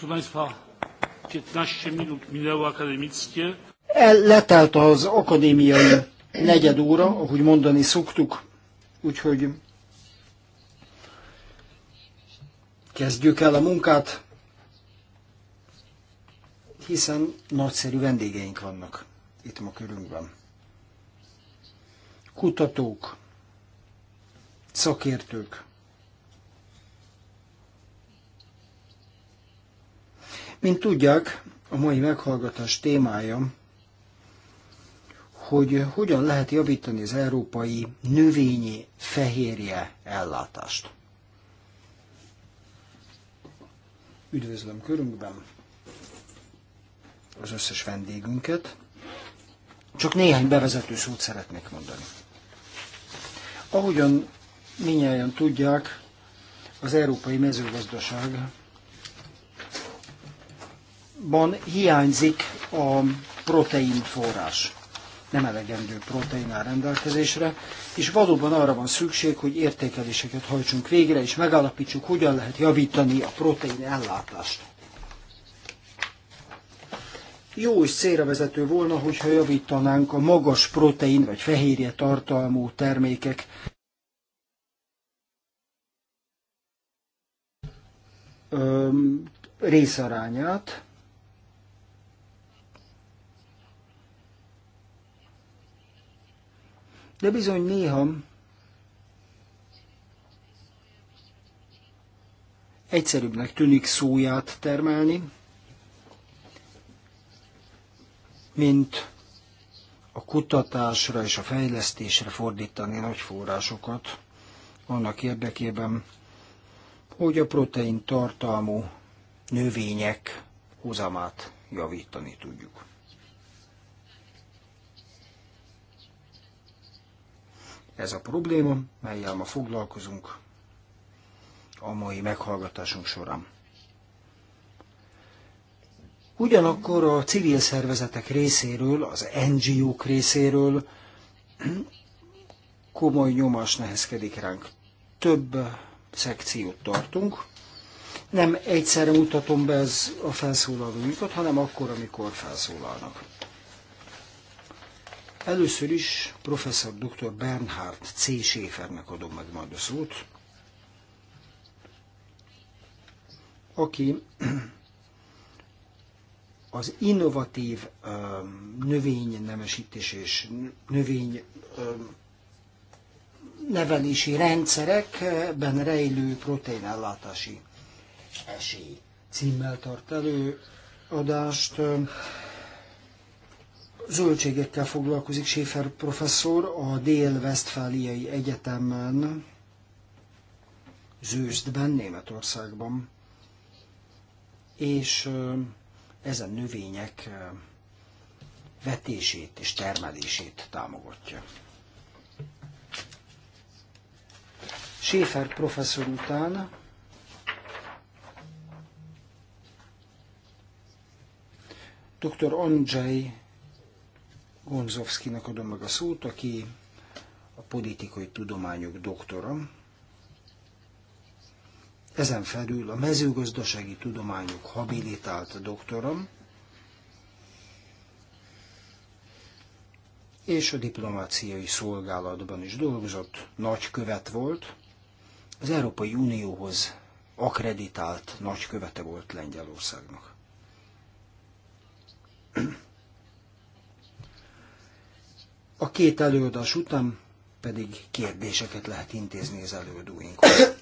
Proszę Państwa, 15 minut minęło akademickie. El, letelt az akadémiai negyed óra, ahogy mondani szoktuk, úgyhogy kezdjük el a munkát, hiszen nagyszerű vendégeink vannak itt ma körünkben. Kutatók, szakértők, Mint tudják, a mai meghallgatás témája, hogy hogyan lehet javítani az európai növényi fehérje ellátást. Üdvözlöm körünkben az összes vendégünket. Csak néhány bevezető szót szeretnék mondani. Ahogyan minnyáján tudják, az európai mezőgazdaság ban hiányzik a proteinforrás, forrás. Nem elegendő protein áll rendelkezésre, és valóban arra van szükség, hogy értékeléseket hajtsunk végre, és megállapítsuk, hogyan lehet javítani a protein ellátást. Jó és célra vezető volna, hogyha javítanánk a magas protein vagy fehérje tartalmú termékek öm, részarányát, De bizony néha egyszerűbbnek tűnik szóját termelni, mint a kutatásra és a fejlesztésre fordítani nagy forrásokat annak érdekében, hogy a protein tartalmú növények hozamát javítani tudjuk. Ez a probléma, melyel ma foglalkozunk a mai meghallgatásunk során. Ugyanakkor a civil szervezetek részéről, az NGO-k részéről komoly nyomás nehezkedik ránk. Több szekciót tartunk. Nem egyszerre mutatom be ez a felszólalóikat, hanem akkor, amikor felszólalnak. Először is professzor dr. Bernhard C. Schäfernek adom meg majd a szót, aki az innovatív növénynemesítés és növény nevelési rendszerekben rejlő proteinellátási esély címmel tart előadást zöldségekkel foglalkozik Schäfer professzor a Dél-Vesztfáliai Egyetemen, Zőzdben, Németországban, és ezen növények vetését és termelését támogatja. Schäfer professzor után dr. Andrzej Gonzovszkinak adom meg a szót, aki a politikai tudományok doktora. Ezen felül a mezőgazdasági tudományok habilitált doktora. és a diplomáciai szolgálatban is dolgozott, nagykövet volt, az Európai Unióhoz akreditált nagykövete volt Lengyelországnak. A két előadás után pedig kérdéseket lehet intézni az előadóinkhoz.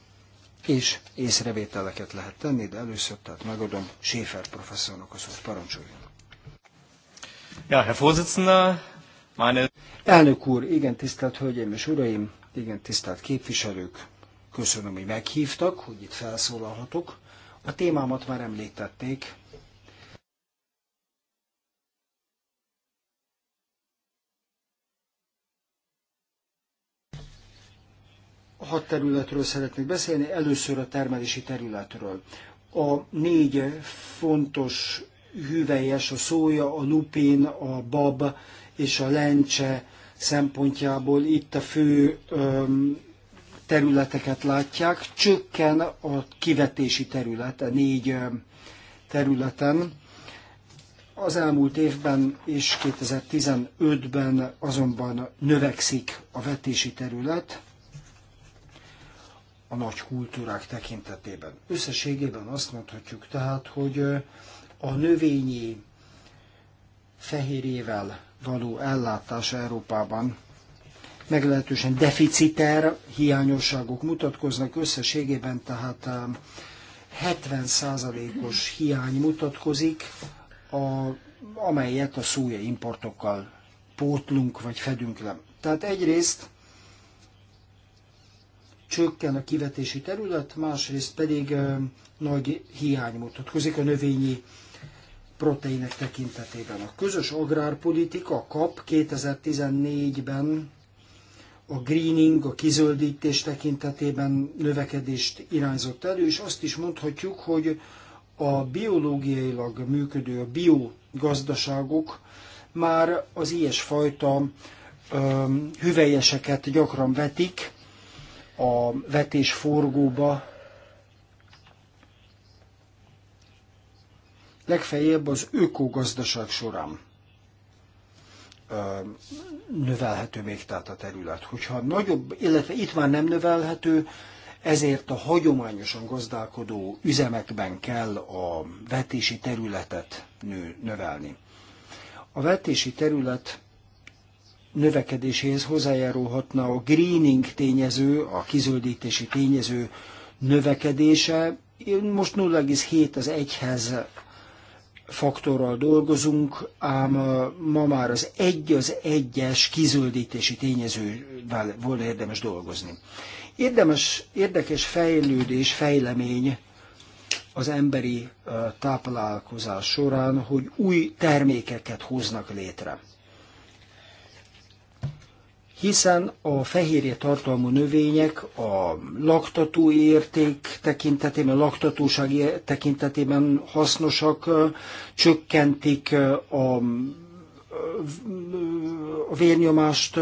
és észrevételeket lehet tenni, de először tehát megadom Schäfer professzornak a szót. Parancsoljon! Ja, Herr Vorsitzender, meine... Elnök úr, igen, tisztelt Hölgyeim és Uraim, igen, tisztelt képviselők, köszönöm, hogy meghívtak, hogy itt felszólalhatok. A témámat már említették, hat területről szeretnék beszélni, először a termelési területről. A négy fontos hüvelyes, a szója, a lupin, a bab és a lencse szempontjából itt a fő öm, területeket látják, csökken a kivetési terület a négy területen. Az elmúlt évben és 2015-ben azonban növekszik a vetési terület, a nagy kultúrák tekintetében. Összességében azt mondhatjuk tehát, hogy a növényi fehérjével való ellátás Európában meglehetősen deficiter hiányosságok mutatkoznak összességében, tehát 70%-os hiány mutatkozik, a, amelyet a szója importokkal pótlunk vagy fedünk le. Tehát egyrészt csökken a kivetési terület, másrészt pedig nagy hiány mutatkozik a növényi proteinek tekintetében. A közös agrárpolitika, a KAP 2014-ben a greening, a kizöldítés tekintetében növekedést irányzott elő, és azt is mondhatjuk, hogy a biológiailag működő, a biogazdaságok már az ilyesfajta öm, hüvelyeseket gyakran vetik, a vetés forgóba, legfeljebb az ökogazdaság során növelhető még tehát a terület. Hogyha nagyobb, illetve itt már nem növelhető, ezért a hagyományosan gazdálkodó üzemekben kell a vetési területet növelni. A vetési terület növekedéséhez hozzájárulhatna a greening tényező, a kizöldítési tényező növekedése. Most 0,7 az egyhez faktorral dolgozunk, ám ma már az egy az egyes kizöldítési tényezővel volna érdemes dolgozni. Érdemes, érdekes fejlődés, fejlemény az emberi táplálkozás során, hogy új termékeket hoznak létre hiszen a fehérje tartalmú növények a laktató érték tekintetében, laktatóság tekintetében hasznosak, csökkentik a, a vérnyomást,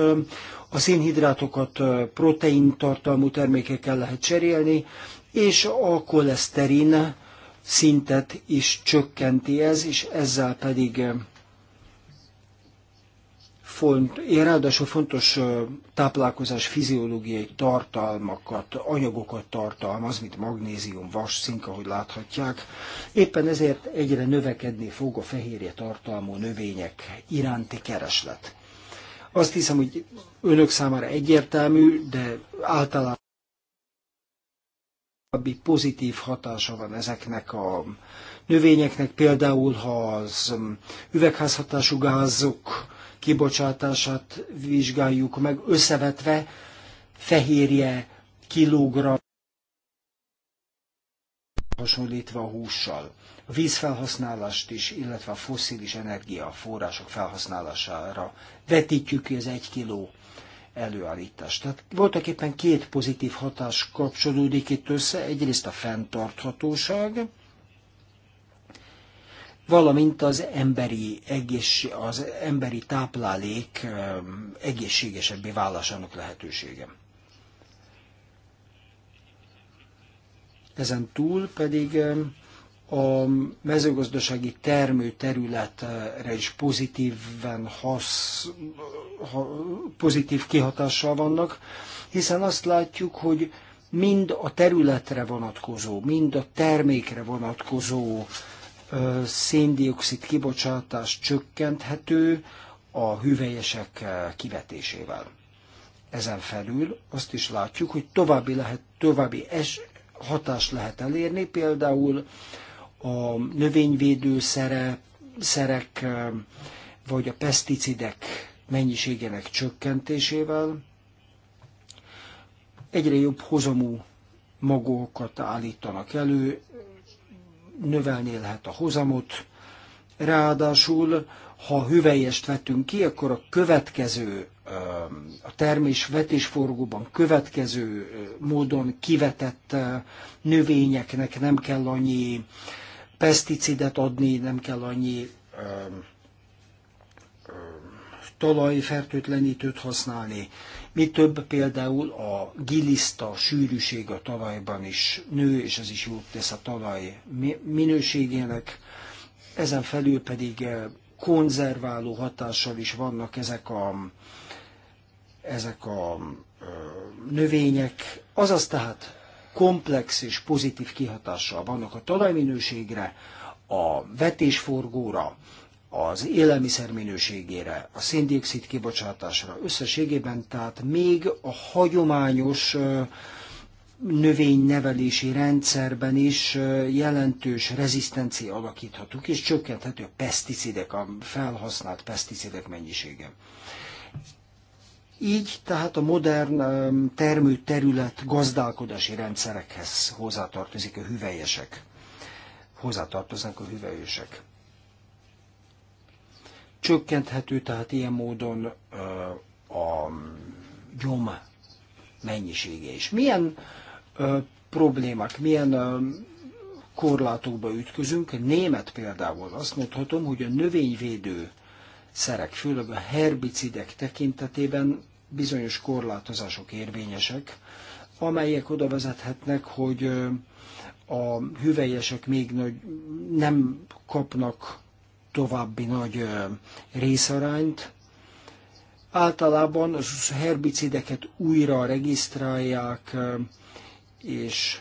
a szénhidrátokat protein tartalmú termékekkel lehet cserélni, és a koleszterin szintet is csökkenti ez, és ezzel pedig font, ráadásul fontos táplálkozás fiziológiai tartalmakat, anyagokat tartalmaz, mint magnézium, vas, szink, ahogy láthatják. Éppen ezért egyre növekedni fog a fehérje tartalmú növények iránti kereslet. Azt hiszem, hogy önök számára egyértelmű, de általában pozitív hatása van ezeknek a növényeknek, például ha az üvegházhatású gázok kibocsátását vizsgáljuk meg, összevetve fehérje kilogram hasonlítva a hússal. A vízfelhasználást is, illetve a foszilis energiaforrások felhasználására vetítjük ki az egy kiló előállítást. Tehát voltak éppen két pozitív hatás kapcsolódik itt össze, egyrészt a fenntarthatóság, valamint az emberi, egész, az emberi táplálék egészségesebbé válásának lehetősége. Ezen túl pedig a mezőgazdasági termőterületre is pozitíven hasz, ha, pozitív kihatással vannak, hiszen azt látjuk, hogy mind a területre vonatkozó, mind a termékre vonatkozó széndiokszid kibocsátás csökkenthető a hüvelyesek kivetésével. Ezen felül azt is látjuk, hogy további, lehet, további es, hatást lehet elérni, például a növényvédőszerek, szerek, vagy a peszticidek mennyiségének csökkentésével. Egyre jobb hozamú magokat állítanak elő, növelni lehet a hozamot, ráadásul ha hüvelyest vetünk ki, akkor a következő, a termés vetésforgóban következő módon kivetett növényeknek nem kell annyi peszticidet adni, nem kell annyi talajfertőtlenítőt használni. Mi több például a giliszta sűrűség a talajban is nő, és ez is jót tesz a talaj minőségének. Ezen felül pedig eh, konzerváló hatással is vannak ezek a, ezek a eh, növények. Azaz tehát komplex és pozitív kihatással vannak a talajminőségre, a vetésforgóra, az élelmiszer minőségére, a széndiokszid kibocsátásra, összességében, tehát még a hagyományos növénynevelési rendszerben is jelentős rezisztencia alakíthatunk, és csökkenthető a peszticidek, a felhasznált peszticidek mennyisége. Így tehát a modern termőterület gazdálkodási rendszerekhez hozzátartozik a hüvelyesek. Hozzátartoznak a hüvelyesek. Csökkenthető tehát ilyen módon a gyom mennyisége is. Milyen problémák, milyen korlátokba ütközünk. Német például azt mondhatom, hogy a növényvédő szerek, főleg a herbicidek tekintetében bizonyos korlátozások érvényesek, amelyek oda vezethetnek, hogy a hüvelyesek még nagy, nem kapnak további nagy részarányt. Általában a herbicideket újra regisztrálják, és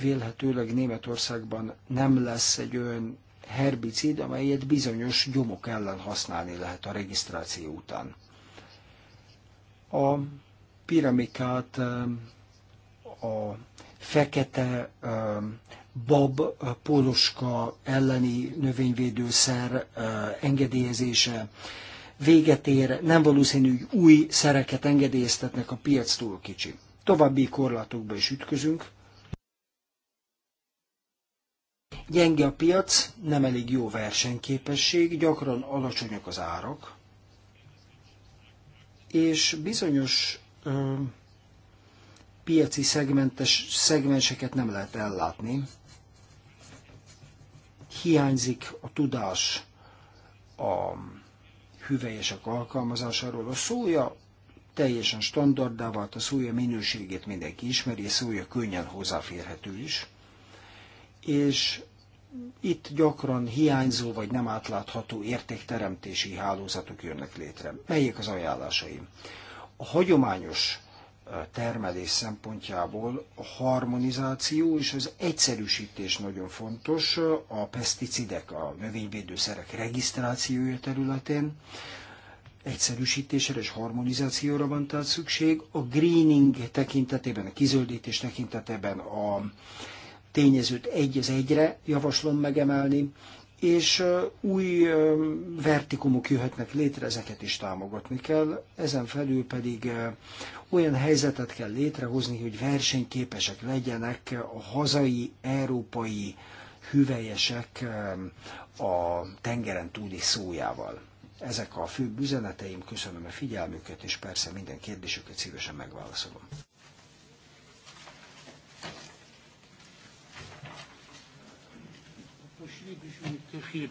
vélhetőleg Németországban nem lesz egy olyan herbicid, amelyet bizonyos gyomok ellen használni lehet a regisztráció után. A piramikát a fekete bab, póloska elleni növényvédőszer engedélyezése véget ér, nem valószínű, hogy új szereket engedélyeztetnek, a piac túl kicsi. További korlátokba is ütközünk. Gyenge a piac, nem elég jó versenyképesség, gyakran alacsonyak az árak, és bizonyos ö, piaci szegmenteseket nem lehet ellátni hiányzik a tudás a hüvelyesek alkalmazásáról. A szója teljesen standardá vált, a szója minőségét mindenki ismeri, a szója könnyen hozzáférhető is. És itt gyakran hiányzó vagy nem átlátható értékteremtési hálózatok jönnek létre. Melyek az ajánlásaim? A hagyományos termelés szempontjából a harmonizáció és az egyszerűsítés nagyon fontos a peszticidek, a növényvédőszerek regisztrációja területén. Egyszerűsítésre és harmonizációra van tehát szükség. A greening tekintetében, a kizöldítés tekintetében a tényezőt egy az egyre javaslom megemelni, és új vertikumok jöhetnek létre, ezeket is támogatni kell, ezen felül pedig olyan helyzetet kell létrehozni, hogy versenyképesek legyenek a hazai, európai hüvelyesek a tengeren túli szójával. Ezek a fő üzeneteim, köszönöm a figyelmüket, és persze minden kérdésüket szívesen megválaszolom.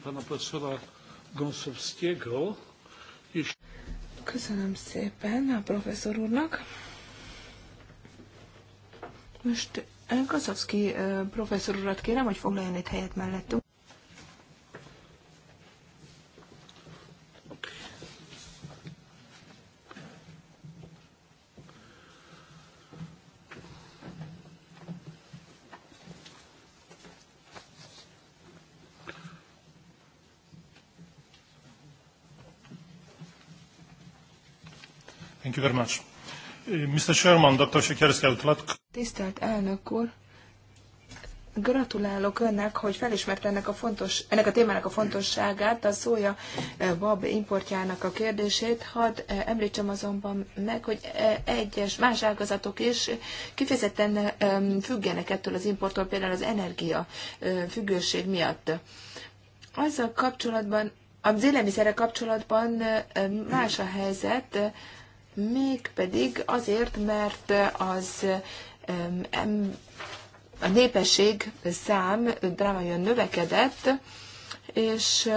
Köszönöm, w tej Köszönöm szépen a professzor úrnak. Most eh, Kaszowski eh, professzor urat kérem, hogy foglaljon itt helyet mellettünk. Thank you very much. Eh, Mr. Sherman, Dr. Tisztelt elnök úr, Gratulálok önnek, hogy felismerte ennek a, fontos, ennek a témának a fontosságát, a szója eh, bab importjának a kérdését. Hadd eh, említsem azonban meg, hogy egyes más ágazatok is kifejezetten függenek ettől az importtól, például az energia függőség miatt. Azzal kapcsolatban, az élelmiszerre kapcsolatban más a helyzet, mégpedig azért, mert az a népesség szám drámaian növekedett, és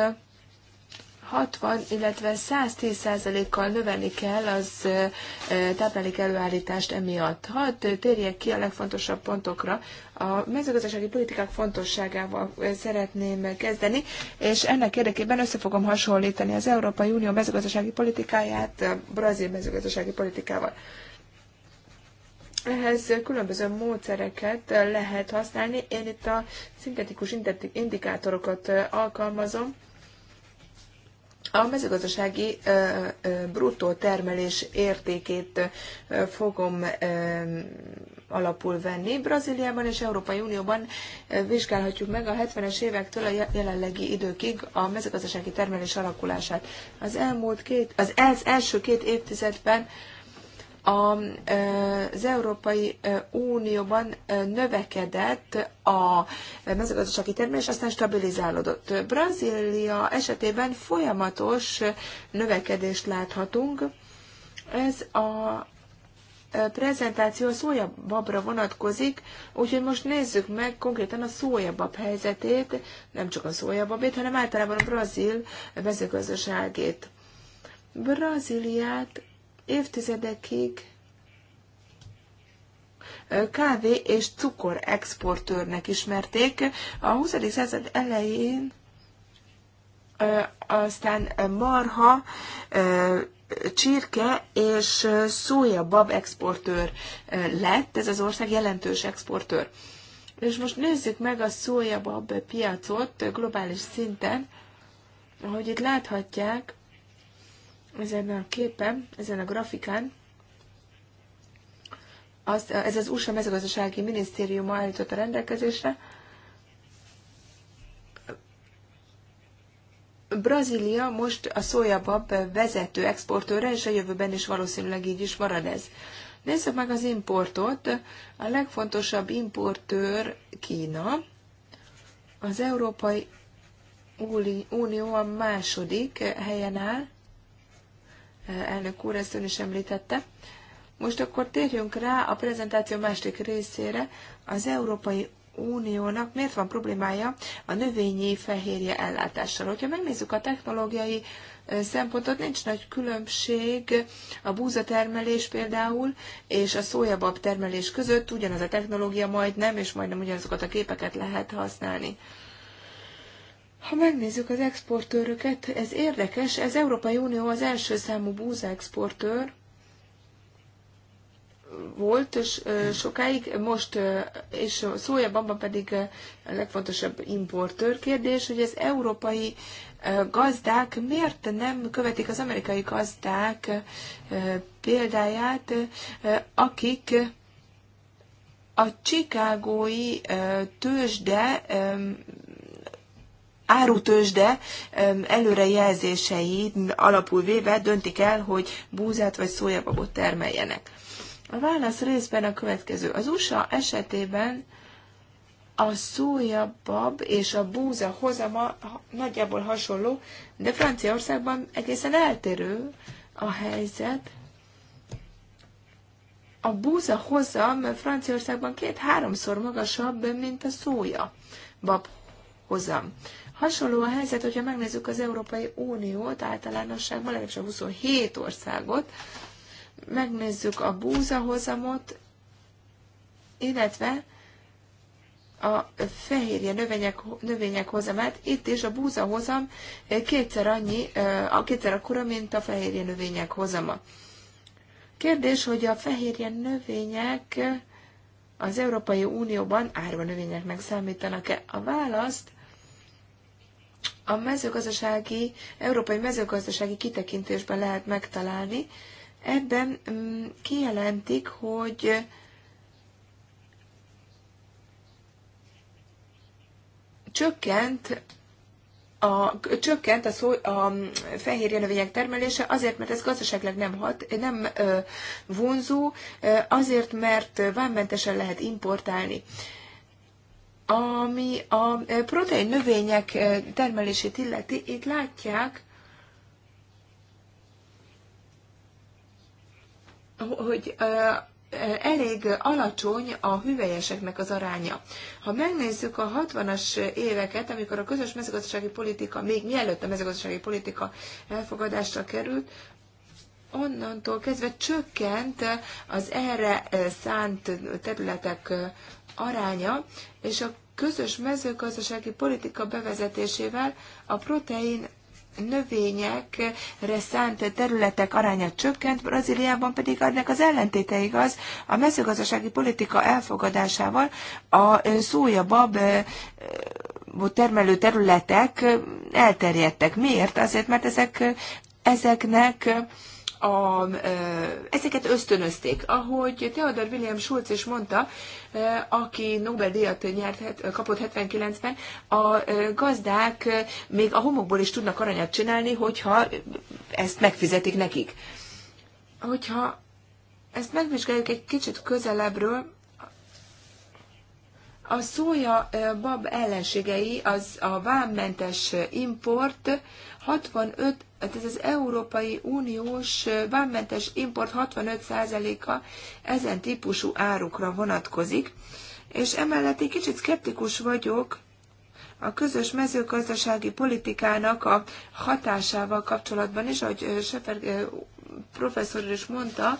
60, illetve 110 kal növelni kell az táplálék előállítást emiatt. Hadd térjek ki a legfontosabb pontokra. A mezőgazdasági politikák fontosságával szeretném kezdeni, és ennek érdekében össze fogom hasonlítani az Európai Unió mezőgazdasági politikáját a brazil mezőgazdasági politikával. Ehhez különböző módszereket lehet használni. Én itt a szintetikus indikátorokat alkalmazom a mezőgazdasági bruttó termelés értékét fogom alapul venni. Brazíliában és Európai Unióban vizsgálhatjuk meg a 70-es évektől a jelenlegi időkig a mezőgazdasági termelés alakulását. Az elmúlt két, az első két évtizedben az Európai Unióban növekedett a mezőgazdasági termés, aztán stabilizálódott. Brazília esetében folyamatos növekedést láthatunk. Ez a prezentáció a szójababra vonatkozik, úgyhogy most nézzük meg konkrétan a szójabab helyzetét, nem csak a szójababét, hanem általában a brazil mezőgazdaságét. Brazíliát évtizedekig kávé és cukor exportőrnek ismerték. A 20. század elején aztán marha, csirke és szója bab exportőr lett, ez az ország jelentős exportőr. És most nézzük meg a szója bab piacot globális szinten, ahogy itt láthatják, ezen a képen, ezen a grafikán, az, ez az USA mezőgazdasági minisztérium a rendelkezésre. Brazília most a szójabab vezető exportőre, és a jövőben is valószínűleg így is marad ez. Nézzük meg az importot. A legfontosabb importőr Kína. Az Európai Unió a második helyen áll elnök úr ezt ön is említette. Most akkor térjünk rá a prezentáció másik részére, az Európai Uniónak miért van problémája a növényi fehérje ellátással. Hogyha megnézzük a technológiai szempontot, nincs nagy különbség a búzatermelés például és a szójabab termelés között, ugyanaz a technológia majdnem, és majdnem ugyanazokat a képeket lehet használni. Ha megnézzük az exportőröket, ez érdekes, ez Európai Unió az első számú exportőr volt és sokáig, most és szójabban pedig a legfontosabb importőr kérdés, hogy az európai gazdák miért nem követik az amerikai gazdák példáját, akik a csikágói tőzsde árutősde előrejelzései alapul véve döntik el, hogy búzát vagy szójababot termeljenek. A válasz részben a következő. Az USA esetében a szójabab és a búza hozama nagyjából hasonló, de Franciaországban egészen eltérő a helyzet. A búza hozam Franciaországban két-háromszor magasabb, mint a szója bab hozam. Hasonló a helyzet, hogyha megnézzük az Európai Uniót általánosságban, legalábbis a 27 országot, megnézzük a búzahozamot, illetve a fehérje növények, növények hozamát. Itt is a búzahozam kétszer annyi, a kétszer akkora, mint a fehérje növények hozama. Kérdés, hogy a fehérje növények az Európai Unióban árva növényeknek számítanak-e? A választ a mezőgazdasági, európai mezőgazdasági kitekintésben lehet megtalálni. Ebben mm, kijelentik, hogy csökkent a, csökkent a, szó, a fehérje növények termelése azért, mert ez gazdaságleg nem, hat, nem ö, vonzó, ö, azért, mert vámmentesen lehet importálni. Ö, ami a eh, protein növények eh, termelését illeti, itt látják, hogy eh, elég alacsony a hüvelyeseknek az aránya. Ha megnézzük a 60-as éveket, amikor a közös mezőgazdasági politika, még mielőtt a mezőgazdasági politika elfogadásra került, onnantól kezdve csökkent az erre szánt területek aránya, és a közös mezőgazdasági politika bevezetésével a protein növényekre szánt területek aránya csökkent, Brazíliában pedig ennek az ellentéte igaz, a mezőgazdasági politika elfogadásával a szójabab termelő területek elterjedtek. Miért? Azért, mert ezek, ezeknek a, ezeket ösztönözték. Ahogy Theodor William Schulz is mondta, aki Nobel-díjat nyert, kapott 79-ben, a gazdák még a homokból is tudnak aranyat csinálni, hogyha ezt megfizetik nekik. Hogyha ezt megvizsgáljuk egy kicsit közelebbről, a szója bab ellenségei, az a vámmentes import 65, tehát ez az Európai Uniós vámmentes import 65%-a ezen típusú árukra vonatkozik, és emellett egy kicsit szkeptikus vagyok a közös mezőgazdasági politikának a hatásával kapcsolatban is, ahogy Sefer professzor is mondta,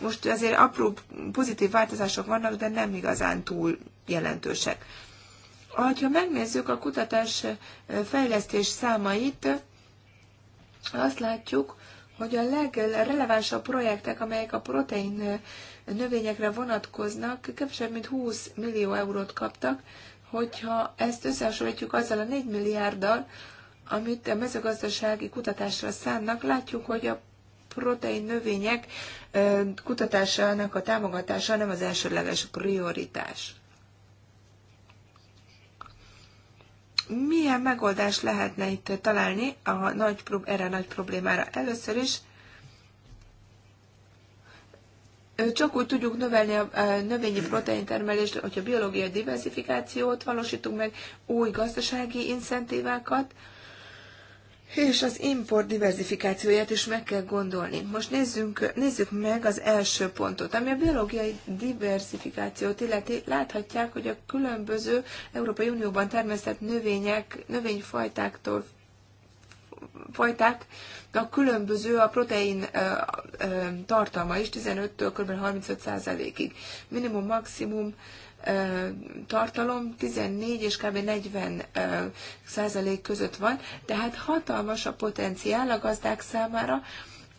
most azért apró pozitív változások vannak, de nem igazán túl jelentősek. Ha megnézzük a kutatás fejlesztés számait, azt látjuk, hogy a legrelevánsabb projektek, amelyek a protein növényekre vonatkoznak, kevesebb mint 20 millió eurót kaptak, hogyha ezt összehasonlítjuk azzal a 4 milliárddal, amit a mezőgazdasági kutatásra szánnak, látjuk, hogy a protein növények kutatásának a támogatása nem az elsődleges prioritás. milyen megoldást lehetne itt találni a nagy, erre a nagy problémára? Először is csak úgy tudjuk növelni a növényi termelést, hogyha biológiai diversifikációt valósítunk meg, új gazdasági incentívákat, és az import diversifikációját is meg kell gondolni. Most nézzünk, nézzük meg az első pontot, ami a biológiai diversifikációt illeti. Láthatják, hogy a különböző Európai Unióban termesztett növények, növényfajtáktól fajták, a különböző a protein tartalma is 15-től kb. 35%-ig. Minimum, maximum tartalom 14 és kb. 40 százalék között van, tehát hatalmas a potenciál a gazdák számára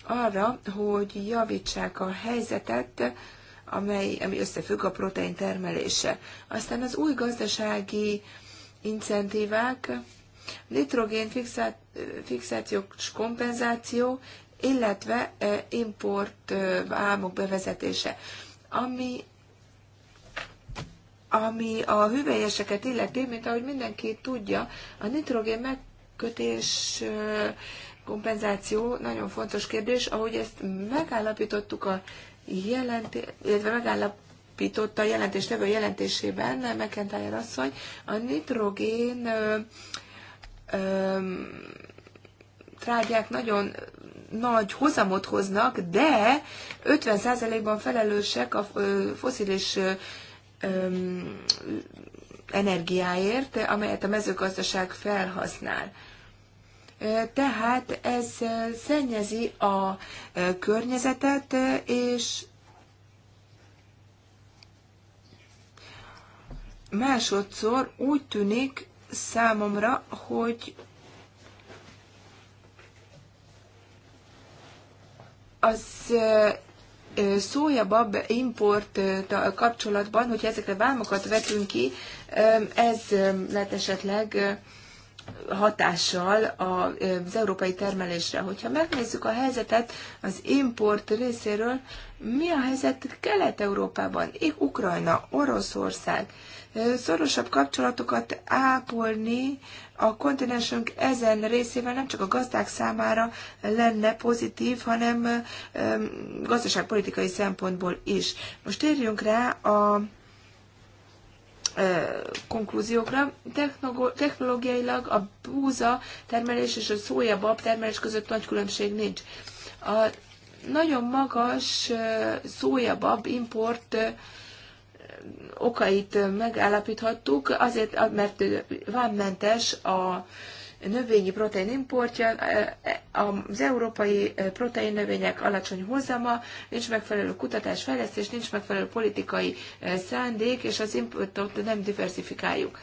arra, hogy javítsák a helyzetet, amely, ami összefügg a protein termelése. Aztán az új gazdasági incentívák, nitrogén fixációs kompenzáció, illetve import vámok bevezetése. Ami ami a hüvelyeseket illeti, mint ahogy mindenki tudja, a nitrogén megkötés kompenzáció nagyon fontos kérdés, ahogy ezt megállapítottuk a jelent illetve megállapította a nevő jelentésében McIntyre asszony, a nitrogén ö, ö, trágyák nagyon nagy hozamot hoznak, de 50%-ban felelősek a foszilis energiáért, amelyet a mezőgazdaság felhasznál. Tehát ez szennyezi a környezetet, és másodszor úgy tűnik számomra, hogy az szójabab import kapcsolatban, hogyha ezekre vámokat vetünk ki, ez lehet esetleg hatással az európai termelésre. Hogyha megnézzük a helyzetet az import részéről, mi a helyzet Kelet-Európában? Ukrajna, Oroszország. Szorosabb kapcsolatokat ápolni a kontinensünk ezen részével nem csak a gazdák számára lenne pozitív, hanem gazdaságpolitikai szempontból is. Most térjünk rá a konklúziókra. Technológiailag a búza termelés és a szójabab termelés között nagy különbség nincs. A nagyon magas szójabab import okait megállapíthattuk, azért, mert vámmentes a növényi protein importja, e, e, az európai e, protein növények alacsony hozama, nincs megfelelő kutatás, fejlesztés, nincs megfelelő politikai szándék, és az importot nem diversifikáljuk.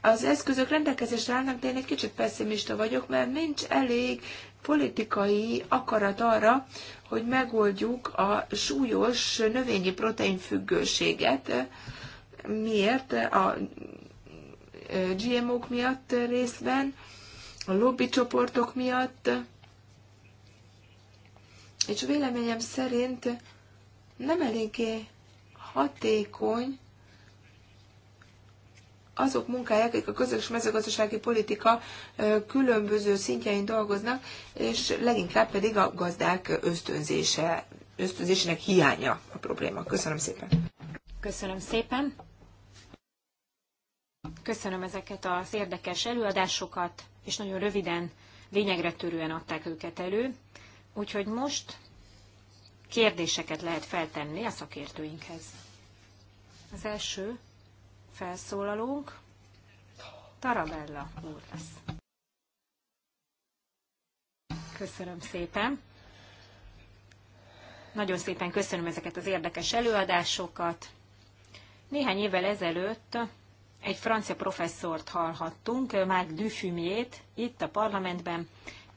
Az eszközök rendelkezésre állnak, de én egy kicsit pessimista vagyok, mert nincs elég politikai akarat arra, hogy megoldjuk a súlyos növényi protein függőséget. Miért? A GMO-k miatt részben, a lobby csoportok miatt, és véleményem szerint nem eléggé hatékony azok munkáják, akik a közös mezőgazdasági politika különböző szintjein dolgoznak, és leginkább pedig a gazdák ösztönzése, ösztönzésének hiánya a probléma. Köszönöm szépen. Köszönöm szépen. Köszönöm ezeket az érdekes előadásokat, és nagyon röviden, lényegre törően adták őket elő. Úgyhogy most kérdéseket lehet feltenni a szakértőinkhez. Az első felszólalónk Tarabella úr lesz. Köszönöm szépen. Nagyon szépen köszönöm ezeket az érdekes előadásokat. Néhány évvel ezelőtt egy francia professzort hallhattunk, Marc Dufumiét, itt a parlamentben,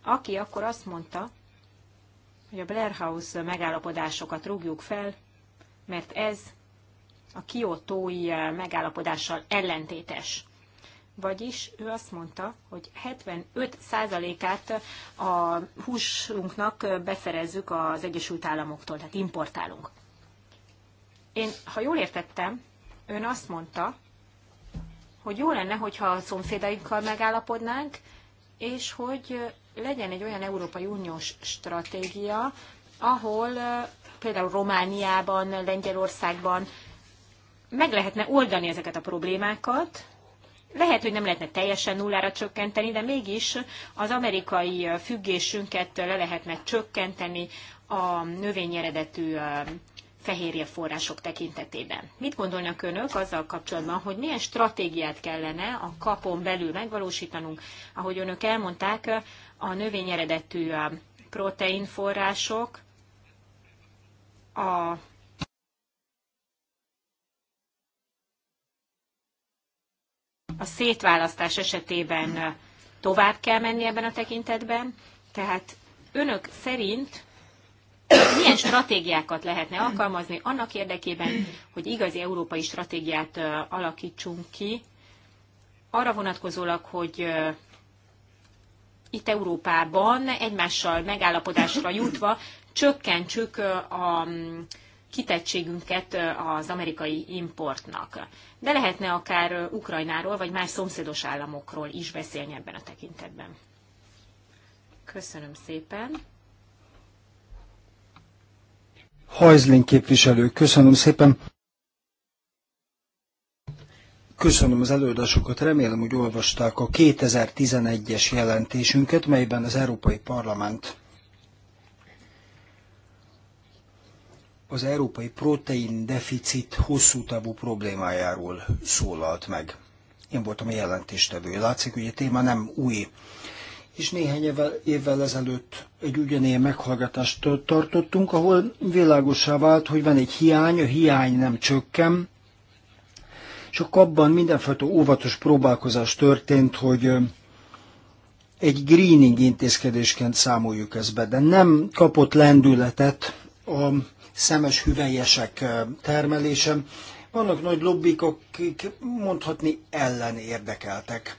aki akkor azt mondta, hogy a Blair House megállapodásokat rúgjuk fel, mert ez a kiotói megállapodással ellentétes. Vagyis ő azt mondta, hogy 75%-át a húsunknak beszerezzük az Egyesült Államoktól, tehát importálunk. Én, ha jól értettem, ön azt mondta, hogy jó lenne, hogyha a szomszédainkkal megállapodnánk, és hogy legyen egy olyan Európai Uniós stratégia, ahol például Romániában, Lengyelországban meg lehetne oldani ezeket a problémákat, lehet, hogy nem lehetne teljesen nullára csökkenteni, de mégis az amerikai függésünket le lehetne csökkenteni a növényeredetű fehérje források tekintetében. Mit gondolnak önök azzal kapcsolatban, hogy milyen stratégiát kellene a kapon belül megvalósítanunk, ahogy önök elmondták, a növényeredetű proteinforrások, a a szétválasztás esetében tovább kell menni ebben a tekintetben. Tehát önök szerint milyen stratégiákat lehetne alkalmazni annak érdekében, hogy igazi európai stratégiát alakítsunk ki, arra vonatkozólag, hogy itt Európában egymással megállapodásra jutva csökkentsük a kitettségünket az amerikai importnak. De lehetne akár Ukrajnáról, vagy más szomszédos államokról is beszélni ebben a tekintetben. Köszönöm szépen. Hajzlin képviselő, köszönöm szépen. Köszönöm az előadásokat, remélem, hogy olvasták a 2011-es jelentésünket, melyben az Európai Parlament az európai protein deficit hosszú távú problémájáról szólalt meg. Én voltam a jelentéstevő. Látszik, hogy a téma nem új és néhány évvel, évvel ezelőtt egy ugyanilyen meghallgatást tartottunk, ahol világosá vált, hogy van egy hiány, a hiány nem csökken, csak abban mindenfajta óvatos próbálkozás történt, hogy egy greening intézkedésként számoljuk ezt be, de nem kapott lendületet a szemes hüvelyesek termelése. Vannak nagy lobbik, akik mondhatni ellen érdekeltek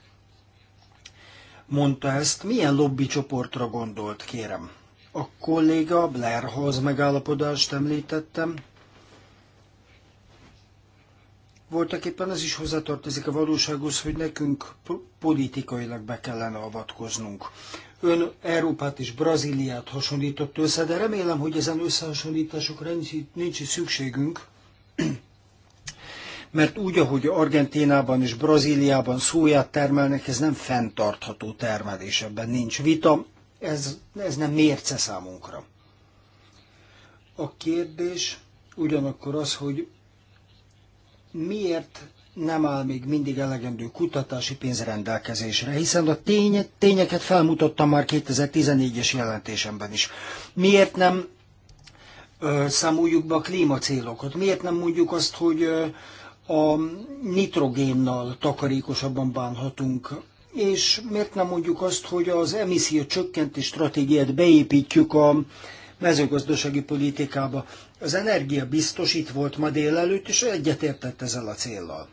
mondta ezt, milyen lobby csoportra gondolt, kérem? A kolléga Blairhoz megállapodást említettem. Voltak éppen ez is hozzátartozik a valósághoz, hogy nekünk politikailag be kellene avatkoznunk. Ön Európát és Brazíliát hasonlított össze, de remélem, hogy ezen összehasonlításokra nincs, nincs szükségünk, mert úgy, ahogy Argentínában és Brazíliában szóját termelnek, ez nem fenntartható termelés, ebben nincs vita, ez, ez nem mérce számunkra. A kérdés ugyanakkor az, hogy miért nem áll még mindig elegendő kutatási pénz rendelkezésre, hiszen a tény, tényeket felmutattam már 2014-es jelentésemben is. Miért nem ö, számoljuk be a klímacélokat? Miért nem mondjuk azt, hogy ö, a nitrogénnal takarékosabban bánhatunk. És miért nem mondjuk azt, hogy az emisszió csökkentés stratégiát beépítjük a mezőgazdasági politikába. Az energia biztos itt volt ma délelőtt, és egyetértett ezzel a céllal.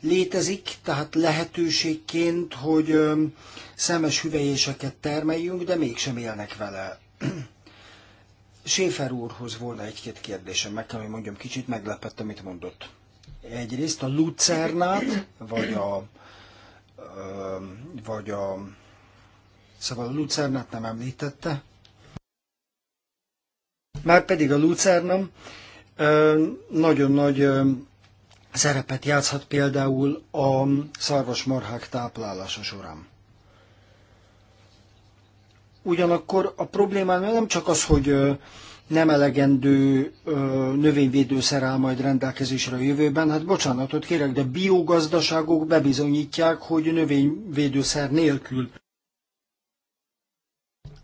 létezik, tehát lehetőségként, hogy szemes hüvelyéseket termeljünk, de mégsem élnek vele. Séfer úrhoz volna egy-két kérdésem, meg kell, hogy mondjam, kicsit meglepett, amit mondott. Egyrészt a lucernát, vagy a, vagy a, szóval a lucernát nem említette, Márpedig a lucernam nagyon nagy szerepet játszhat például a szarvasmarhák táplálása során. Ugyanakkor a problémám nem csak az, hogy nem elegendő növényvédőszer áll majd rendelkezésre a jövőben, hát bocsánatot kérek, de biogazdaságok bebizonyítják, hogy növényvédőszer nélkül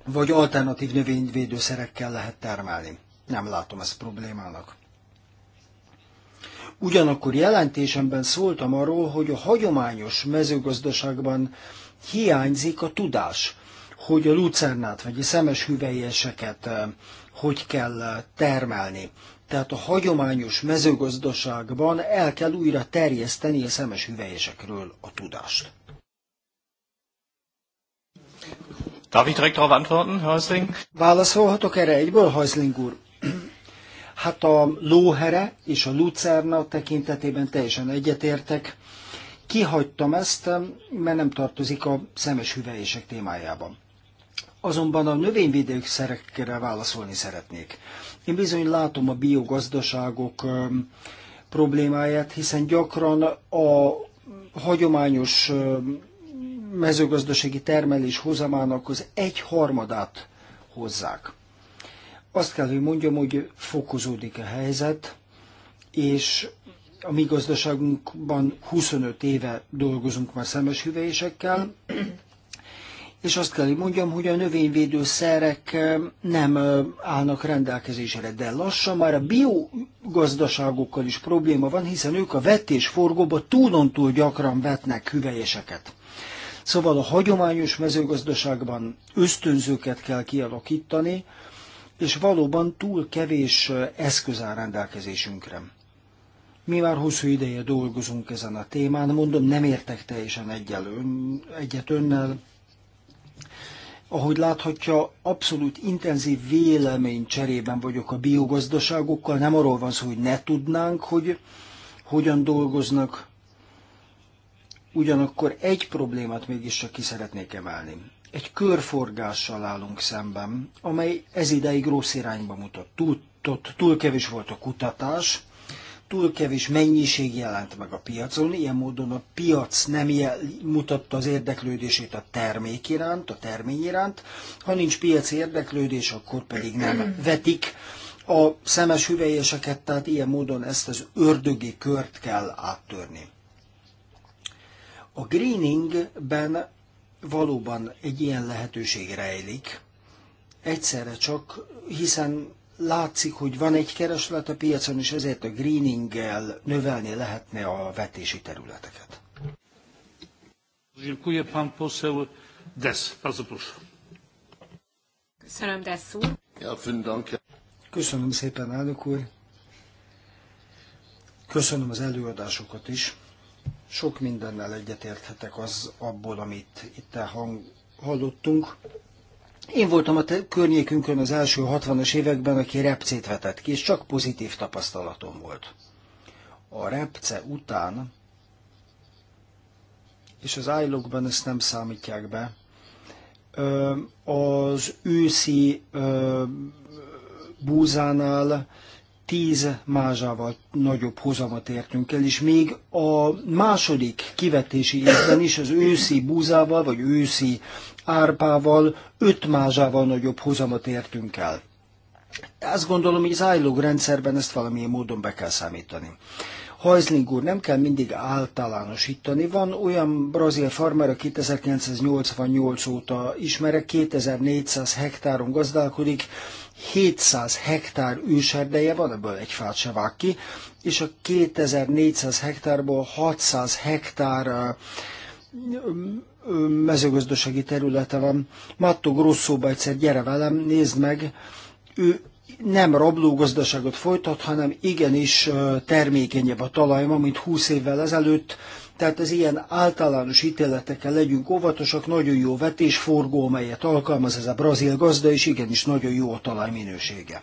vagy alternatív növényvédőszerekkel lehet termelni. Nem látom ezt problémának. Ugyanakkor jelentésemben szóltam arról, hogy a hagyományos mezőgazdaságban hiányzik a tudás hogy a lucernát vagy a szemes hüvelyeseket hogy kell termelni. Tehát a hagyományos mezőgazdaságban el kell újra terjeszteni a szemes hüvelyesekről a tudást. Darf ich direkt darauf antworten, Häusling? Válaszolhatok erre egyből, Häusling úr? Hát a lóhere és a lucerna tekintetében teljesen egyetértek. Kihagytam ezt, mert nem tartozik a szemes hüvelység témájában azonban a növényvédőszerekre válaszolni szeretnék. Én bizony látom a biogazdaságok problémáját, hiszen gyakran a hagyományos mezőgazdasági termelés hozamának az egy harmadát hozzák. Azt kell, hogy mondjam, hogy fokozódik a helyzet, és a mi gazdaságunkban 25 éve dolgozunk már szemes hüvelyésekkel, és azt kell, hogy mondjam, hogy a növényvédőszerek nem állnak rendelkezésre, de lassan már a biogazdaságokkal is probléma van, hiszen ők a vetésforgóba forgóba túl gyakran vetnek hüvelyeseket. Szóval a hagyományos mezőgazdaságban ösztönzőket kell kialakítani, és valóban túl kevés eszköz áll rendelkezésünkre. Mi már hosszú ideje dolgozunk ezen a témán, mondom, nem értek teljesen egyelőn, egyet önnel, ahogy láthatja, abszolút intenzív vélemény cserében vagyok a biogazdaságokkal. Nem arról van szó, hogy ne tudnánk, hogy hogyan dolgoznak. Ugyanakkor egy problémát mégis csak ki szeretnék emelni. Egy körforgással állunk szemben, amely ez ideig rossz irányba mutat. Túl, túl, túl kevés volt a kutatás, túl kevés mennyiség jelent meg a piacon, ilyen módon a piac nem jel, mutatta az érdeklődését a termék iránt, a termény iránt, ha nincs piaci érdeklődés, akkor pedig nem vetik a szemes hüvelyeseket, tehát ilyen módon ezt az ördögi kört kell áttörni. A greeningben valóban egy ilyen lehetőség rejlik, egyszerre csak, hiszen látszik, hogy van egy kereslet a piacon, és ezért a greeninggel növelni lehetne a vetési területeket. Des. Köszönöm, Dess úr. Köszönöm szépen, elnök úr. Köszönöm az előadásokat is. Sok mindennel egyetérthetek az abból, amit itt hang, hallottunk. Én voltam a környékünkön az első 60-as években, aki repcét vetett ki, és csak pozitív tapasztalatom volt. A repce után, és az ájlokban ezt nem számítják be, az őszi búzánál tíz mázsával nagyobb hozamat értünk el, és még a második kivetési évben is az őszi búzával, vagy őszi árpával öt mázsával nagyobb hozamat értünk el. Azt gondolom, hogy az állók rendszerben ezt valamilyen módon be kell számítani. Hajzling úr, nem kell mindig általánosítani. Van olyan brazil farmer, aki 1988 óta ismerek, 2400 hektáron gazdálkodik, 700 hektár őserdeje van, ebből egy fát se vág ki, és a 2400 hektárból 600 hektár mezőgazdasági területe van. Matto Grosszóba egyszer gyere velem, nézd meg, ő nem rabló gazdaságot folytat, hanem igenis termékenyebb a talajma, mint 20 évvel ezelőtt, tehát az ilyen általános ítéletekkel legyünk óvatosak, nagyon jó vetésforgó, amelyet alkalmaz ez a brazil gazda, és igenis nagyon jó a talaj minősége.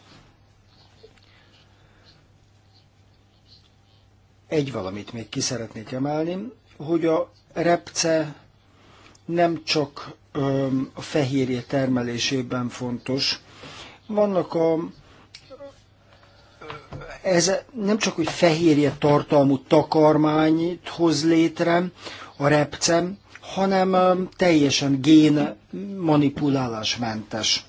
Egy valamit még ki szeretnék emelni, hogy a repce nem csak a fehérje termelésében fontos, vannak a ez nem csak, hogy fehérje tartalmú takarmányt hoz létre a repce, hanem um, teljesen gén manipulálásmentes.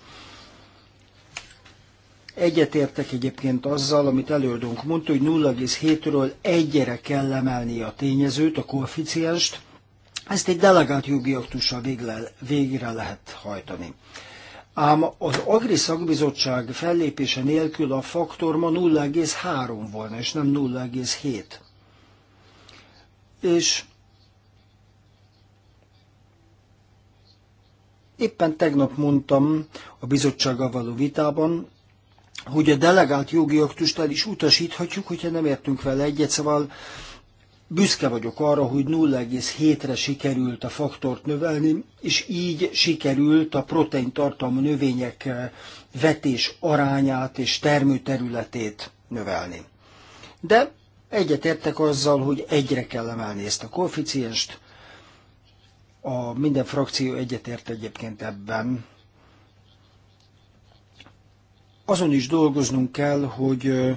Egyetértek egyébként azzal, amit előadónk mondta, hogy 0,7-ről egyre kell emelni a tényezőt, a koeficienst. Ezt egy delegált jogi aktussal végre lehet hajtani ám az Agri Szakbizottság fellépése nélkül a faktor ma 0,3 volna, és nem 0,7. És éppen tegnap mondtam a bizottsággal való vitában, hogy a delegált jogi aktust el is utasíthatjuk, hogyha nem értünk vele egyet, szóval Büszke vagyok arra, hogy 0,7-re sikerült a faktort növelni, és így sikerült a proteintartalmú növények eh, vetés arányát és termőterületét növelni. De egyetértek azzal, hogy egyre kell emelni ezt a koeficienst. A minden frakció egyetért egyébként ebben. Azon is dolgoznunk kell, hogy eh,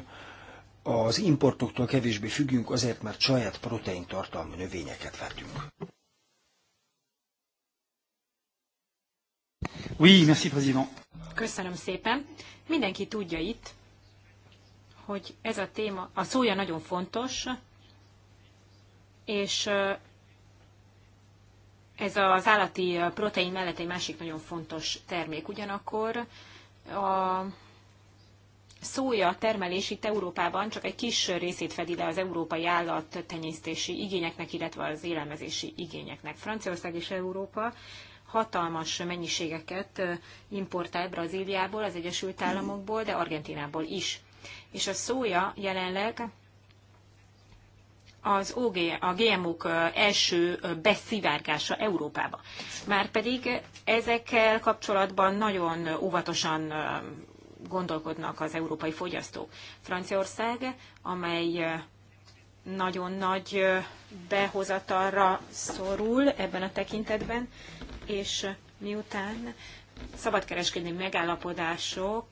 az importoktól kevésbé függünk, azért mert saját protein tartalmú növényeket vetünk. Oui, merci, président. Köszönöm szépen. Mindenki tudja itt, hogy ez a téma, a szója nagyon fontos, és ez az állati protein mellett egy másik nagyon fontos termék. Ugyanakkor a szója termelés itt Európában csak egy kis részét fedi le az európai állattenyésztési igényeknek, illetve az élelmezési igényeknek. Franciaország és Európa hatalmas mennyiségeket importál Brazíliából, az Egyesült Államokból, de Argentinából is. És a szója jelenleg az OG, a GMO-k első beszivárgása Európába. Márpedig ezekkel kapcsolatban nagyon óvatosan gondolkodnak az európai fogyasztók. Franciaország, amely nagyon nagy behozatalra szorul ebben a tekintetben, és miután szabadkereskedni megállapodások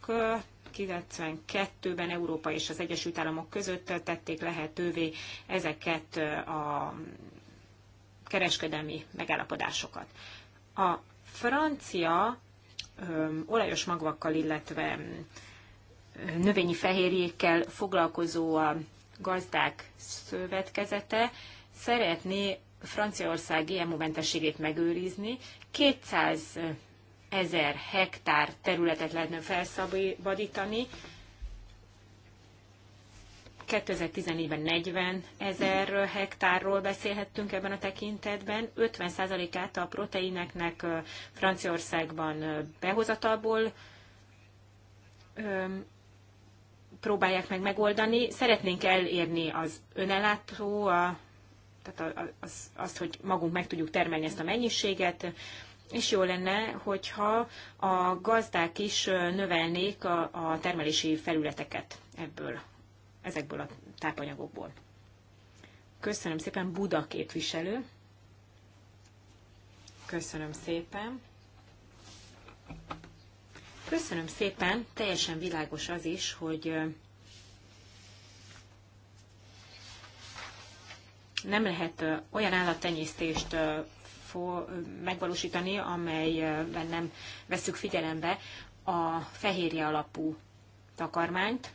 92-ben Európa és az Egyesült Államok között tették lehetővé ezeket a kereskedelmi megállapodásokat. A francia olajos magvakkal, illetve növényi fehérjékkel foglalkozó a gazdák szövetkezete szeretné Franciaország GMO mentességét megőrizni. 200 ezer hektár területet lehetne felszabadítani 2014-ben 40 ezer hektárról beszélhettünk ebben a tekintetben. 50%-át a proteineknek Franciaországban behozatalból próbálják meg megoldani. Szeretnénk elérni az önellátó, a, tehát az, az, hogy magunk meg tudjuk termelni ezt a mennyiséget, és jó lenne, hogyha a gazdák is növelnék a, a termelési felületeket ebből ezekből a tápanyagokból. Köszönöm szépen, Buda képviselő. Köszönöm szépen. Köszönöm szépen, teljesen világos az is, hogy nem lehet olyan állattenyésztést megvalósítani, amelyben nem veszük figyelembe a fehérje alapú takarmányt,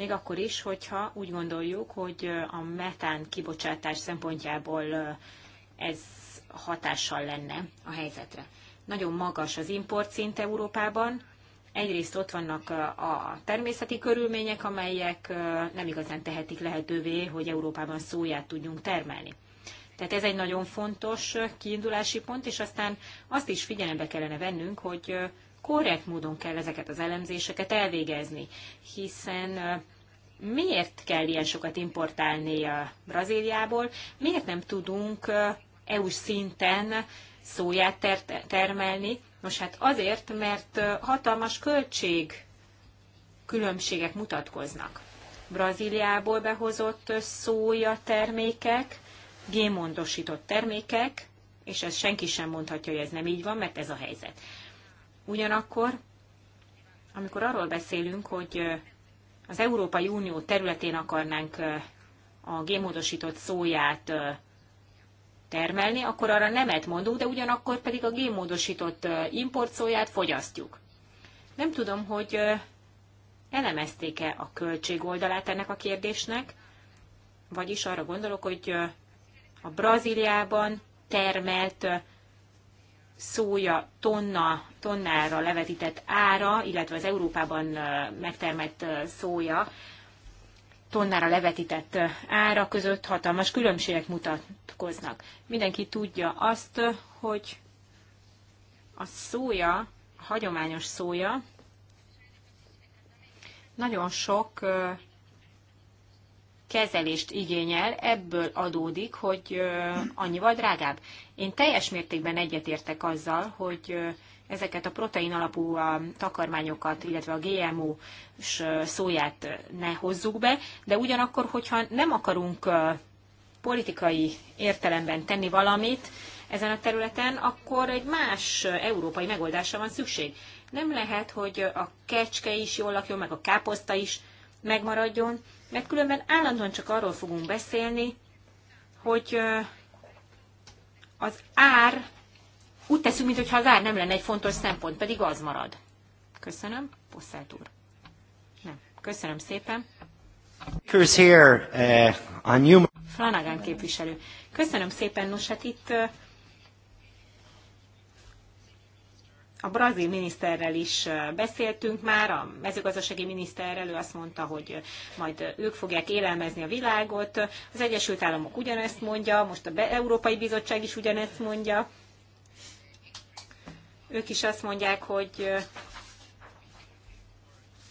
még akkor is, hogyha úgy gondoljuk, hogy a metán kibocsátás szempontjából ez hatással lenne a helyzetre. Nagyon magas az import szint Európában, egyrészt ott vannak a természeti körülmények, amelyek nem igazán tehetik lehetővé, hogy Európában szóját tudjunk termelni. Tehát ez egy nagyon fontos kiindulási pont, és aztán azt is figyelembe kellene vennünk, hogy korrekt módon kell ezeket az elemzéseket elvégezni, hiszen miért kell ilyen sokat importálni a Brazíliából, miért nem tudunk EU-s szinten szóját ter- termelni. Nos hát azért, mert hatalmas költség különbségek mutatkoznak. Brazíliából behozott szója termékek, gémondosított termékek, és ezt senki sem mondhatja, hogy ez nem így van, mert ez a helyzet. Ugyanakkor, amikor arról beszélünk, hogy az Európai Unió területén akarnánk a gémódosított szóját termelni, akkor arra nemet mondunk, de ugyanakkor pedig a gémódosított import szóját fogyasztjuk. Nem tudom, hogy elemezték-e a költség oldalát ennek a kérdésnek, vagyis arra gondolok, hogy a Brazíliában termelt szója tonna, tonnára levetített ára, illetve az Európában megtermett szója tonnára levetített ára között hatalmas különbségek mutatkoznak. Mindenki tudja azt, hogy a szója, a hagyományos szója nagyon sok kezelést igényel, ebből adódik, hogy annyival drágább. Én teljes mértékben egyetértek azzal, hogy ezeket a protein alapú takarmányokat, illetve a GMO szóját ne hozzuk be, de ugyanakkor, hogyha nem akarunk politikai értelemben tenni valamit ezen a területen, akkor egy más európai megoldásra van szükség. Nem lehet, hogy a kecske is jól lakjon, meg a káposzta is megmaradjon, mert különben állandóan csak arról fogunk beszélni, hogy az ár, úgy teszünk, mintha az ár nem lenne egy fontos szempont, pedig az marad. Köszönöm. Posszelt úr. Nem. Köszönöm szépen. Uh, Flanagan képviselő. Köszönöm szépen, nos hát itt uh, a brazil miniszterrel is beszéltünk már, a mezőgazdasági miniszterrel, ő azt mondta, hogy majd ők fogják élelmezni a világot. Az Egyesült Államok ugyanezt mondja, most a Be Európai Bizottság is ugyanezt mondja. Ők is azt mondják, hogy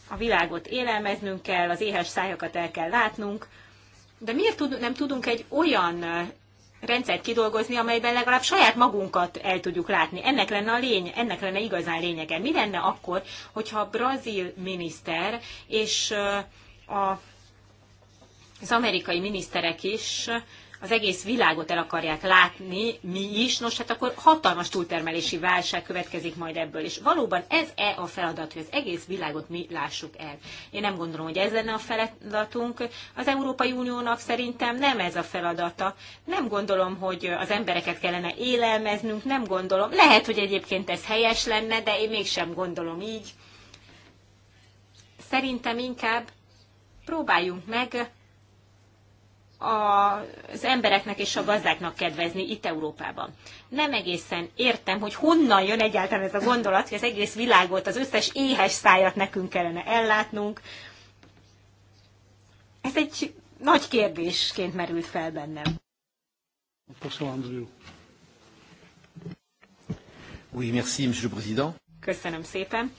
a világot élelmeznünk kell, az éhes szájakat el kell látnunk, de miért tud, nem tudunk egy olyan rendszert kidolgozni, amelyben legalább saját magunkat el tudjuk látni. Ennek lenne a lény, ennek lenne igazán lényege. Mi lenne akkor, hogyha a brazil miniszter és a, az amerikai miniszterek is az egész világot el akarják látni, mi is, nos hát akkor hatalmas túltermelési válság következik majd ebből. És valóban ez-e a feladat, hogy az egész világot mi lássuk el? Én nem gondolom, hogy ez lenne a feladatunk. Az Európai Uniónak szerintem nem ez a feladata. Nem gondolom, hogy az embereket kellene élelmeznünk, nem gondolom. Lehet, hogy egyébként ez helyes lenne, de én mégsem gondolom így. Szerintem inkább próbáljunk meg az embereknek és a gazdáknak kedvezni itt Európában. Nem egészen értem, hogy honnan jön egyáltalán ez a gondolat, hogy az egész világot, az összes éhes szájat nekünk kellene ellátnunk. Ez egy nagy kérdésként merült fel bennem. Oui, merci, monsieur le président. Köszönöm szépen.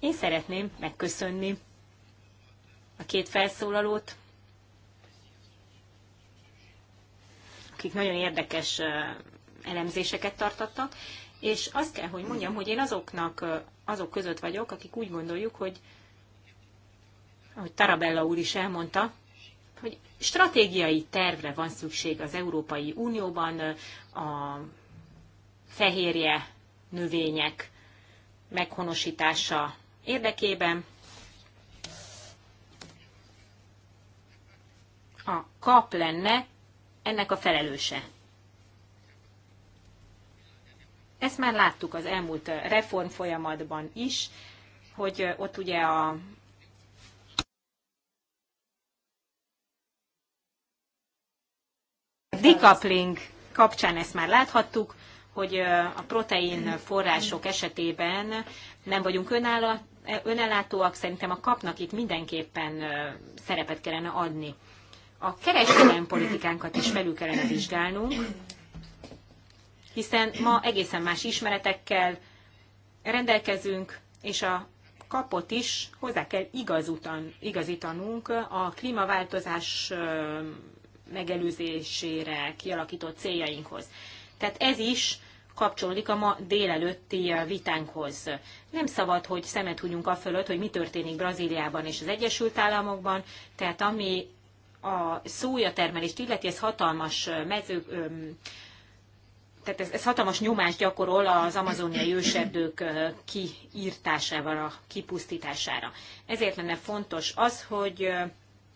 Én szeretném megköszönni a két felszólalót, akik nagyon érdekes elemzéseket tartattak, és azt kell, hogy mondjam, hogy én azoknak, azok között vagyok, akik úgy gondoljuk, hogy ahogy Tarabella úr is elmondta, hogy stratégiai tervre van szükség az Európai Unióban a fehérje növények meghonosítása érdekében. A kap lenne ennek a felelőse. Ezt már láttuk az elmúlt reform folyamatban is, hogy ott ugye a decoupling kapcsán ezt már láthattuk, hogy a protein források esetében nem vagyunk önállóak, önellátóak, szerintem a kapnak itt mindenképpen szerepet kellene adni a kereskedelmi politikánkat is felül kellene vizsgálnunk, hiszen ma egészen más ismeretekkel rendelkezünk, és a kapot is hozzá kell igazutan, igazítanunk a klímaváltozás megelőzésére kialakított céljainkhoz. Tehát ez is kapcsolódik a ma délelőtti vitánkhoz. Nem szabad, hogy szemet hunyunk a fölött, hogy mi történik Brazíliában és az Egyesült Államokban, tehát ami a szójatermelést illeti, ez hatalmas mező, tehát ez, ez hatalmas nyomást gyakorol az amazoniai őserdők kiírtásával, a kipusztítására. Ezért lenne fontos az, hogy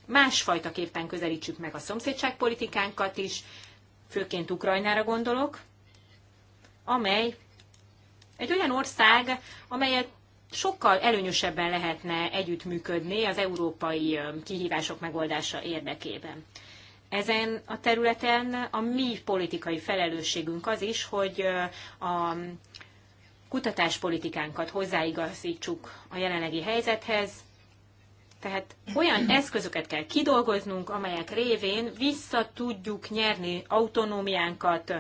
másfajtaképpen közelítsük meg a szomszédságpolitikánkat is, főként Ukrajnára gondolok, amely egy olyan ország, amelyet sokkal előnyösebben lehetne együttműködni az európai kihívások megoldása érdekében. Ezen a területen a mi politikai felelősségünk az is, hogy a kutatáspolitikánkat hozzáigazítsuk a jelenlegi helyzethez, tehát olyan eszközöket kell kidolgoznunk, amelyek révén vissza tudjuk nyerni autonómiánkat,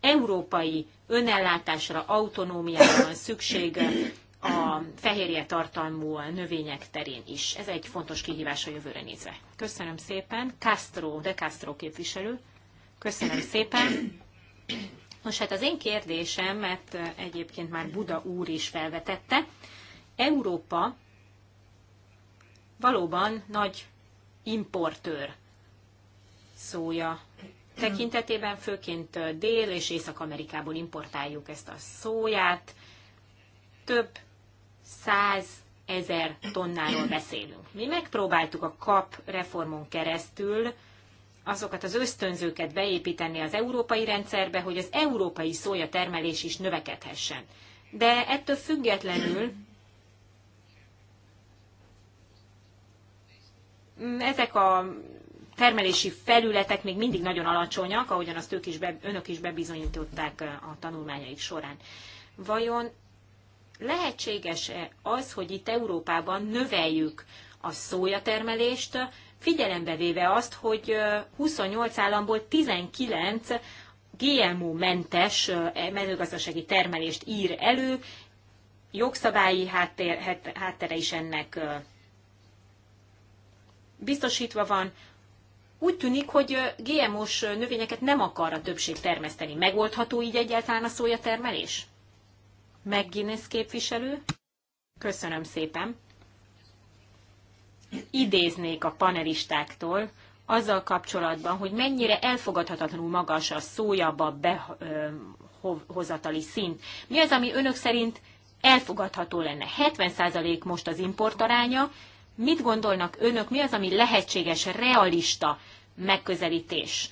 európai önellátásra, autonómiára van szükség a fehérje tartalmú növények terén is. Ez egy fontos kihívás a jövőre nézve. Köszönöm szépen. Castro, de Castro képviselő. Köszönöm szépen. Most hát az én kérdésem, mert egyébként már Buda úr is felvetette, Európa valóban nagy importőr szója tekintetében, főként Dél- és Észak-Amerikából importáljuk ezt a szóját. Több 100 ezer tonnáról beszélünk. Mi megpróbáltuk a kap reformon keresztül azokat az ösztönzőket beépíteni az európai rendszerbe, hogy az európai szója termelés is növekedhessen. De ettől függetlenül ezek a termelési felületek még mindig nagyon alacsonyak, ahogyan azt ők is be, önök is bebizonyították eh, a tanulmányaik során. Vajon lehetséges-e az, hogy itt Európában növeljük a szójatermelést, figyelembe véve azt, hogy 28 államból 19 GMO-mentes e, mezőgazdasági termelést ír elő, jogszabályi háttér, hát, háttere is ennek biztosítva van. Úgy tűnik, hogy GMO-s növényeket nem akar a többség termeszteni. Megoldható így egyáltalán a szója termelés? McGuinness képviselő. Köszönöm szépen. Idéznék a panelistáktól azzal kapcsolatban, hogy mennyire elfogadhatatlanul magas a szójaba behozatali szint. Mi az, ami önök szerint elfogadható lenne? 70% most az importaránya. Mit gondolnak önök, mi az, ami lehetséges, realista megközelítés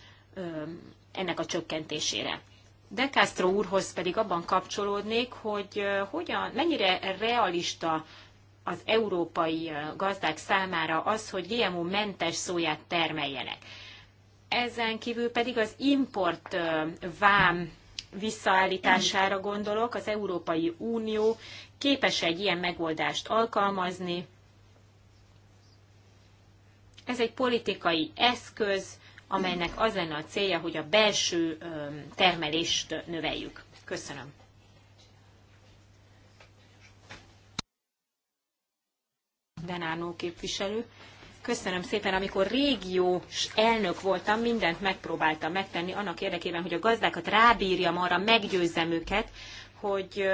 ennek a csökkentésére? De Castro úrhoz pedig abban kapcsolódnék, hogy hogyan, mennyire realista az európai gazdák számára az, hogy GMO-mentes szóját termeljenek. Ezen kívül pedig az import vám visszaállítására gondolok, az Európai Unió képes egy ilyen megoldást alkalmazni. Ez egy politikai eszköz, amelynek az lenne a célja, hogy a belső termelést növeljük. Köszönöm. Denánó képviselő. Köszönöm szépen, amikor régiós elnök voltam, mindent megpróbáltam megtenni annak érdekében, hogy a gazdákat rábírjam arra, meggyőzzem őket, hogy,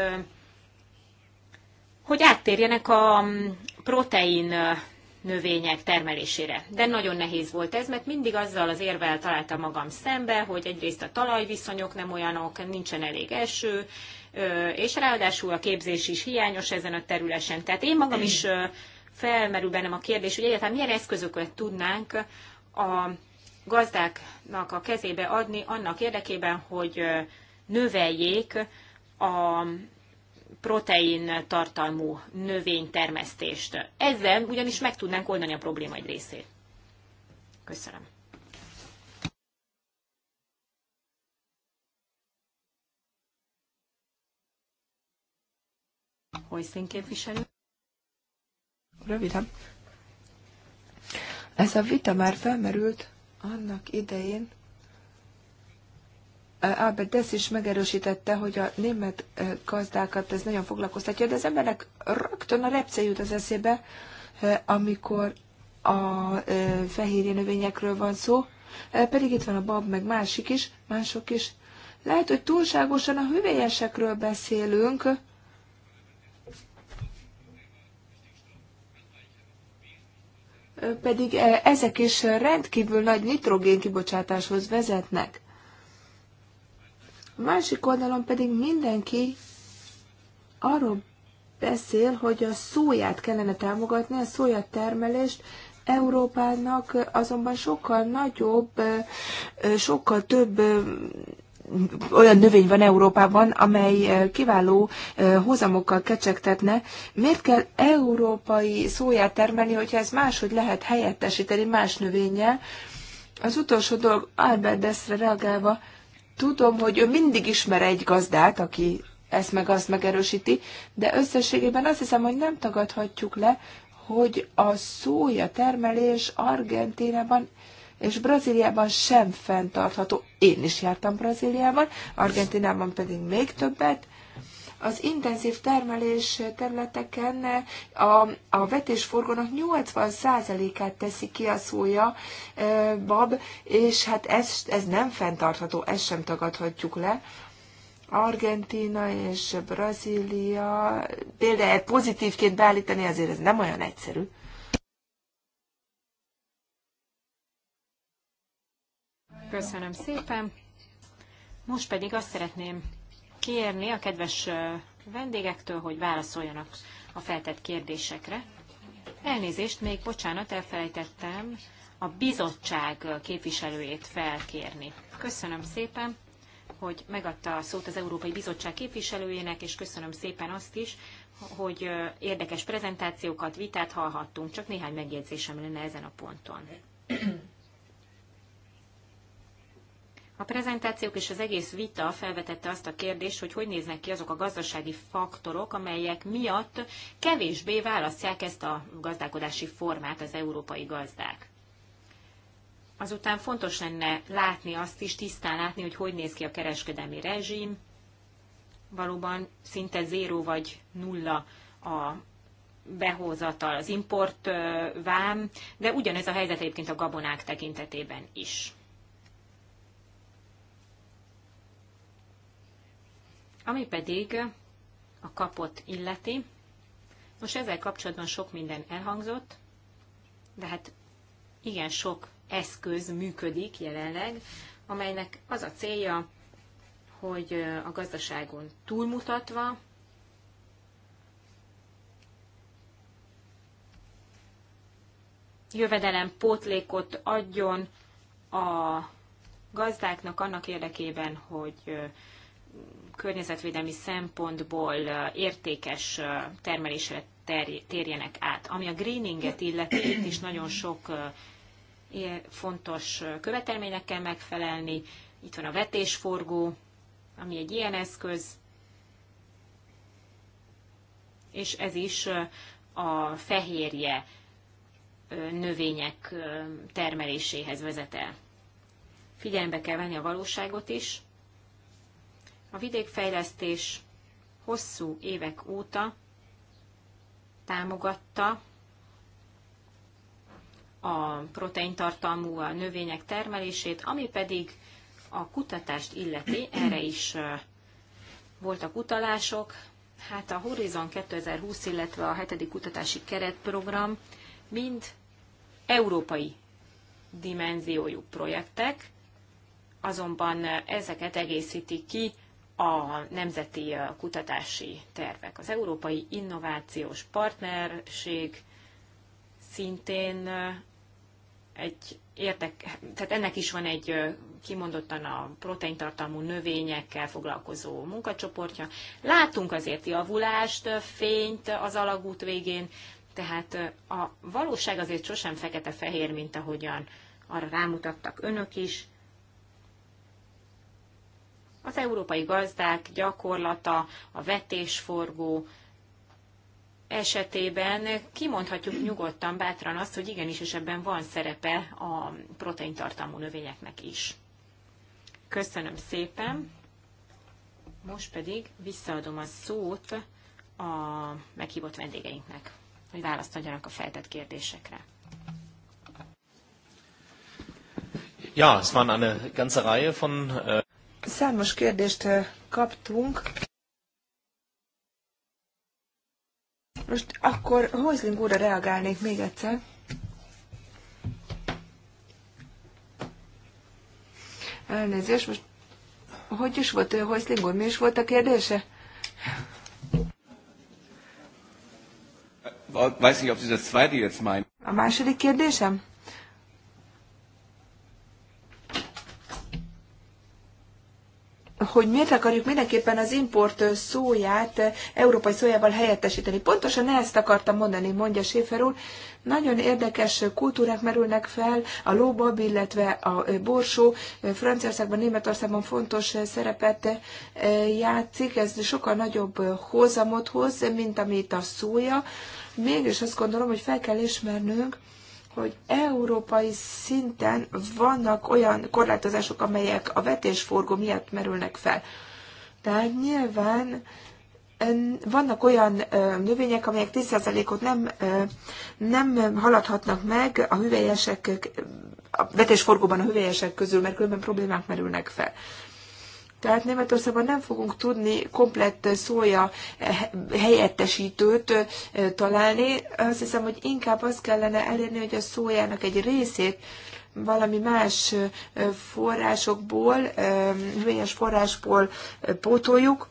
hogy áttérjenek a mm, protein növények termelésére. De nagyon nehéz volt ez, mert mindig azzal az érvel találtam magam szembe, hogy egyrészt a talajviszonyok nem olyanok, nincsen elég eső, és ráadásul a képzés is hiányos ezen a területen. Tehát én magam is felmerül bennem a kérdés, hogy egyáltalán milyen eszközöket tudnánk a gazdáknak a kezébe adni annak érdekében, hogy növeljék a protein tartalmú növénytermesztést. Ezzel ugyanis meg tudnánk oldani a probléma egy részét. Köszönöm. Hojszín képviselő. Röviden. Ez a vita már felmerült annak idején, Albert Dess is megerősítette, hogy a német gazdákat ez nagyon foglalkoztatja, de az embernek rögtön a repce jut az eszébe, amikor a fehérje növényekről van szó, pedig itt van a bab, meg másik is, mások is. Lehet, hogy túlságosan a hüvelyesekről beszélünk, pedig ezek is rendkívül nagy nitrogén kibocsátáshoz vezetnek. A másik oldalon pedig mindenki arról beszél, hogy a szóját kellene támogatni, a szóját termelést Európának azonban sokkal nagyobb, sokkal több olyan növény van Európában, amely kiváló hozamokkal kecsegtetne. Miért kell európai szóját termelni, hogyha ez máshogy lehet helyettesíteni más növénye? Az utolsó dolog Albert Deszre reagálva, Tudom, hogy ő mindig ismer egy gazdát, aki ezt meg azt megerősíti, de összességében azt hiszem, hogy nem tagadhatjuk le, hogy a szója termelés Argentínában és Brazíliában sem fenntartható. Én is jártam Brazíliában, Argentinában pedig még többet, az intenzív termelés területeken a, a vetésforgónak 80%-át teszi ki a szója bab, és hát ez, ez nem fenntartható, ezt sem tagadhatjuk le. Argentína és Brazília példáját pozitívként beállítani azért ez nem olyan egyszerű. Köszönöm szépen. Most pedig azt szeretném kérni a kedves vendégektől, hogy válaszoljanak a feltett kérdésekre. Elnézést, még bocsánat, elfelejtettem a bizottság képviselőjét felkérni. Köszönöm szépen, hogy megadta a szót az Európai Bizottság képviselőjének, és köszönöm szépen azt is, hogy érdekes prezentációkat, vitát hallhattunk, csak néhány megjegyzésem lenne ezen a ponton. A prezentációk és az egész vita felvetette azt a kérdést, hogy hogy néznek ki azok a gazdasági faktorok, amelyek miatt kevésbé választják ezt a gazdálkodási formát az európai gazdák. Azután fontos lenne látni azt is, tisztán látni, hogy hogy néz ki a kereskedelmi rezsim. Valóban szinte zéró vagy nulla a behozatal, az import vám, de ugyanez a helyzet egyébként a gabonák tekintetében is. Ami pedig a kapot illeti, most ezzel kapcsolatban sok minden elhangzott, de hát igen sok eszköz működik jelenleg, amelynek az a célja, hogy a gazdaságon túlmutatva jövedelem pótlékot adjon a gazdáknak annak érdekében, hogy környezetvédelmi szempontból értékes termelésre térjenek át. Ami a greeninget illeti, itt is nagyon sok fontos követelménynek kell megfelelni. Itt van a vetésforgó, ami egy ilyen eszköz, és ez is a fehérje növények termeléséhez vezet el. Figyelembe kell venni a valóságot is, a vidékfejlesztés hosszú évek óta támogatta a proteintartalmú a növények termelését, ami pedig a kutatást illeti, erre is voltak utalások. Hát a Horizon 2020, illetve a 7. kutatási keretprogram mind európai dimenziójú projektek, azonban ezeket egészíti ki a nemzeti kutatási tervek. Az Európai Innovációs Partnerség szintén egy értek, tehát ennek is van egy kimondottan a proteintartalmú növényekkel foglalkozó munkacsoportja. Látunk azért javulást, fényt az alagút végén, tehát a valóság azért sosem fekete-fehér, mint ahogyan arra rámutattak önök is. Az európai gazdák gyakorlata, a vetésforgó esetében kimondhatjuk nyugodtan, bátran azt, hogy igenis, és ebben van szerepe a proteintartalmú növényeknek is. Köszönöm szépen! Most pedig visszaadom a szót a meghívott vendégeinknek, hogy választ adjanak a feltett kérdésekre. Ja, es waren eine ganze Reihe von... Äh, Számos kérdést kaptunk. Most akkor Hozling úrra reagálnék még egyszer. Elnézést, most hogy is volt ő, Hozling úr? Mi is volt a kérdése? A második kérdésem? hogy miért akarjuk mindenképpen az import szóját európai szójával helyettesíteni. Pontosan ezt akartam mondani, mondja Séfer úr. Nagyon érdekes kultúrák merülnek fel, a lóbab, illetve a borsó Franciaországban, Németországban fontos szerepet játszik, ez sokkal nagyobb hozamot hoz, mint amit a szója. Mégis azt gondolom, hogy fel kell ismernünk, hogy európai szinten vannak olyan korlátozások, amelyek a vetésforgó miatt merülnek fel. Tehát nyilván vannak olyan növények, amelyek 10%-ot nem, nem haladhatnak meg a hüvelyesek, a vetésforgóban a hüvelyesek közül, mert különben problémák merülnek fel. Tehát Németországban nem fogunk tudni komplett szója helyettesítőt találni. Azt hiszem, hogy inkább azt kellene elérni, hogy a szójának egy részét valami más forrásokból, hüvelyes forrásból pótoljuk,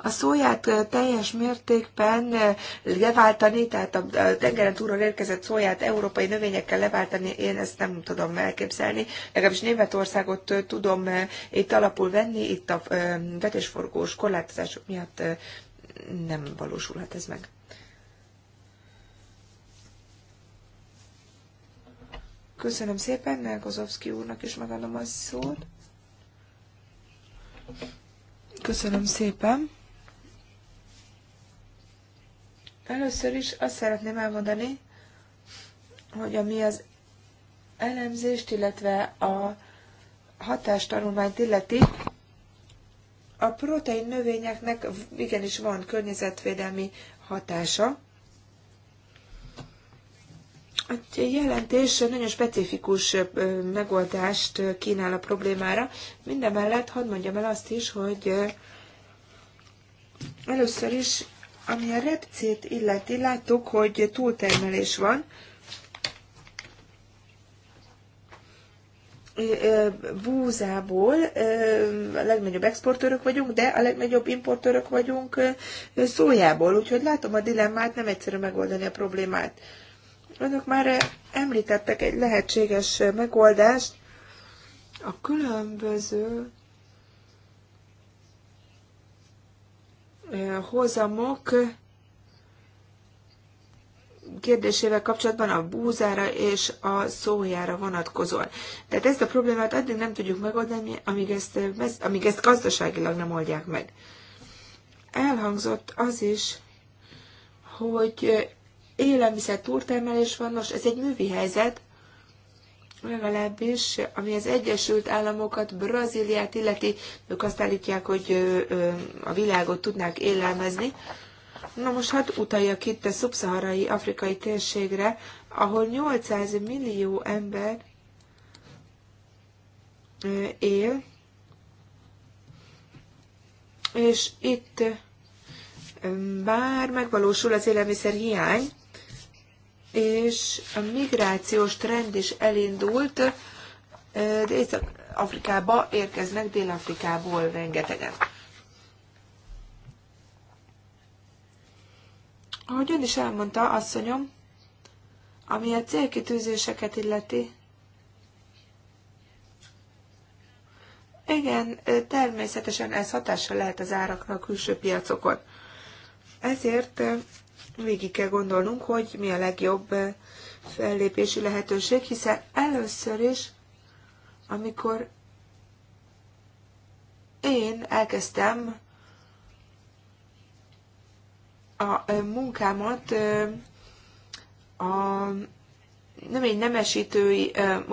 a szóját teljes mértékben leváltani, tehát a tengeren túlról érkezett szóját európai növényekkel leváltani, én ezt nem tudom elképzelni. Legalábbis Németországot tudom itt alapul venni, itt a vetésforgós korlátozások miatt nem valósulhat ez meg. Köszönöm szépen, Nelkozovszki úrnak is megadom a szót. Köszönöm szépen. Először is azt szeretném elmondani, hogy ami az elemzést, illetve a hatástanulmányt illeti, a protein növényeknek igenis van környezetvédelmi hatása. A jelentés nagyon specifikus megoldást kínál a problémára. Mindemellett hadd mondjam el azt is, hogy először is ami a repcét illeti, láttuk, hogy túltermelés van. búzából a legnagyobb exportőrök vagyunk, de a legnagyobb importőrök vagyunk szójából, úgyhogy látom a dilemmát, nem egyszerű megoldani a problémát. Önök már említettek egy lehetséges megoldást, a különböző hozamok kérdésével kapcsolatban a búzára és a szójára vonatkozóan. Tehát ezt a problémát addig nem tudjuk megoldani, amíg ezt, amíg ezt gazdaságilag nem oldják meg. Elhangzott az is, hogy élelmiszer túrtermelés van, most ez egy művi helyzet, legalábbis, ami az Egyesült Államokat, Brazíliát illeti, ők azt állítják, hogy a világot tudnák élelmezni. Na most hadd utaljak itt a szubszaharai afrikai térségre, ahol 800 millió ember él, és itt bár megvalósul az élelmiszer hiány, és a migrációs trend is elindult, Észak-Afrikába érkeznek Dél-Afrikából rengetegen. Ahogy ön is elmondta, asszonyom, ami a célkitűzéseket illeti, igen, természetesen ez hatással lehet az árakra a külső piacokon. Ezért végig kell gondolnunk, hogy mi a legjobb eh, fellépési lehetőség, hiszen először is, amikor én elkezdtem a eh, munkámat eh, a nem egy nemesítői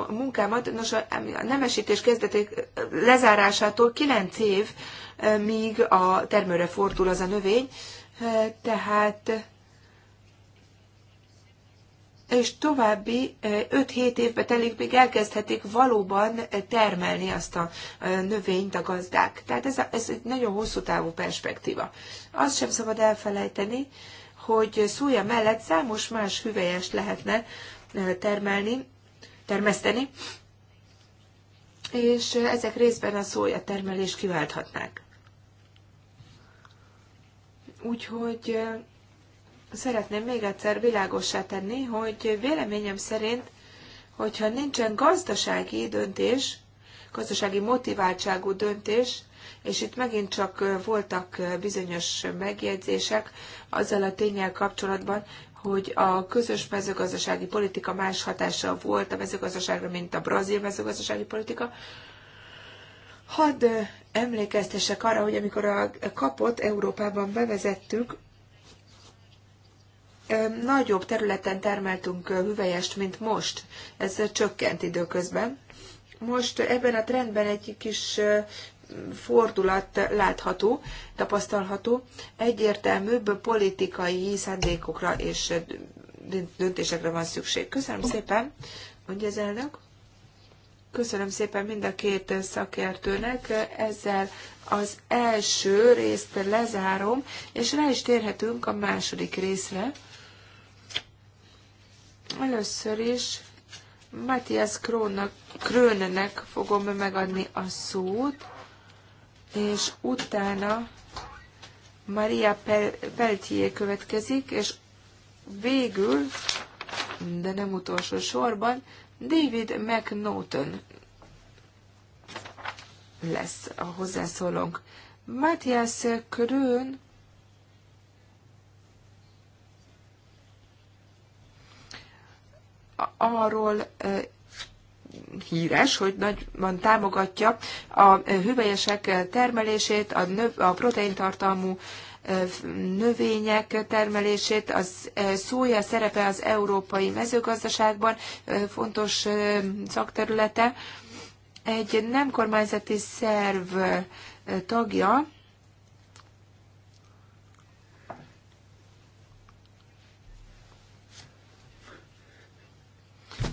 munkámat, nos, a nemesítés kezdeték lezárásától 9 év, míg a termőre fordul az a növény, tehát és további 5-7 évbe telik, még elkezdhetik valóban termelni azt a növényt a gazdák. Tehát ez, ez egy nagyon hosszú távú perspektíva. Azt sem szabad elfelejteni, hogy szója mellett számos más hüvelyest lehetne termelni, termeszteni, és ezek részben a szója termelést kiválthatnák. Úgyhogy szeretném még egyszer világossá tenni, hogy véleményem szerint, hogyha nincsen gazdasági döntés, gazdasági motiváltságú döntés, és itt megint csak voltak bizonyos megjegyzések azzal a tényel kapcsolatban, hogy a közös mezőgazdasági politika más hatása volt a mezőgazdaságra, mint a brazil mezőgazdasági politika. Hadd emlékeztessek arra, hogy amikor a kapot Európában bevezettük, nagyobb területen termeltünk hüvelyest, mint most. Ez csökkent időközben. Most ebben a trendben egy kis fordulat látható, tapasztalható, egyértelműbb politikai szándékokra és döntésekre van szükség. Köszönöm szépen, mondja az elnök. Köszönöm szépen mind a két szakértőnek. Ezzel az első részt lezárom, és rá is térhetünk a második részre. Először is Matthias Krönnek fogom megadni a szót, és utána Maria Peltier következik, és végül, de nem utolsó sorban, David McNaughton lesz a hozzászólónk. Matthias Krön arról híres, hogy nagyban támogatja a hüvelyesek termelését, a, növ, a proteintartalmú növények termelését, az szója szerepe az európai mezőgazdaságban fontos szakterülete. Egy nem kormányzati szerv tagja,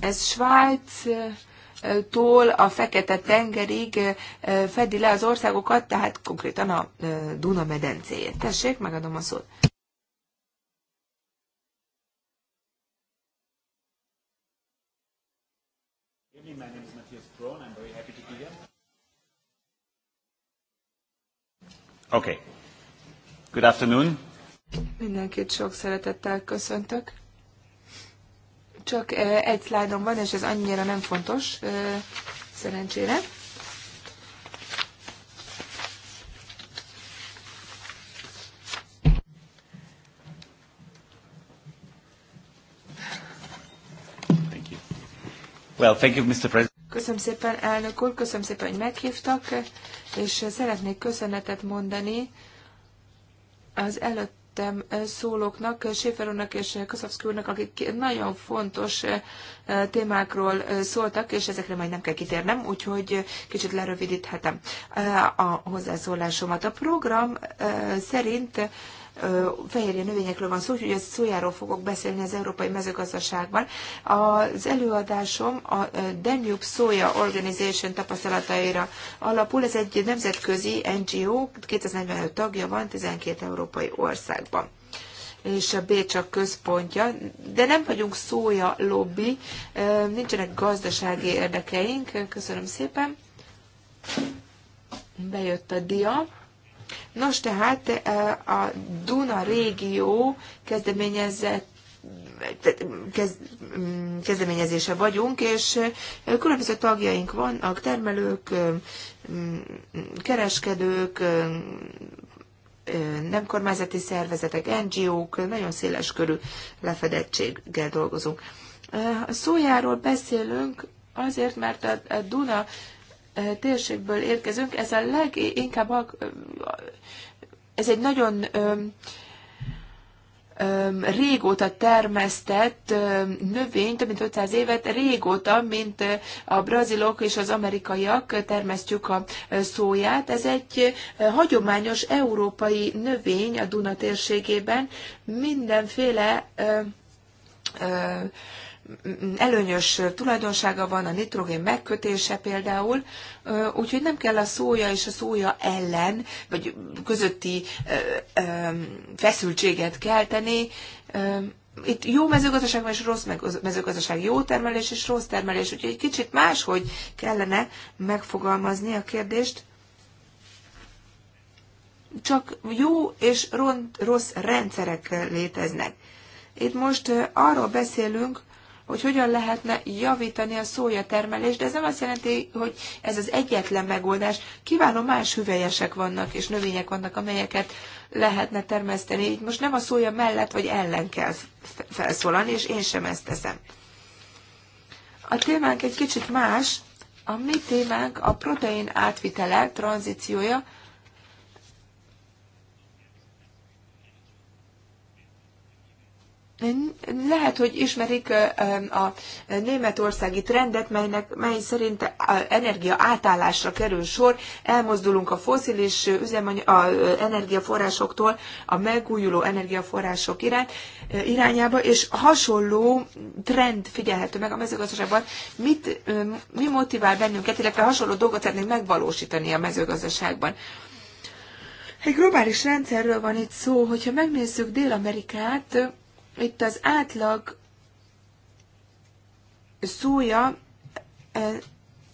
Ez Svájc tól a Fekete-tengerig fedi le az országokat, tehát konkrétan a Duna medencéjét. Tessék, megadom a szót. Okay. Good afternoon. Mindenkit sok szeretettel köszöntök. Csak egy szlájdom van, és ez annyira nem fontos, szerencsére. Well, thank you, Mr. Köszönöm szépen, elnök úr, köszönöm szépen, hogy meghívtak, és szeretnék köszönetet mondani az előtt előttem szólóknak, Séfer úrnak és Kaszavszki úrnak, akik nagyon fontos témákról szóltak, és ezekre majd nem kell kitérnem, úgyhogy kicsit lerövidíthetem a hozzászólásomat. A program szerint fehérje növényekről van szó, úgyhogy a szójáról fogok beszélni az európai mezőgazdaságban. Az előadásom a Danube Soja Organization tapasztalataira alapul. Ez egy nemzetközi NGO, 245 tagja van, 12 európai országban és a Bécsa a központja, de nem vagyunk szója lobby, nincsenek gazdasági érdekeink. Köszönöm szépen. Bejött a dia. Nos, tehát e, a Duna régió kezdeményezett mm, kezdeményezése vagyunk, és e, különböző tagjaink vannak, termelők, e, mm, kereskedők, nem kormányzati szervezetek, NGO-k, nagyon széles körű lefedettséggel dolgozunk. A szójáról beszélünk azért, mert a Duna térségből érkezünk, ez a leginkább, ez egy nagyon régóta termesztett növény, több mint 500 évet, régóta, mint a brazilok és az amerikaiak termesztjük a szóját. Ez egy hagyományos európai növény a Duna térségében, mindenféle előnyös tulajdonsága van, a nitrogén megkötése például, úgyhogy nem kell a szója és a szója ellen, vagy közötti feszültséget kelteni. Itt jó mezőgazdaság van és rossz mezőgazdaság, jó termelés és rossz termelés, úgyhogy egy kicsit máshogy kellene megfogalmazni a kérdést csak jó és rossz rendszerek léteznek. Itt most arról beszélünk, hogy hogyan lehetne javítani a szója termelést, de ez nem azt jelenti, hogy ez az egyetlen megoldás. Kiváló más hüvelyesek vannak és növények vannak, amelyeket lehetne termeszteni. Így most nem a szója mellett vagy ellen kell felszólalni, és én sem ezt teszem. A témánk egy kicsit más. A mi témánk a protein átvitele, tranzíciója, Lehet, hogy ismerik a németországi trendet, melynek, mely szerint energia átállásra kerül sor, elmozdulunk a foszilis üzemany- a energiaforrásoktól a megújuló energiaforrások irány, irányába, és hasonló trend figyelhető meg a mezőgazdaságban. Mit, mi motivál bennünket, illetve hasonló dolgot szeretnénk megvalósítani a mezőgazdaságban? Egy globális rendszerről van itt szó, hogyha megnézzük Dél-Amerikát, itt az átlag szója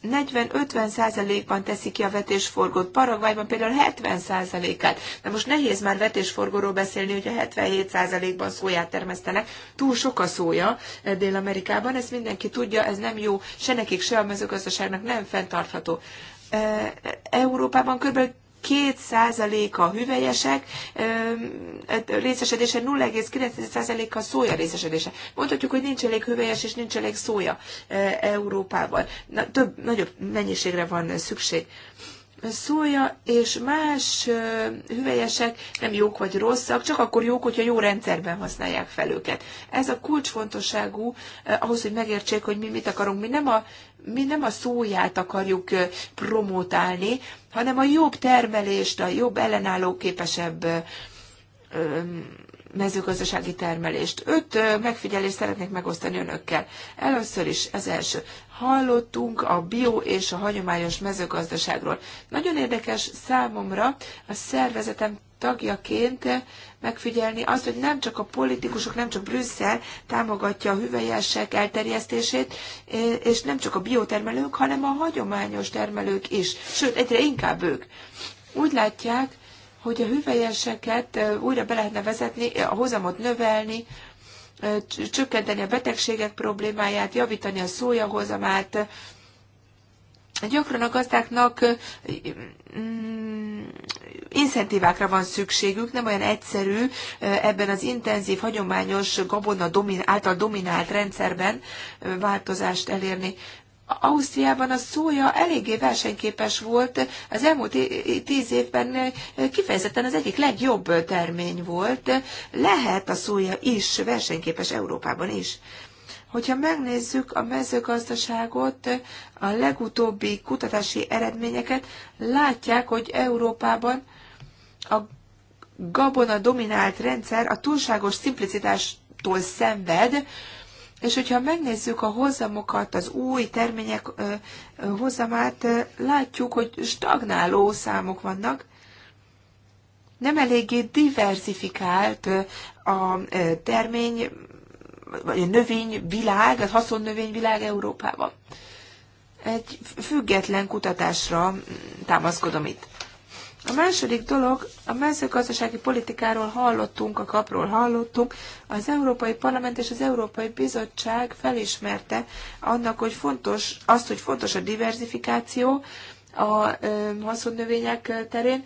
40-50%-ban eh, teszi ki a vetésforgót, Paraguayban például 70%-át. de most nehéz már vetésforgóról beszélni, hogyha 77%-ban szóját termesztenek. Túl sok a szója eh, Dél-Amerikában, ezt mindenki tudja, ez nem jó, se nekik, se a mezőgazdaságnak nem fenntartható. Eh, Európában kb. 2% a hüvelyesek részesedése, 0,9% a szója részesedése. Mondhatjuk, hogy nincs elég hüvelyes és nincs elég szója Európában. Na, több, nagyobb mennyiségre van szükség szója, és más hüvelyesek nem jók vagy rosszak, csak akkor jók, hogyha jó rendszerben használják fel őket. Ez a kulcsfontosságú ahhoz, hogy megértsék, hogy mi mit akarunk. Mi nem a mi nem a szóját akarjuk promotálni, hanem a jobb termelést, a jobb ellenálló képesebb mezőgazdasági termelést. Öt megfigyelést szeretnék megosztani önökkel. Először is ez első. Hallottunk a bio és a hagyományos mezőgazdaságról. Nagyon érdekes számomra a szervezetem tagjaként megfigyelni azt, hogy nem csak a politikusok, nem csak Brüsszel támogatja a hüvelyesek elterjesztését, és nem csak a biotermelők, hanem a hagyományos termelők is, sőt, egyre inkább ők. Úgy látják, hogy a hüvelyeseket újra be lehetne vezetni, a hozamot növelni, csökkenteni a betegségek problémáját, javítani a szójahozamát, hozamát, gyakran a gazdáknak mm, incentívákra van szükségük, nem olyan egyszerű ebben az intenzív, hagyományos gabona domin, által dominált rendszerben változást elérni. Ausztriában a szója eléggé versenyképes volt, az elmúlt tíz évben kifejezetten az egyik legjobb termény volt. Lehet a szója is versenyképes Európában is. Hogyha megnézzük a mezőgazdaságot, a legutóbbi kutatási eredményeket, látják, hogy Európában a gabona dominált rendszer a túlságos szimplicitástól szenved, és hogyha megnézzük a hozamokat, az új termények hozamát, látjuk, hogy stagnáló számok vannak. Nem eléggé diversifikált a termény vagy a növényvilág, a haszonnövényvilág Európában. Egy független kutatásra támaszkodom itt. A második dolog, a mezőgazdasági politikáról hallottunk, a kapról hallottunk. Az Európai Parlament és az Európai Bizottság felismerte annak, hogy fontos, azt, hogy fontos a diversifikáció a haszonnövények terén.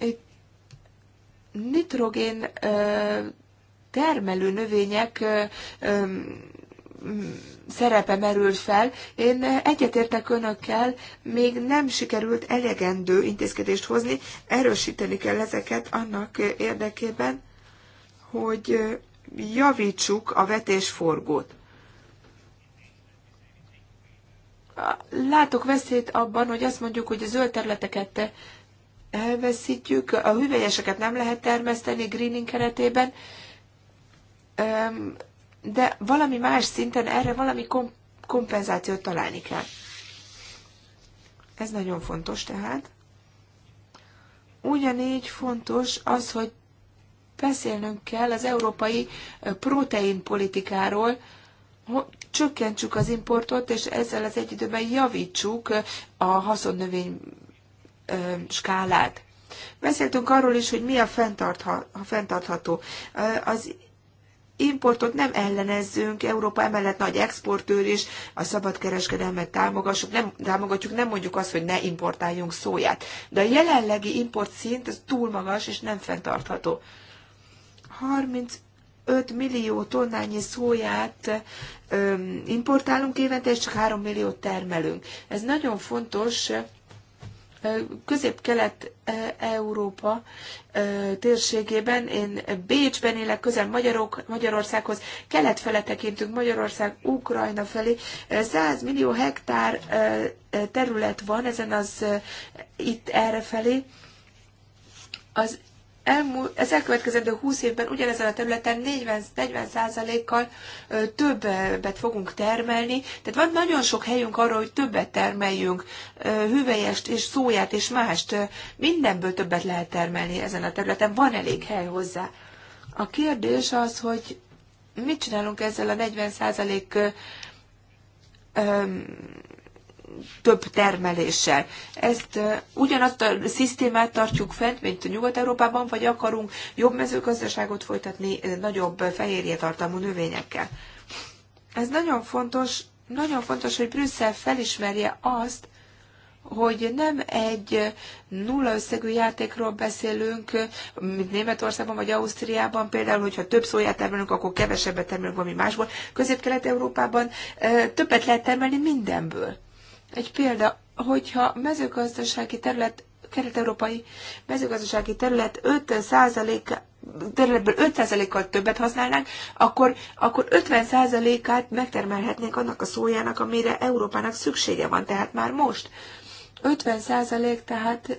Itt nitrogén termelő növények szerepe merült fel. Én egyetértek önökkel, még nem sikerült elegendő intézkedést hozni, erősíteni kell ezeket annak érdekében, hogy javítsuk a vetésforgót. Látok veszélyt abban, hogy azt mondjuk, hogy a zöld területeket elveszítjük, a hüvelyeseket nem lehet termeszteni greening keretében, de valami más szinten erre valami kompenzációt találni kell. Ez nagyon fontos tehát. Ugyanígy fontos az, hogy beszélnünk kell az európai proteinpolitikáról, csökkentsük az importot, és ezzel az egy időben javítsuk a haszonnövény skálát. Beszéltünk arról is, hogy mi a fenntartható. Az importot nem ellenezzünk, Európa emellett nagy exportőr is, a szabadkereskedelmet támogassuk, nem, támogatjuk, nem mondjuk azt, hogy ne importáljunk szóját. De a jelenlegi import szint ez túl magas és nem fenntartható. 35 millió tonnányi szóját importálunk évente, és csak 3 milliót termelünk. Ez nagyon fontos Közép-Kelet-Európa térségében, én Bécsben élek, közel Magyarok, Magyarországhoz, kelet fele tekintünk, Magyarország, Ukrajna felé, 100 millió hektár terület van ezen az itt erre felé. Az elmúlt, az elkövetkezendő 20 évben ugyanezen a területen 40 kal többet fogunk termelni, tehát van nagyon sok helyünk arra, hogy többet termeljünk, hüvelyest és szóját és mást, mindenből többet lehet termelni ezen a területen, van elég hely hozzá. A kérdés az, hogy mit csinálunk ezzel a 40 százalék több termeléssel. Ezt ugyanazt a szisztémát tartjuk fent, mint Nyugat-Európában, vagy akarunk jobb mezőgazdaságot folytatni nagyobb fehérje tartalmú növényekkel. Ez nagyon fontos, nagyon fontos, hogy Brüsszel felismerje azt, hogy nem egy nulla összegű játékról beszélünk, mint Németországban vagy Ausztriában, például, hogyha több szóját termelünk, akkor kevesebbet termelünk valami másból. Közép-Kelet-Európában többet lehet termelni mindenből. Egy példa, hogyha mezőgazdasági terület, kelet-európai mezőgazdasági terület 5 területből 5%-kal többet használnánk, akkor, akkor 50%-át megtermelhetnénk annak a szójának, amire Európának szüksége van, tehát már most. 50% tehát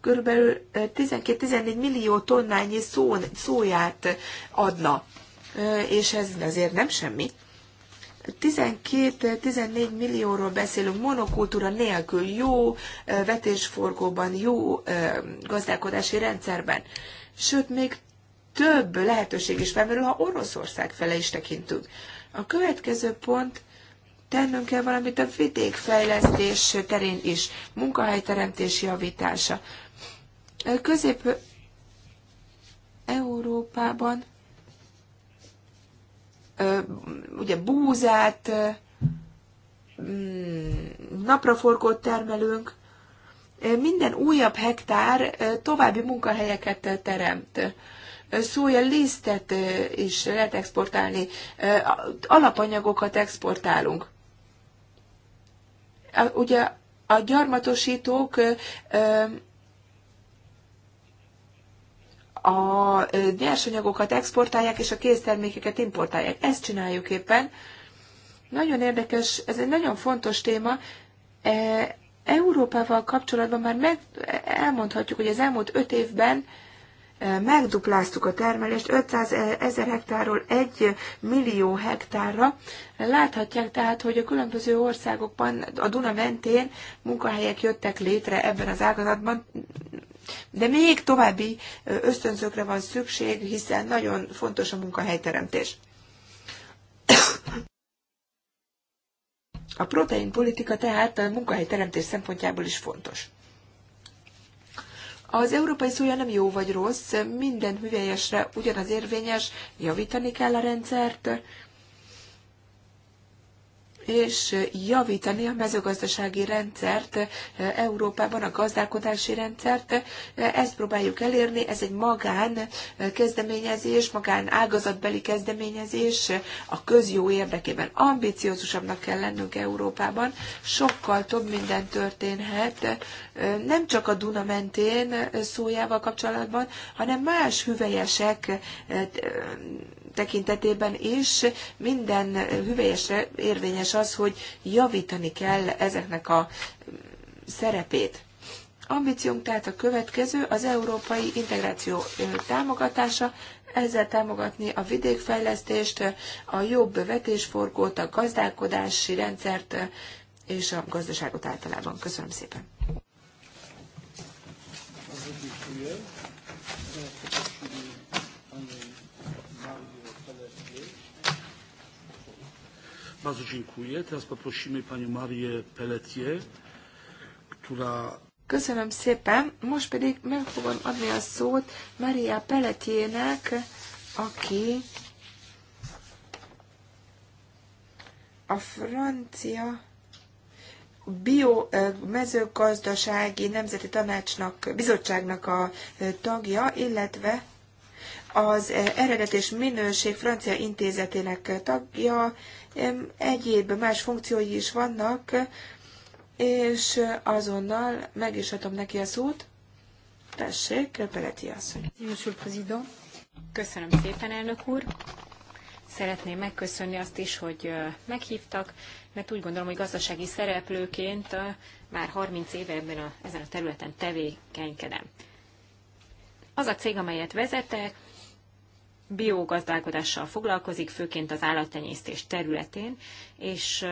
körülbelül 12-14 millió tonnányi szón, szóját adna, és ez azért nem semmi. 12-14 millióról beszélünk monokultúra nélkül, jó vetésforgóban, jó gazdálkodási rendszerben. Sőt, még több lehetőség is felmerül, ha Oroszország fele is tekintünk. A következő pont, tennünk kell valamit a vidékfejlesztés terén is, munkahelyteremtés javítása. Közép Európában ugye búzát, mm, napraforgót termelünk, minden újabb hektár további munkahelyeket teremt. Szója lisztet is lehet exportálni, alapanyagokat exportálunk. Ugye a gyarmatosítók a nyersanyagokat exportálják, és a kéztermékeket importálják. Ezt csináljuk éppen. Nagyon érdekes, ez egy nagyon fontos téma. E, Európával kapcsolatban már meg, elmondhatjuk, hogy az elmúlt öt évben e, megdupláztuk a termelést 500 e, ezer hektárról 1 millió hektárra. Láthatják tehát, hogy a különböző országokban a Duna mentén munkahelyek jöttek létre ebben az ágazatban. De még további ösztönzőkre van szükség, hiszen nagyon fontos a munkahelyteremtés. A proteinpolitika tehát a munkahelyteremtés szempontjából is fontos. Az európai szója nem jó vagy rossz, minden hüvelyesre ugyanaz érvényes, javítani kell a rendszert, és javítani a mezőgazdasági rendszert e, Európában, a gazdálkodási rendszert. E, ezt próbáljuk elérni, ez egy magán e, kezdeményezés, magán ágazatbeli kezdeményezés, a közjó érdekében ambiciózusabbnak kell lennünk Európában, sokkal több minden történhet, nem csak a Duna mentén szójával kapcsolatban, hanem más hüvelyesek tekintetében is minden hüvelyesre érvényes az, hogy javítani kell ezeknek a szerepét. Ambíciónk tehát a következő, az európai integráció támogatása, ezzel támogatni a vidékfejlesztést, a jobb vetésforgót, a gazdálkodási rendszert és a gazdaságot általában. Köszönöm szépen! Bardzo dziękuję. Teraz poprosimy panią Marię Pelletier, która... Köszönöm szépen. Most pedig meg fogom adni a szót Maria Peletjének, aki a francia bio mezőgazdasági nemzeti tanácsnak, bizottságnak a tagja, illetve az eredet és minőség francia intézetének tagja, egyéb más funkciói is vannak, és azonnal meg is adom neki a szót. Tessék, Peleti asszony. Köszönöm szépen, elnök úr. Szeretném megköszönni azt is, hogy meghívtak, mert úgy gondolom, hogy gazdasági szereplőként már 30 éve ebben a, ezen a területen tevékenykedem. Az a cég, amelyet vezetek, biogazdálkodással foglalkozik, főként az állattenyésztés területén, és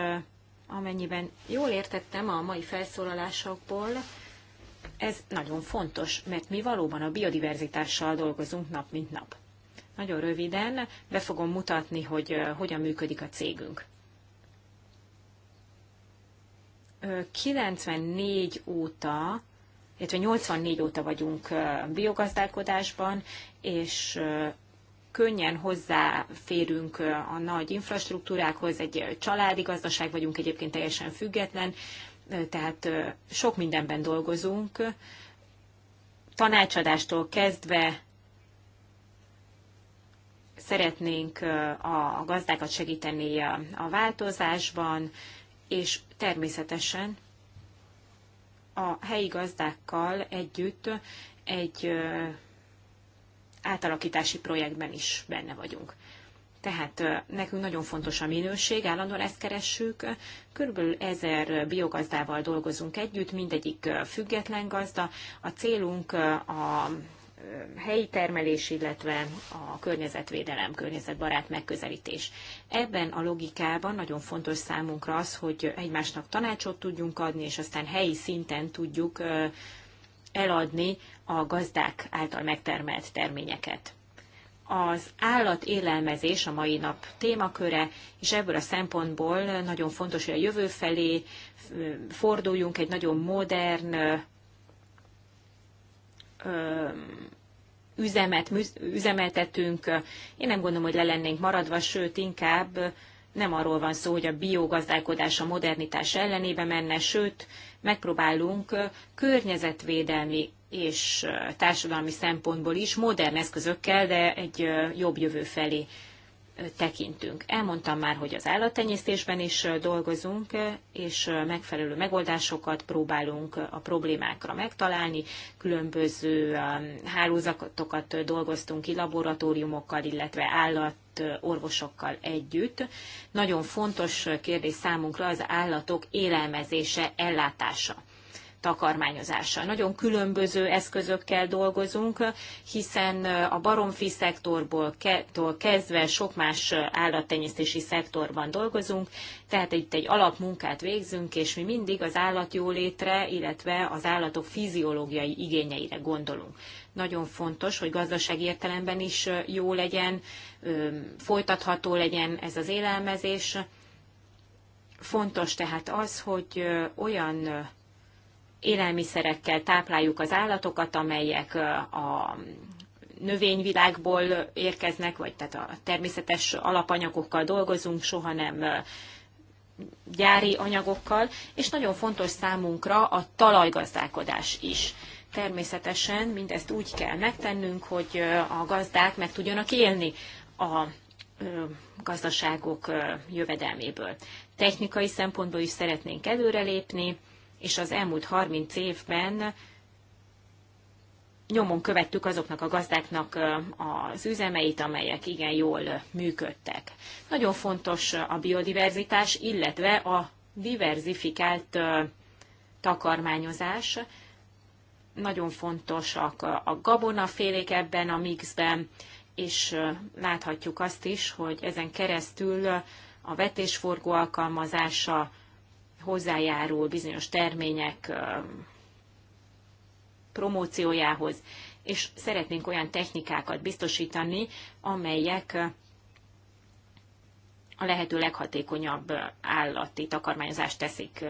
amennyiben jól értettem a mai felszólalásokból, ez nagyon fontos, mert mi valóban a biodiverzitással dolgozunk nap mint nap. Nagyon röviden be fogom mutatni, hogy hogyan működik a cégünk. 94 óta, illetve 84 óta vagyunk biogazdálkodásban, és könnyen hozzáférünk a nagy infrastruktúrákhoz, egy családi gazdaság vagyunk egyébként teljesen független, tehát sok mindenben dolgozunk, tanácsadástól kezdve szeretnénk a gazdákat segíteni a változásban, és természetesen a helyi gazdákkal együtt egy átalakítási projektben is benne vagyunk. Tehát nekünk nagyon fontos a minőség, állandóan ezt keressük. Körülbelül ezer biogazdával dolgozunk együtt, mindegyik független gazda. A célunk a helyi termelés, illetve a környezetvédelem, környezetbarát megközelítés. Ebben a logikában nagyon fontos számunkra az, hogy egymásnak tanácsot tudjunk adni, és aztán helyi szinten tudjuk eladni a gazdák által megtermelt terményeket. Az állatélelmezés a mai nap témaköre, és ebből a szempontból nagyon fontos, hogy a jövő felé forduljunk egy nagyon modern üzemet, üzemeltetünk. Én nem gondolom, hogy le lennénk maradva, sőt, inkább nem arról van szó, hogy a biogazdálkodás a modernitás ellenébe menne, sőt, megpróbálunk környezetvédelmi és társadalmi szempontból is modern eszközökkel, de egy jobb jövő felé tekintünk. Elmondtam már, hogy az állattenyésztésben is dolgozunk, és megfelelő megoldásokat próbálunk a problémákra megtalálni. Különböző hálózatokat dolgoztunk ki laboratóriumokkal, illetve állat orvosokkal együtt. Nagyon fontos kérdés számunkra az állatok élelmezése, ellátása takarmányozással. Nagyon különböző eszközökkel dolgozunk, hiszen a baromfi szektorból kezdve sok más állattenyésztési szektorban dolgozunk, tehát itt egy alapmunkát végzünk, és mi mindig az állatjólétre, illetve az állatok fiziológiai igényeire gondolunk. Nagyon fontos, hogy gazdasági értelemben is jó legyen, folytatható legyen ez az élelmezés. Fontos tehát az, hogy olyan élelmiszerekkel tápláljuk az állatokat, amelyek a növényvilágból érkeznek, vagy tehát a természetes alapanyagokkal dolgozunk, soha nem gyári anyagokkal, és nagyon fontos számunkra a talajgazdálkodás is. Természetesen mindezt úgy kell megtennünk, hogy a gazdák meg tudjanak élni a gazdaságok jövedelméből. Technikai szempontból is szeretnénk előrelépni, és az elmúlt 30 évben nyomon követtük azoknak a gazdáknak az üzemeit, amelyek igen jól működtek. Nagyon fontos a biodiverzitás, illetve a diverzifikált takarmányozás. Nagyon fontosak a gabonafélék ebben a mixben, és láthatjuk azt is, hogy ezen keresztül a vetésforgó alkalmazása hozzájárul bizonyos termények promóciójához, és szeretnénk olyan technikákat biztosítani, amelyek a lehető leghatékonyabb állati takarmányozást teszik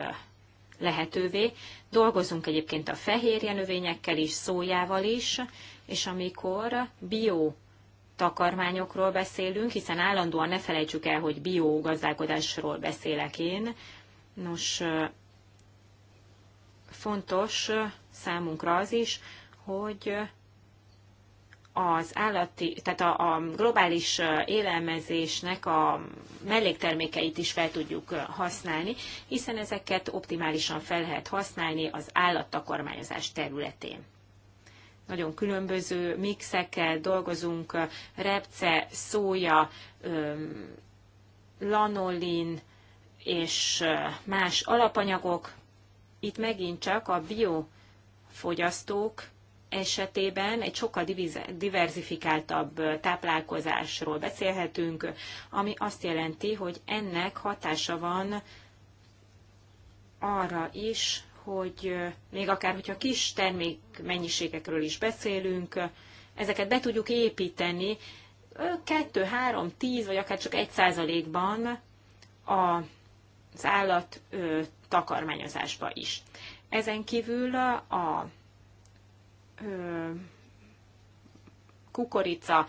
lehetővé. Dolgozunk egyébként a fehérje növényekkel is, szójával is, és amikor bio takarmányokról beszélünk, hiszen állandóan ne felejtsük el, hogy biogazdálkodásról beszélek én, Nos, fontos számunkra az is, hogy az állati, tehát a, a globális élelmezésnek a melléktermékeit is fel tudjuk használni, hiszen ezeket optimálisan fel lehet használni az állattakarmányozás területén. Nagyon különböző mixekkel dolgozunk, repce, szója, lanolin, és más alapanyagok. Itt megint csak a biofogyasztók esetében egy sokkal diverzifikáltabb táplálkozásról beszélhetünk, ami azt jelenti, hogy ennek hatása van arra is, hogy még akár, hogyha kis termékmennyiségekről is beszélünk, ezeket be tudjuk építeni 2, 3, 10 vagy akár csak 1 százalékban a az állat takarmányozásba is. Ezen kívül a kukorica,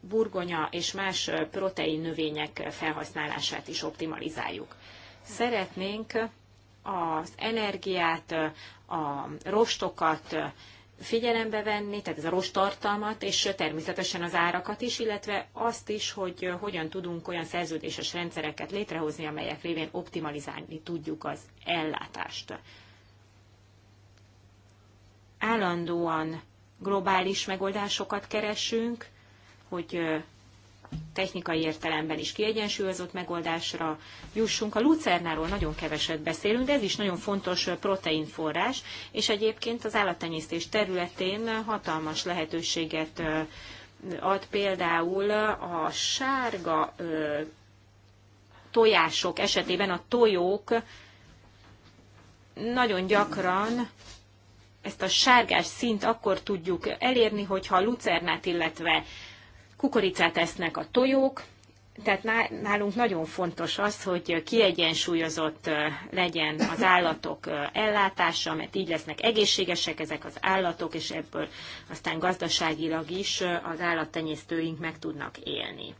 burgonya és más protein növények felhasználását is optimalizáljuk. Szeretnénk az energiát, a rostokat figyelembe venni, tehát ez a tartalmat, és természetesen az árakat is, illetve azt is, hogy hogyan tudunk olyan szerződéses rendszereket létrehozni, amelyek révén optimalizálni tudjuk az ellátást. Állandóan globális megoldásokat keresünk, hogy technikai értelemben is kiegyensúlyozott megoldásra jussunk. A lucernáról nagyon keveset beszélünk, de ez is nagyon fontos proteinforrás, és egyébként az állattenyésztés területén hatalmas lehetőséget ad például a sárga tojások esetében a tojók nagyon gyakran ezt a sárgás szint akkor tudjuk elérni, hogyha a lucernát, illetve kukoricát esznek a tojók, tehát nálunk nagyon fontos az, hogy kiegyensúlyozott legyen az állatok ellátása, mert így lesznek egészségesek ezek az állatok, és ebből aztán gazdaságilag is az állattenyésztőink meg tudnak élni.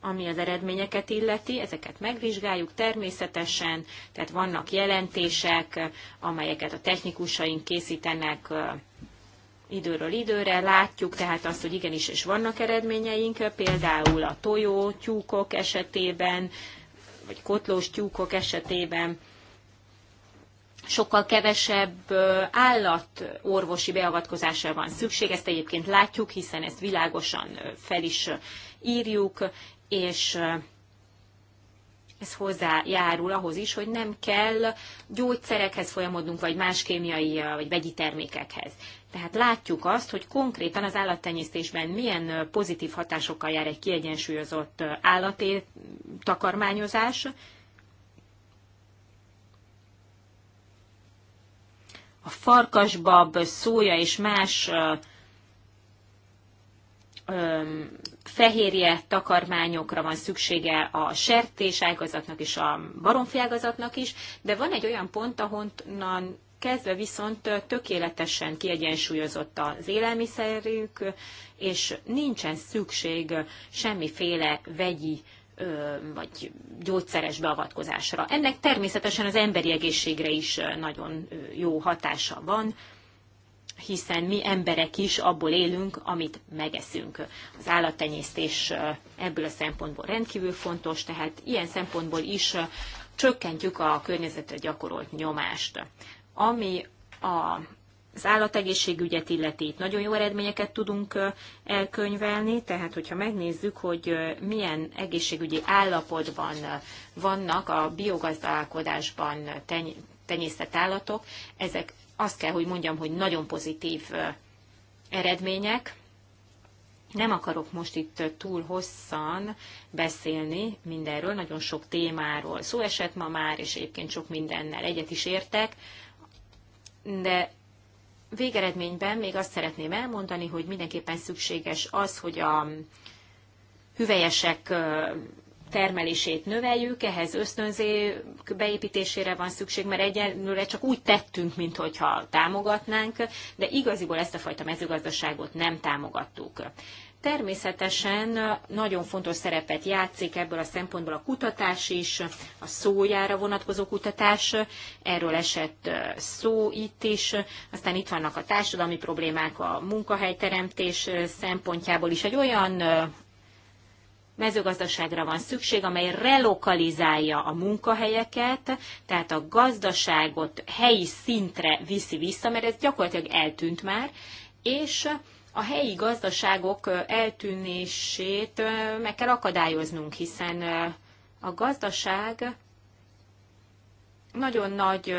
Ami az eredményeket illeti, ezeket megvizsgáljuk természetesen, tehát vannak jelentések, amelyeket a technikusaink készítenek időről időre. Látjuk tehát azt, hogy igenis, és vannak eredményeink, például a tojó tyúkok esetében, vagy kotlós tyúkok esetében sokkal kevesebb állatorvosi beavatkozásra van szükség. Ezt egyébként látjuk, hiszen ezt világosan fel is írjuk, és ez hozzájárul ahhoz is, hogy nem kell gyógyszerekhez folyamodnunk, vagy más kémiai, vagy vegyi termékekhez. Tehát látjuk azt, hogy konkrétan az állattenyésztésben milyen pozitív hatásokkal jár egy kiegyensúlyozott állaté takarmányozás. A farkasbab, szója és más fehérje takarmányokra van szüksége a sertés ágazatnak és a baromfi ágazatnak is, de van egy olyan pont, ahonnan kezdve viszont tökéletesen kiegyensúlyozott az élelmiszerük, és nincsen szükség semmiféle vegyi vagy gyógyszeres beavatkozásra. Ennek természetesen az emberi egészségre is nagyon jó hatása van, hiszen mi emberek is abból élünk, amit megeszünk. Az állattenyésztés ebből a szempontból rendkívül fontos, tehát ilyen szempontból is csökkentjük a környezetre gyakorolt nyomást. Ami a az állategészségügyet illeti itt nagyon jó eredményeket tudunk elkönyvelni, tehát hogyha megnézzük, hogy milyen egészségügyi állapotban vannak a biogazdálkodásban teny- tenyésztett állatok, ezek azt kell, hogy mondjam, hogy nagyon pozitív eredmények. Nem akarok most itt túl hosszan beszélni mindenről, nagyon sok témáról szó esett ma már, és egyébként sok mindennel egyet is értek, de végeredményben még azt szeretném elmondani, hogy mindenképpen szükséges az, hogy a hüvelyesek termelését növeljük, ehhez ösztönzé beépítésére van szükség, mert egyenlőre csak úgy tettünk, mintha támogatnánk, de igaziból ezt a fajta mezőgazdaságot nem támogattuk. Természetesen nagyon fontos szerepet játszik ebből a szempontból a kutatás is, a szójára vonatkozó kutatás, erről esett szó itt is, aztán itt vannak a társadalmi problémák a munkahelyteremtés szempontjából is. Egy olyan mezőgazdaságra van szükség, amely relokalizálja a munkahelyeket, tehát a gazdaságot helyi szintre viszi vissza, mert ez gyakorlatilag eltűnt már, és a helyi gazdaságok eltűnését meg kell akadályoznunk, hiszen a gazdaság nagyon nagy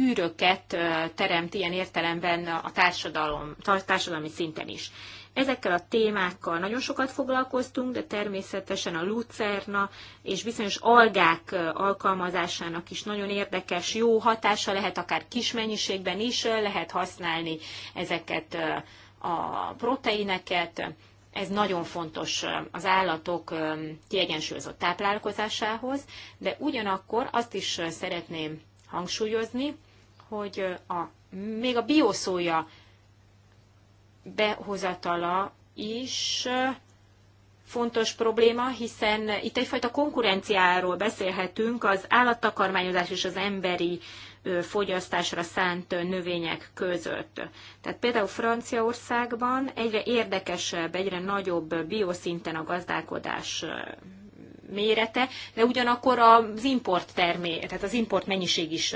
űröket teremt ilyen értelemben a társadalom, társadalmi szinten is. Ezekkel a témákkal nagyon sokat foglalkoztunk, de természetesen a lucerna és bizonyos algák alkalmazásának is nagyon érdekes, jó hatása lehet, akár kis mennyiségben is lehet használni ezeket a proteineket, ez nagyon fontos az állatok kiegyensúlyozott táplálkozásához, de ugyanakkor azt is szeretném hangsúlyozni, hogy a, még a bioszója behozatala is fontos probléma, hiszen itt egyfajta konkurenciáról beszélhetünk az állattakarmányozás és az emberi fogyasztásra szánt növények között. Tehát például Franciaországban egyre érdekesebb, egyre nagyobb bioszinten a gazdálkodás mérete, de ugyanakkor az import termé, tehát az import mennyiség is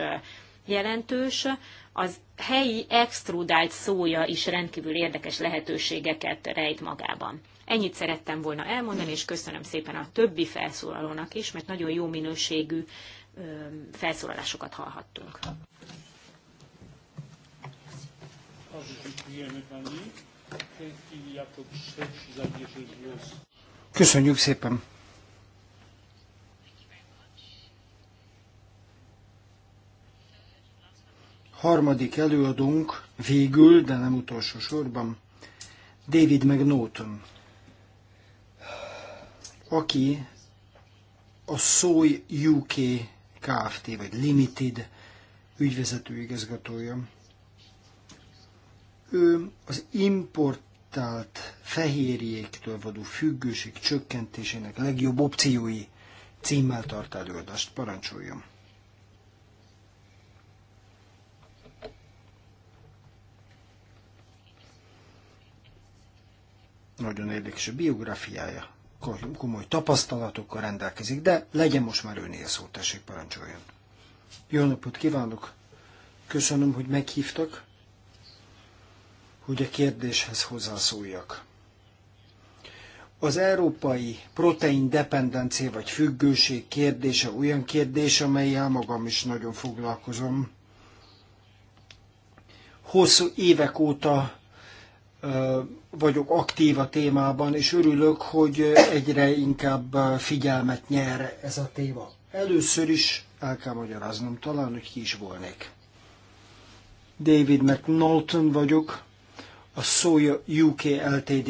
jelentős, az helyi extrudált szója is rendkívül érdekes lehetőségeket rejt magában. Ennyit szerettem volna elmondani, és köszönöm szépen a többi felszólalónak is, mert nagyon jó minőségű felszólalásokat hallhattunk. Köszönjük szépen! Harmadik előadónk végül, de nem utolsó sorban, David McNaughton, aki a Soy UK Kft. vagy Limited ügyvezető igazgatója. Ő az importált fehérjéktől vadó függőség csökkentésének legjobb opciói címmel tart előadást. Parancsoljon! Nagyon érdekes a biográfiája komoly tapasztalatokkal rendelkezik, de legyen most már önél szó, tessék parancsoljon. Jó napot kívánok! Köszönöm, hogy meghívtak, hogy a kérdéshez hozzászóljak. Az európai protein dependencia vagy függőség kérdése olyan kérdés, amelyel magam is nagyon foglalkozom. Hosszú évek óta vagyok aktív a témában, és örülök, hogy egyre inkább figyelmet nyer ez a téma. Először is el kell magyaráznom talán, hogy ki is volnék. David McNaughton vagyok, a Soja UK Ltd.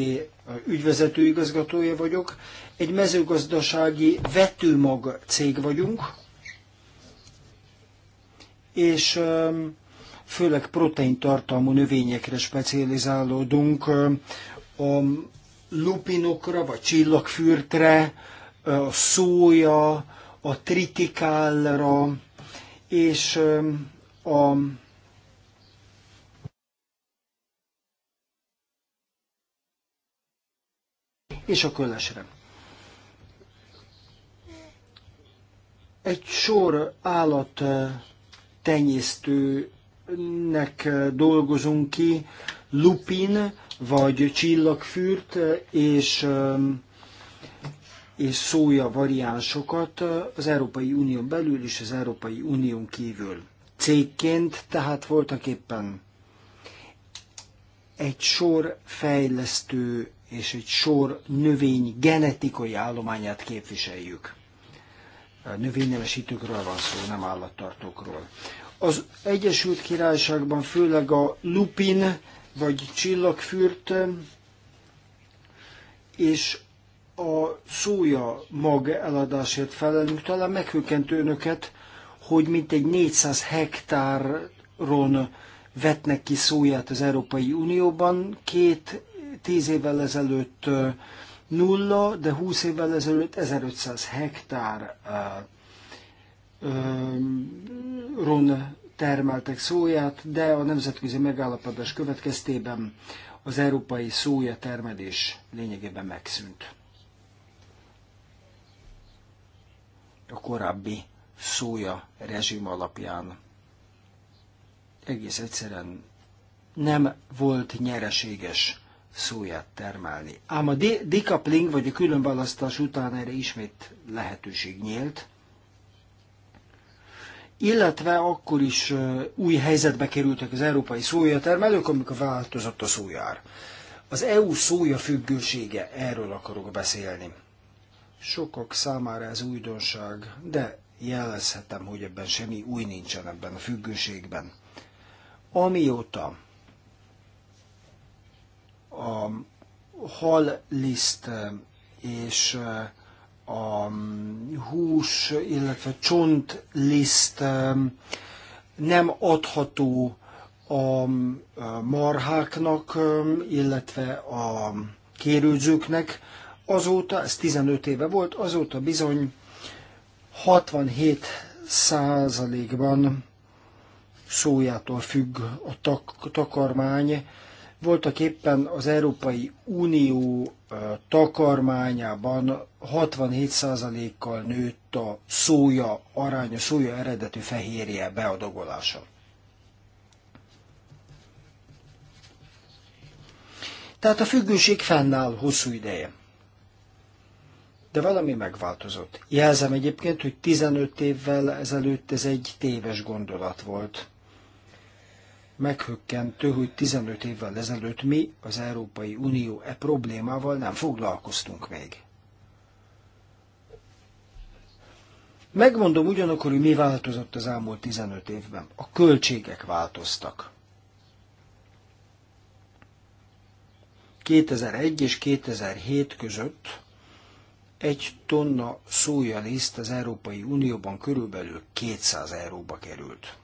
ügyvezető igazgatója vagyok. Egy mezőgazdasági vetőmag cég vagyunk, és um, főleg proteintartalmú növényekre specializálódunk, a lupinokra, vagy csillagfürtre, a szója, a tritikálra, és a és a köllesre. Egy sor állat tenyésztő nek eh, dolgozunk ki lupin vagy csillagfürt eh, és eh, és szója variánsokat az Európai Unió belül és az Európai Unión kívül. Cégként tehát voltak éppen egy sor fejlesztő és egy sor növény genetikai állományát képviseljük. Növénynemesítőkről van szó, nem állattartókról. Az Egyesült Királyságban főleg a lupin vagy csillagfürt és a szója mag eladásért felelünk. Talán meghökkentő önöket, hogy mintegy 400 hektáron vetnek ki szóját az Európai Unióban. Két tíz évvel ezelőtt nulla, de 20 évvel ezelőtt 1500 hektár ron termeltek szóját, de a nemzetközi megállapodás következtében az európai szója termelés lényegében megszűnt. A korábbi szója rezsim alapján egész egyszerűen nem volt nyereséges szóját termelni. Ám a decoupling, vagy a különválasztás után erre ismét lehetőség nyílt, illetve akkor is új helyzetbe kerültek az európai szójatermelők, amikor változott a szójár. Az EU szója függősége, erről akarok beszélni. Sokak számára ez újdonság, de jelezhetem, hogy ebben semmi új nincsen ebben a függőségben. Amióta a hal liszt és a hús, illetve csontliszt um, nem adható a um, marháknak, um, illetve a kérődzőknek. Azóta, ez 15 éve volt, azóta bizony 67 százalékban szójától függ a tak- takarmány, voltak éppen az Európai Unió takarmányában 67%-kal nőtt a szója a szója eredetű fehérje beadagolása. Tehát a függőség fennáll hosszú ideje. De valami megváltozott. Jelzem egyébként, hogy 15 évvel ezelőtt ez egy téves gondolat volt meghökkentő, hogy 15 évvel ezelőtt mi, az Európai Unió e problémával nem foglalkoztunk még. Megmondom ugyanakkor, hogy mi változott az elmúlt 15 évben. A költségek változtak. 2001 és 2007 között egy tonna szója liszt az Európai Unióban körülbelül 200 euróba került.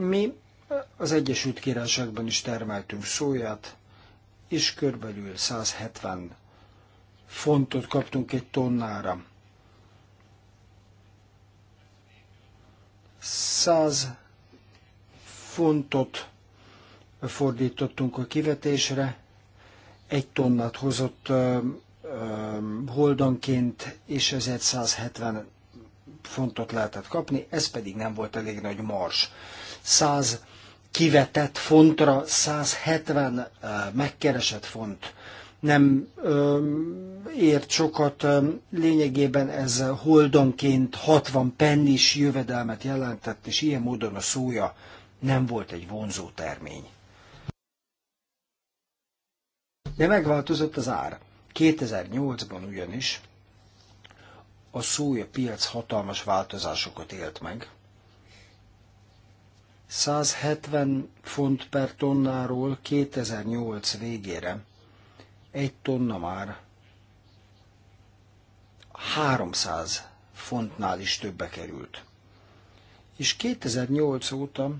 Mi az Egyesült Királyságban is termeltünk szóját, és körülbelül 170 fontot kaptunk egy tonnára. 100 fontot fordítottunk a kivetésre, egy tonnát hozott ö, ö, holdanként, és ezért 170 fontot lehetett kapni, ez pedig nem volt elég nagy mars. 100 kivetett fontra 170 megkeresett font nem ö, ért sokat. Lényegében ez holdonként 60 pennis jövedelmet jelentett, és ilyen módon a szója nem volt egy vonzó termény. De megváltozott az ár. 2008-ban ugyanis a szója piac hatalmas változásokat élt meg. 170 font per tonnáról 2008 végére egy tonna már 300 fontnál is többe került. És 2008 óta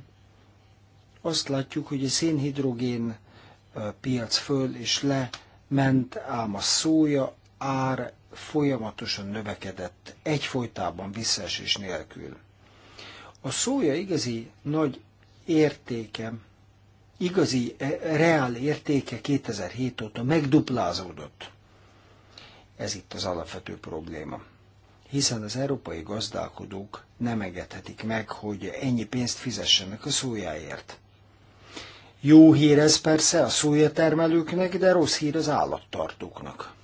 azt látjuk, hogy a szénhidrogén piac föl és le ment, ám a szója ár folyamatosan növekedett, egyfolytában visszaesés nélkül. A szója igazi nagy értéke, igazi e, reál értéke 2007 óta megduplázódott. Ez itt az alapvető probléma. Hiszen az európai gazdálkodók nem engedhetik meg, hogy ennyi pénzt fizessenek a szójáért. Jó hír ez persze a szója termelőknek, de rossz hír az állattartóknak.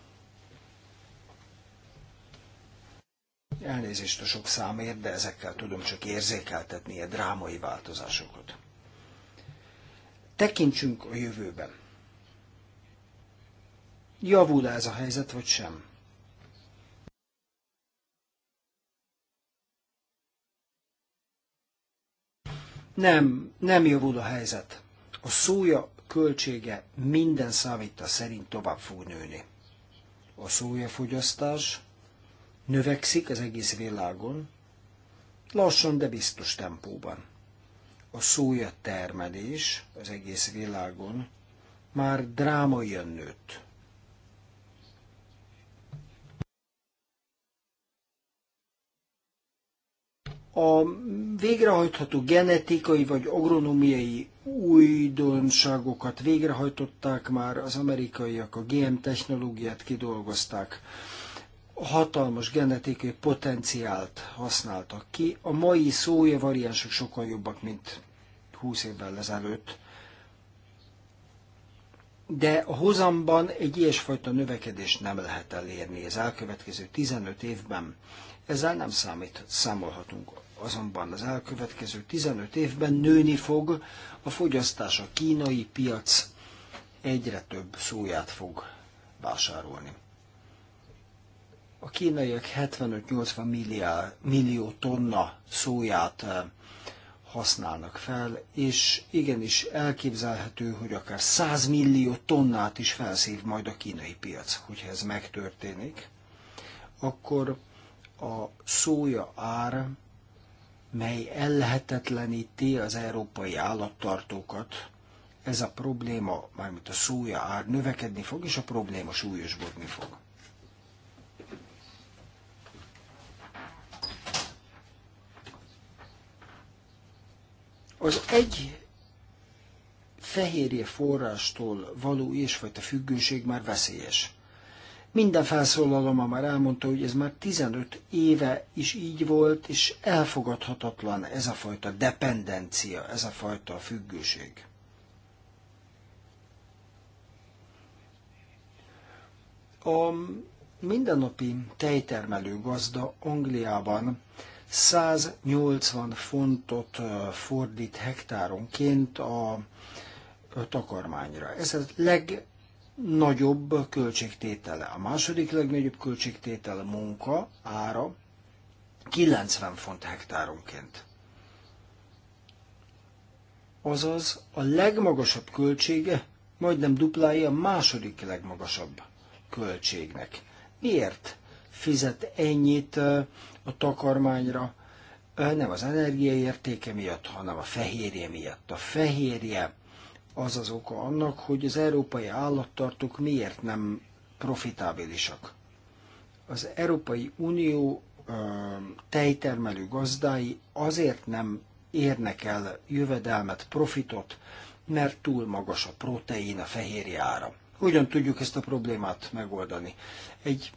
Elnézést a sok számért, de ezekkel tudom csak érzékeltetni a drámai változásokat. Tekintsünk a jövőben. Javul -e ez a helyzet, vagy sem? Nem, nem javul a helyzet. A szója költsége minden számítás szerint tovább fog nőni. A fogyasztás növekszik az egész világon, lassan, de biztos tempóban. A szója termelés az egész világon már drámaian nőtt. A végrehajtható genetikai vagy agronómiai újdonságokat végrehajtották már az amerikaiak, a GM technológiát kidolgozták hatalmas genetikai potenciált használtak ki. A mai szója variánsok sokkal jobbak, mint 20 évvel ezelőtt. De a hozamban egy ilyesfajta növekedést nem lehet elérni az elkövetkező 15 évben. Ezzel nem számít, számolhatunk. Azonban az elkövetkező 15 évben nőni fog a fogyasztás, a kínai piac egyre több szóját fog vásárolni. A kínaiak 75-80 millió, millió tonna szóját eh, használnak fel, és igenis elképzelhető, hogy akár 100 millió tonnát is felszív majd a kínai piac, hogyha ez megtörténik, akkor a szója ár, mely ellehetetleníti az európai állattartókat, ez a probléma, mármint a szója ár növekedni fog, és a probléma súlyosbodni fog. Az egy fehérje forrástól való ilyesfajta függőség már veszélyes. Minden felszólalom már elmondta, hogy ez már 15 éve is így volt, és elfogadhatatlan ez a fajta dependencia, ez a fajta függőség. A mindennapi tejtermelő gazda Angliában 180 fontot fordít hektáronként a takarmányra. Ez a legnagyobb költségtétele. A második legnagyobb költségtétele munka ára 90 font hektáronként. Azaz a legmagasabb költsége majdnem duplája a második legmagasabb költségnek. Miért fizet ennyit a takarmányra, nem az energiaértéke miatt, hanem a fehérje miatt. A fehérje az az oka annak, hogy az európai állattartók miért nem profitábilisak. Az Európai Unió tejtermelő gazdái azért nem érnek el jövedelmet, profitot, mert túl magas a protein, a fehérje ára. Hogyan tudjuk ezt a problémát megoldani? Egy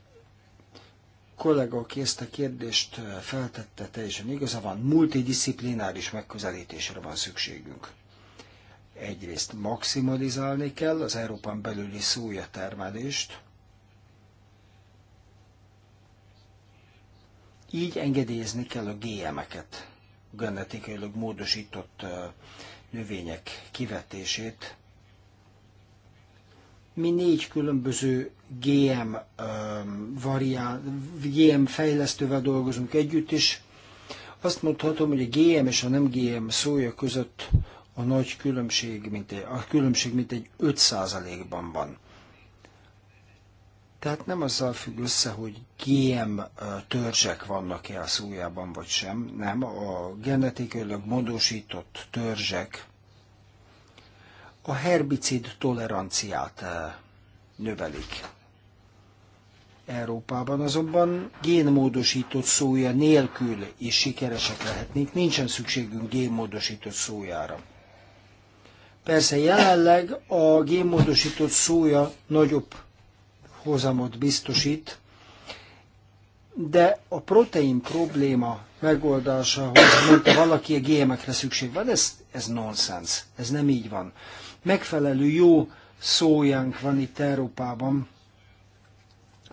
kollega, aki ezt a kérdést feltette, teljesen igaza van, multidisziplináris megközelítésre van szükségünk. Egyrészt maximalizálni kell az Európán belüli szója termelést, így engedélyezni kell a GM-eket, genetikailag módosított növények kivetését, mi négy különböző GM, variál, GM fejlesztővel dolgozunk együtt, és azt mondhatom, hogy a GM és a nem GM szója között a nagy különbség, mint egy, a különbség mint egy 5%-ban van. Tehát nem azzal függ össze, hogy GM törzsek vannak-e a szójában, vagy sem. Nem, a genetikailag módosított törzsek a herbicid toleranciát eh, növelik. Európában azonban génmódosított szója nélkül is sikeresek lehetnénk, nincsen szükségünk génmódosított szójára. Persze jelenleg a génmódosított szója nagyobb hozamot biztosít, de a protein probléma megoldása, hogy mondta valaki, a gémekre szükség van, ez, ez nonsens, ez nem így van. Megfelelő jó szójánk van itt Európában,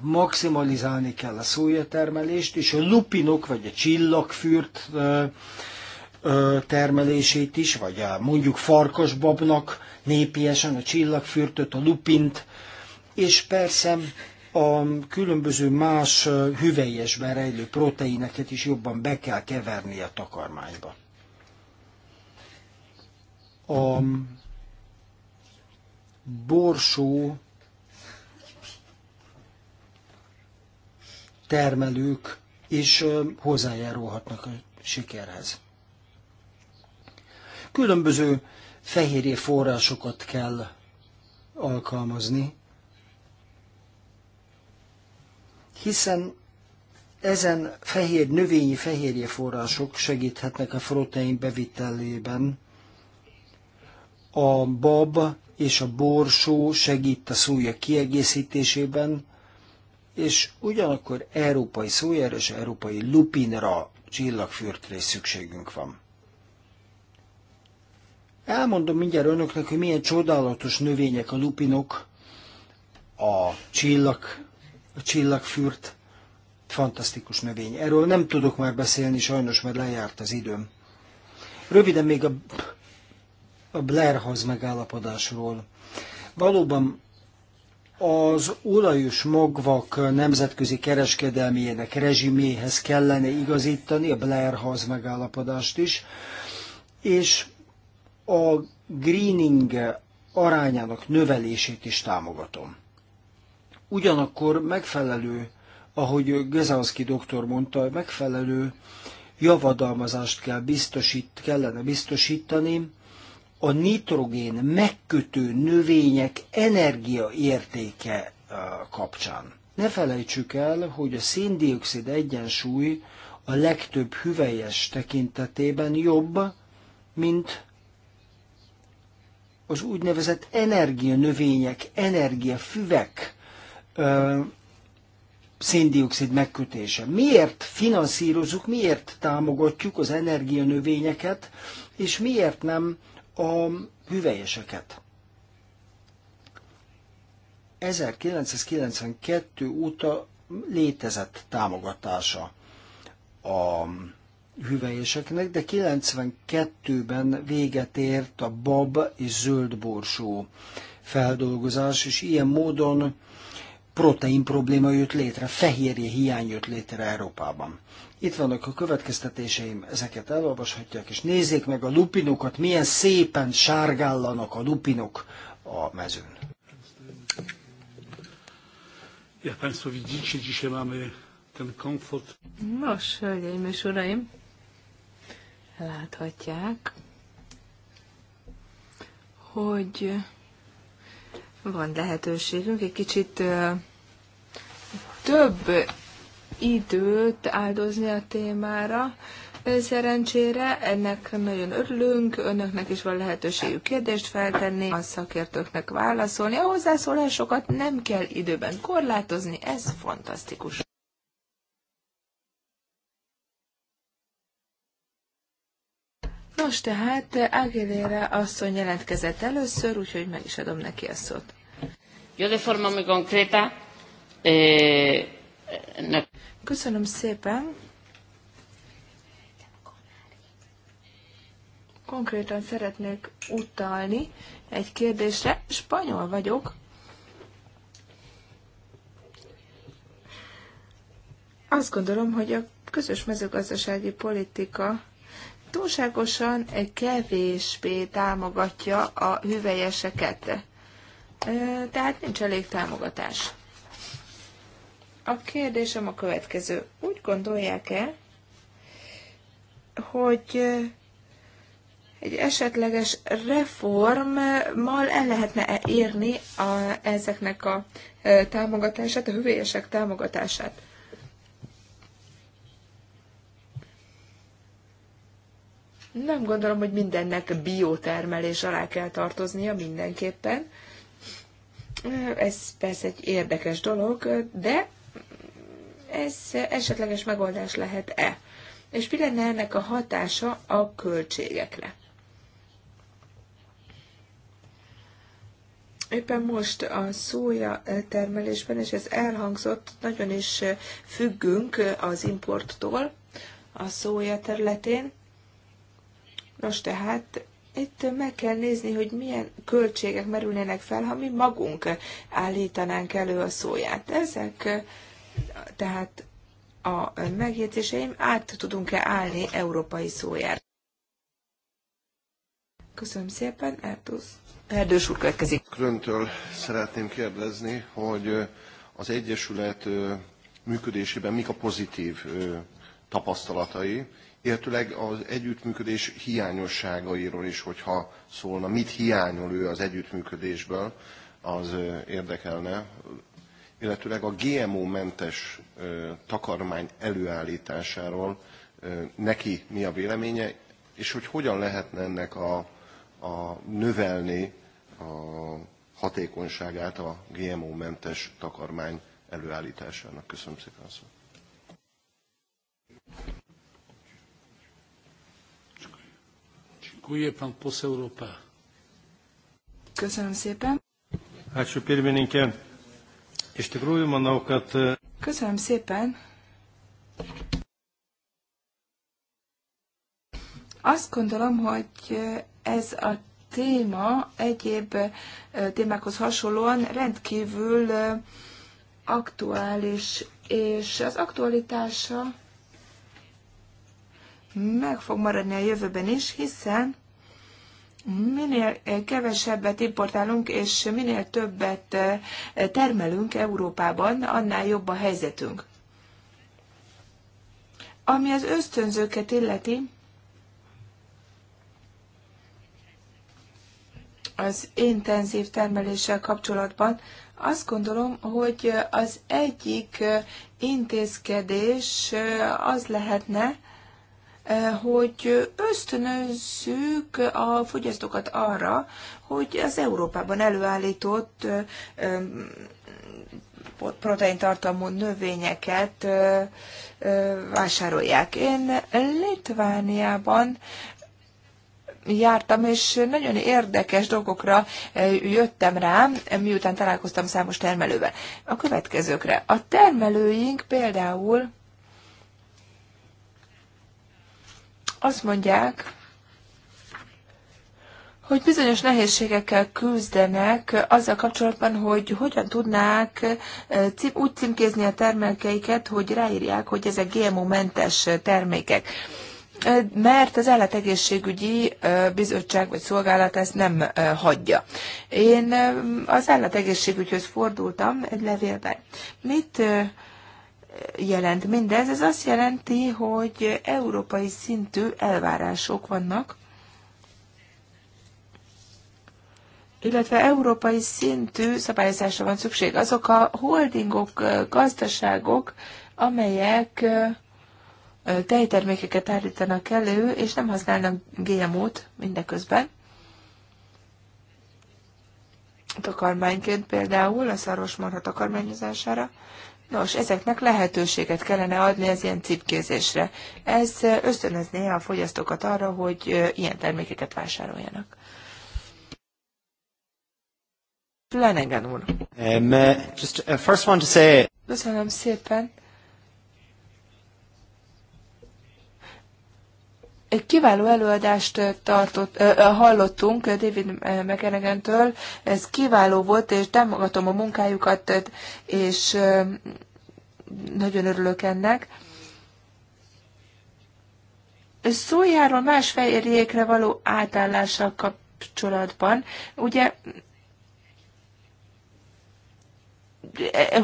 maximalizálni kell a szójatermelést, és a lupinok, vagy a csillagfürt termelését is, vagy a, mondjuk farkasbabnak népiesen a csillagfürtöt, a lupint, és persze a különböző más hüvelyesben rejlő proteineket is jobban be kell keverni a takarmányba. A borsó termelők is hozzájárulhatnak a sikerhez. Különböző fehérje forrásokat kell alkalmazni, hiszen ezen fehér, növényi fehérje források segíthetnek a protein bevitelében. A bab és a borsó segít a szója kiegészítésében, és ugyanakkor európai szójára és európai lupinra csillagfürtre is szükségünk van. Elmondom mindjárt önöknek, hogy milyen csodálatos növények a lupinok, a csillag a csillagfürt, fantasztikus növény. Erről nem tudok már beszélni, sajnos, mert lejárt az időm. Röviden még a, a Blairhoz megállapodásról. Valóban az olajos magvak nemzetközi kereskedelmének rezsiméhez kellene igazítani a Blairhoz megállapodást is, és a greening arányának növelését is támogatom. Ugyanakkor megfelelő, ahogy Gezanszki doktor mondta, megfelelő javadalmazást kell biztosít, kellene biztosítani a nitrogén megkötő növények energiaértéke eh, kapcsán. Ne felejtsük el, hogy a széndiokszid egyensúly a legtöbb hüvelyes tekintetében jobb, mint az úgynevezett energianövények, energiafüvek széndiokszid megkötése. Miért finanszírozunk, miért támogatjuk az energianövényeket, és miért nem a hüvelyeseket? 1992 óta létezett támogatása a hüvelyeseknek, de 92-ben véget ért a bab és zöldborsó feldolgozás, és ilyen módon protein probléma jött létre, fehérje hiány jött létre Európában. Itt vannak a következtetéseim, ezeket elolvashatják, és nézzék meg a lupinokat, milyen szépen sárgállanak a lupinok a mezőn. Jak Państwo widzicie, dzisiaj mamy ten komfort. Nos, hölgyeim és uraim, láthatják, hogy van lehetőségünk egy kicsit több időt áldozni a témára. Szerencsére ennek nagyon örülünk, önöknek is van lehetőségük kérdést feltenni, a szakértőknek válaszolni, a hozzászólásokat nem kell időben korlátozni, ez fantasztikus. Nos, tehát Aguilera asszony jelentkezett először, úgyhogy meg is adom neki a szót. Yo de forma muy concreta, eh, Köszönöm szépen. Konkrétan szeretnék utalni egy kérdésre. Spanyol vagyok. Azt gondolom, hogy a közös mezőgazdasági politika túlságosan kevésbé támogatja a hüvelyeseket. Tehát nincs elég támogatás. A kérdésem a következő. Úgy gondolják-e, hogy egy esetleges reformmal el lehetne -e érni a, ezeknek a támogatását, a hüvelyesek támogatását? Nem gondolom, hogy mindennek biotermelés alá kell tartoznia mindenképpen. Ez persze egy érdekes dolog, de ez esetleges megoldás lehet-e? És mi lenne ennek a hatása a költségekre? Éppen most a szója termelésben, és ez elhangzott, nagyon is függünk az importtól a szója területén. Nos, tehát itt meg kell nézni, hogy milyen költségek merülnének fel, ha mi magunk állítanánk elő a szóját. Ezek tehát a megjegyzéseim át tudunk-e állni európai szójára. Köszönöm szépen, Erdős. Erdős úr következik. Kröntől szeretném kérdezni, hogy az Egyesület működésében mik a pozitív tapasztalatai, illetőleg az együttműködés hiányosságairól is, hogyha szólna, mit hiányol ő az együttműködésből, az érdekelne, illetőleg a GMO-mentes takarmány előállításáról neki mi a véleménye, és hogy hogyan lehetne ennek a, a növelni a hatékonyságát a GMO-mentes takarmány előállításának. Köszönöm szépen. Dziękuję, pan poseł Ropa. Köszönöm szépen. Ačiū pirmininkė. Iš tikrųjų, manau, kad... E, Köszönöm szépen. Azt gondolom, hogy ez a téma egyéb e, témákhoz hasonlóan rendkívül e, aktuális, és az aktualitása meg fog maradni a jövőben is, hiszen minél kevesebbet importálunk, és minél többet eh, termelünk Európában, annál jobb a helyzetünk. Ami az ösztönzőket illeti, az intenzív termeléssel kapcsolatban, azt gondolom, hogy az egyik eh, intézkedés eh, az lehetne, hogy ösztönözzük a fogyasztókat arra, hogy az Európában előállított proteintartalmú növényeket vásárolják. Én Litvániában jártam, és nagyon érdekes dolgokra jöttem rá, miután találkoztam számos termelővel. A következőkre. A termelőink például azt mondják, hogy bizonyos nehézségekkel küzdenek azzal kapcsolatban, hogy hogyan tudnák eh, úgy címkézni a termékeiket, hogy ráírják, hogy ezek GMO-mentes termékek. Eh, mert az állategészségügyi eh, bizottság vagy szolgálat ezt nem hagyja. Én az állategészségügyhöz fordultam egy levélben. Mit jelent mindez. Ez azt jelenti, hogy európai szintű elvárások vannak, illetve európai szintű szabályozásra van szükség. Azok a holdingok, gazdaságok, amelyek tejtermékeket állítanak elő, és nem használnak GMO-t mindeközben. Takarmányként például a szarvasmarha takarmányozására. Nos, ezeknek lehetőséget kellene adni az ilyen cipkézésre. Ez ösztönözné a fogyasztókat arra, hogy ilyen termékeket vásároljanak. Lenegen úr. Um, uh, just, uh, first one to say... Köszönöm szépen. Egy kiváló előadást tartott, hallottunk David McEnaghan-től, ez kiváló volt, és támogatom a munkájukat, és nagyon örülök ennek. Szójáról más fehérjékre való átállással kapcsolatban, ugye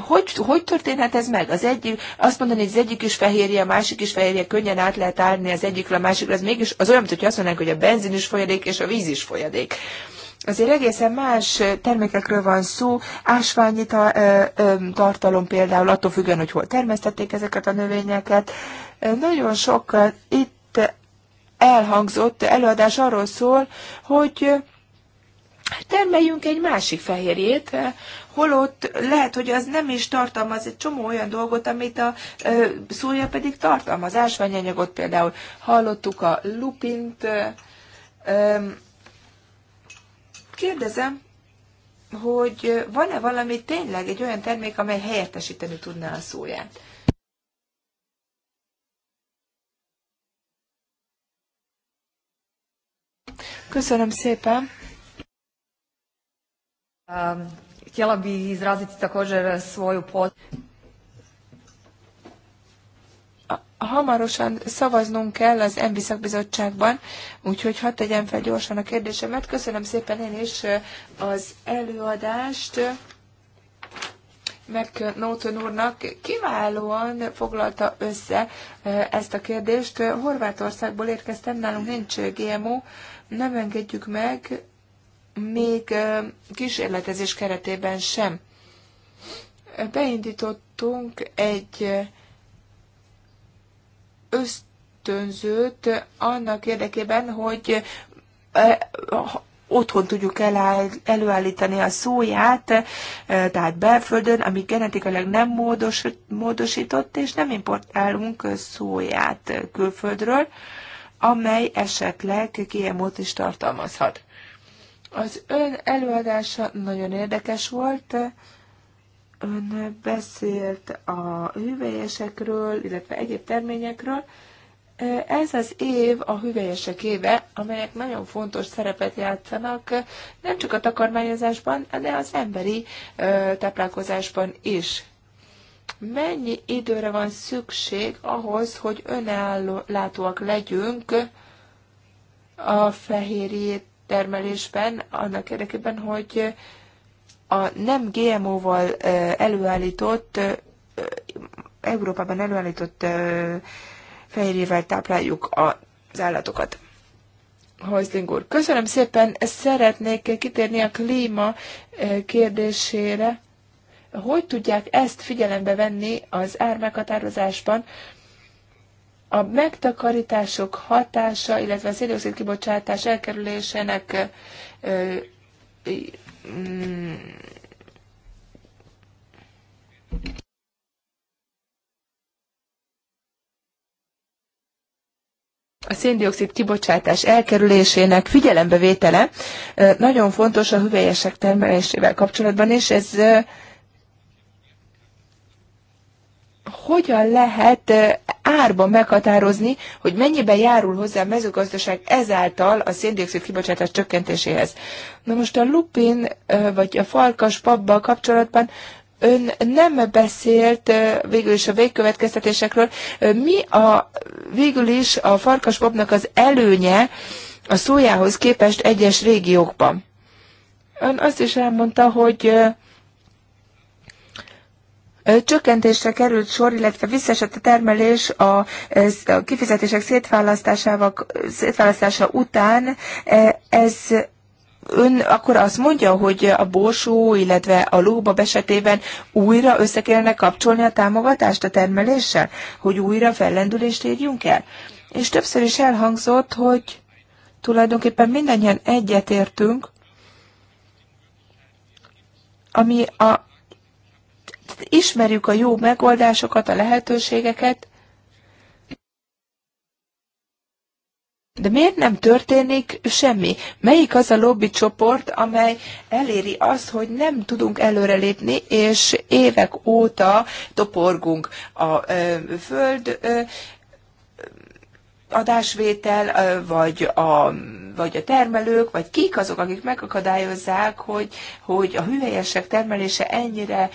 hogy, hogy történhet ez meg? Az egyik, azt mondani, hogy az egyik is fehérje, a másik is fehérje, könnyen át lehet állni az egyikről a másikra, ez mégis az olyan, hogy azt mondanánk, hogy a benzin is folyadék, és a víz is folyadék. Azért egészen más termékekről van szó, ásványi ta, ö, ö, tartalom például, attól függően, hogy hol termesztették ezeket a növényeket. Nagyon sok itt elhangzott előadás arról szól, hogy termeljünk egy másik fehérjét, eh, holott lehet, hogy az nem is tartalmaz egy csomó olyan dolgot, amit a eh, szója pedig tartalmaz. Ásványanyagot például hallottuk a lupint. Eh, kérdezem, hogy van-e valami tényleg egy olyan termék, amely helyettesíteni tudná a szóját? Köszönöm szépen! Ehm, htjela bi izraziti također eh, svoju pot... Hamarosan szavaznunk kell az MB szakbizottságban, úgyhogy hadd tegyem fel gyorsan a kérdésemet. Köszönöm szépen én is eh, az előadást. Meg eh, Nóton úrnak kiválóan foglalta össze ezt a kérdést. Horvátországból érkeztem, nálunk nincs GMO, nem engedjük meg még kísérletezés keretében sem. Beindítottunk egy ösztönzőt annak érdekében, hogy otthon tudjuk előállítani a szóját, tehát belföldön, ami genetikailag nem módosított, és nem importálunk szóját külföldről, amely esetleg GMO-t is tartalmazhat. Az ön előadása nagyon érdekes volt. Ön beszélt a hüvelyesekről, illetve egyéb terményekről. Ez az év a hüvelyesek éve, amelyek nagyon fontos szerepet játszanak, nem csak a takarmányozásban, de az emberi táplálkozásban is. Mennyi időre van szükség ahhoz, hogy önállóak legyünk a fehérjét termelésben, annak érdekében, hogy a nem GMO-val előállított, Európában előállított fehérjével tápláljuk az állatokat. Hajzling úr, köszönöm szépen, szeretnék kitérni a klíma kérdésére. Hogy tudják ezt figyelembe venni az ármeghatározásban? a megtakarítások hatása, illetve a széndiokszid kibocsátás elkerülésének ö, mm, a széndiokszid kibocsátás elkerülésének figyelembevétele nagyon fontos a hüvelyesek termelésével kapcsolatban, és ez hogyan lehet árban meghatározni, hogy mennyiben járul hozzá a mezőgazdaság ezáltal a széndiokszid kibocsátás csökkentéséhez. Na most a lupin vagy a farkas pabbal kapcsolatban ön nem beszélt végül is a végkövetkeztetésekről. Mi a végül is a farkaspapnak az előnye a szójához képest egyes régiókban? Ön azt is elmondta, hogy Csökkentésre került sor, illetve visszaesett a termelés a kifizetések szétválasztásával, szétválasztása után. Ez ön akkor azt mondja, hogy a borsó, illetve a lóbab esetében újra össze kellene kapcsolni a támogatást a termeléssel, hogy újra fellendülést érjünk el? És többször is elhangzott, hogy tulajdonképpen mindannyian egyetértünk, ami a mert ismerjük a jó megoldásokat, a lehetőségeket, De miért nem történik semmi? Melyik az a lobby csoport, amely eléri azt, hogy nem tudunk előrelépni, és évek óta toporgunk a ö, föld ö, adásvétel, ö, vagy a vagy a termelők, vagy kik azok, akik megakadályozzák, hogy, hogy a hüvelyesek termelése ennyire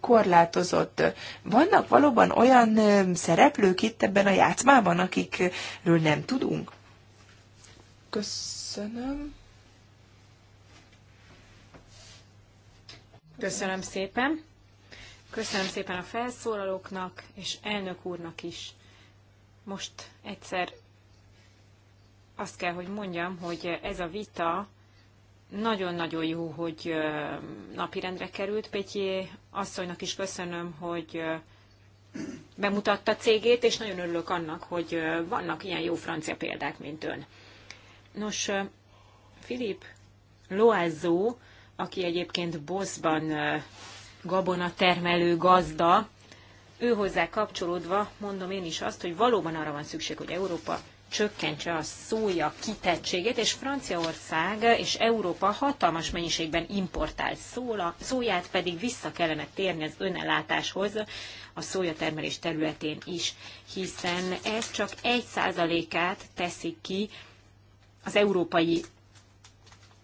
korlátozott. Vannak valóban olyan szereplők itt ebben a játszmában, akikről nem tudunk? Köszönöm. Köszönöm szépen. Köszönöm szépen a felszólalóknak és elnök úrnak is. Most egyszer azt kell, hogy mondjam, hogy ez a vita nagyon-nagyon jó, hogy napirendre került. Pétyi asszonynak is köszönöm, hogy bemutatta cégét, és nagyon örülök annak, hogy vannak ilyen jó francia példák, mint ön. Nos, Filip Loazzo, aki egyébként Boszban gabonatermelő gazda, ő hozzá kapcsolódva mondom én is azt, hogy valóban arra van szükség, hogy Európa csökkentse a szója kitettségét, és Franciaország és Európa hatalmas mennyiségben importál szóla, szóját, pedig vissza kellene térni az önellátáshoz a szójatermelés területén is, hiszen ez csak egy százalékát teszik ki az európai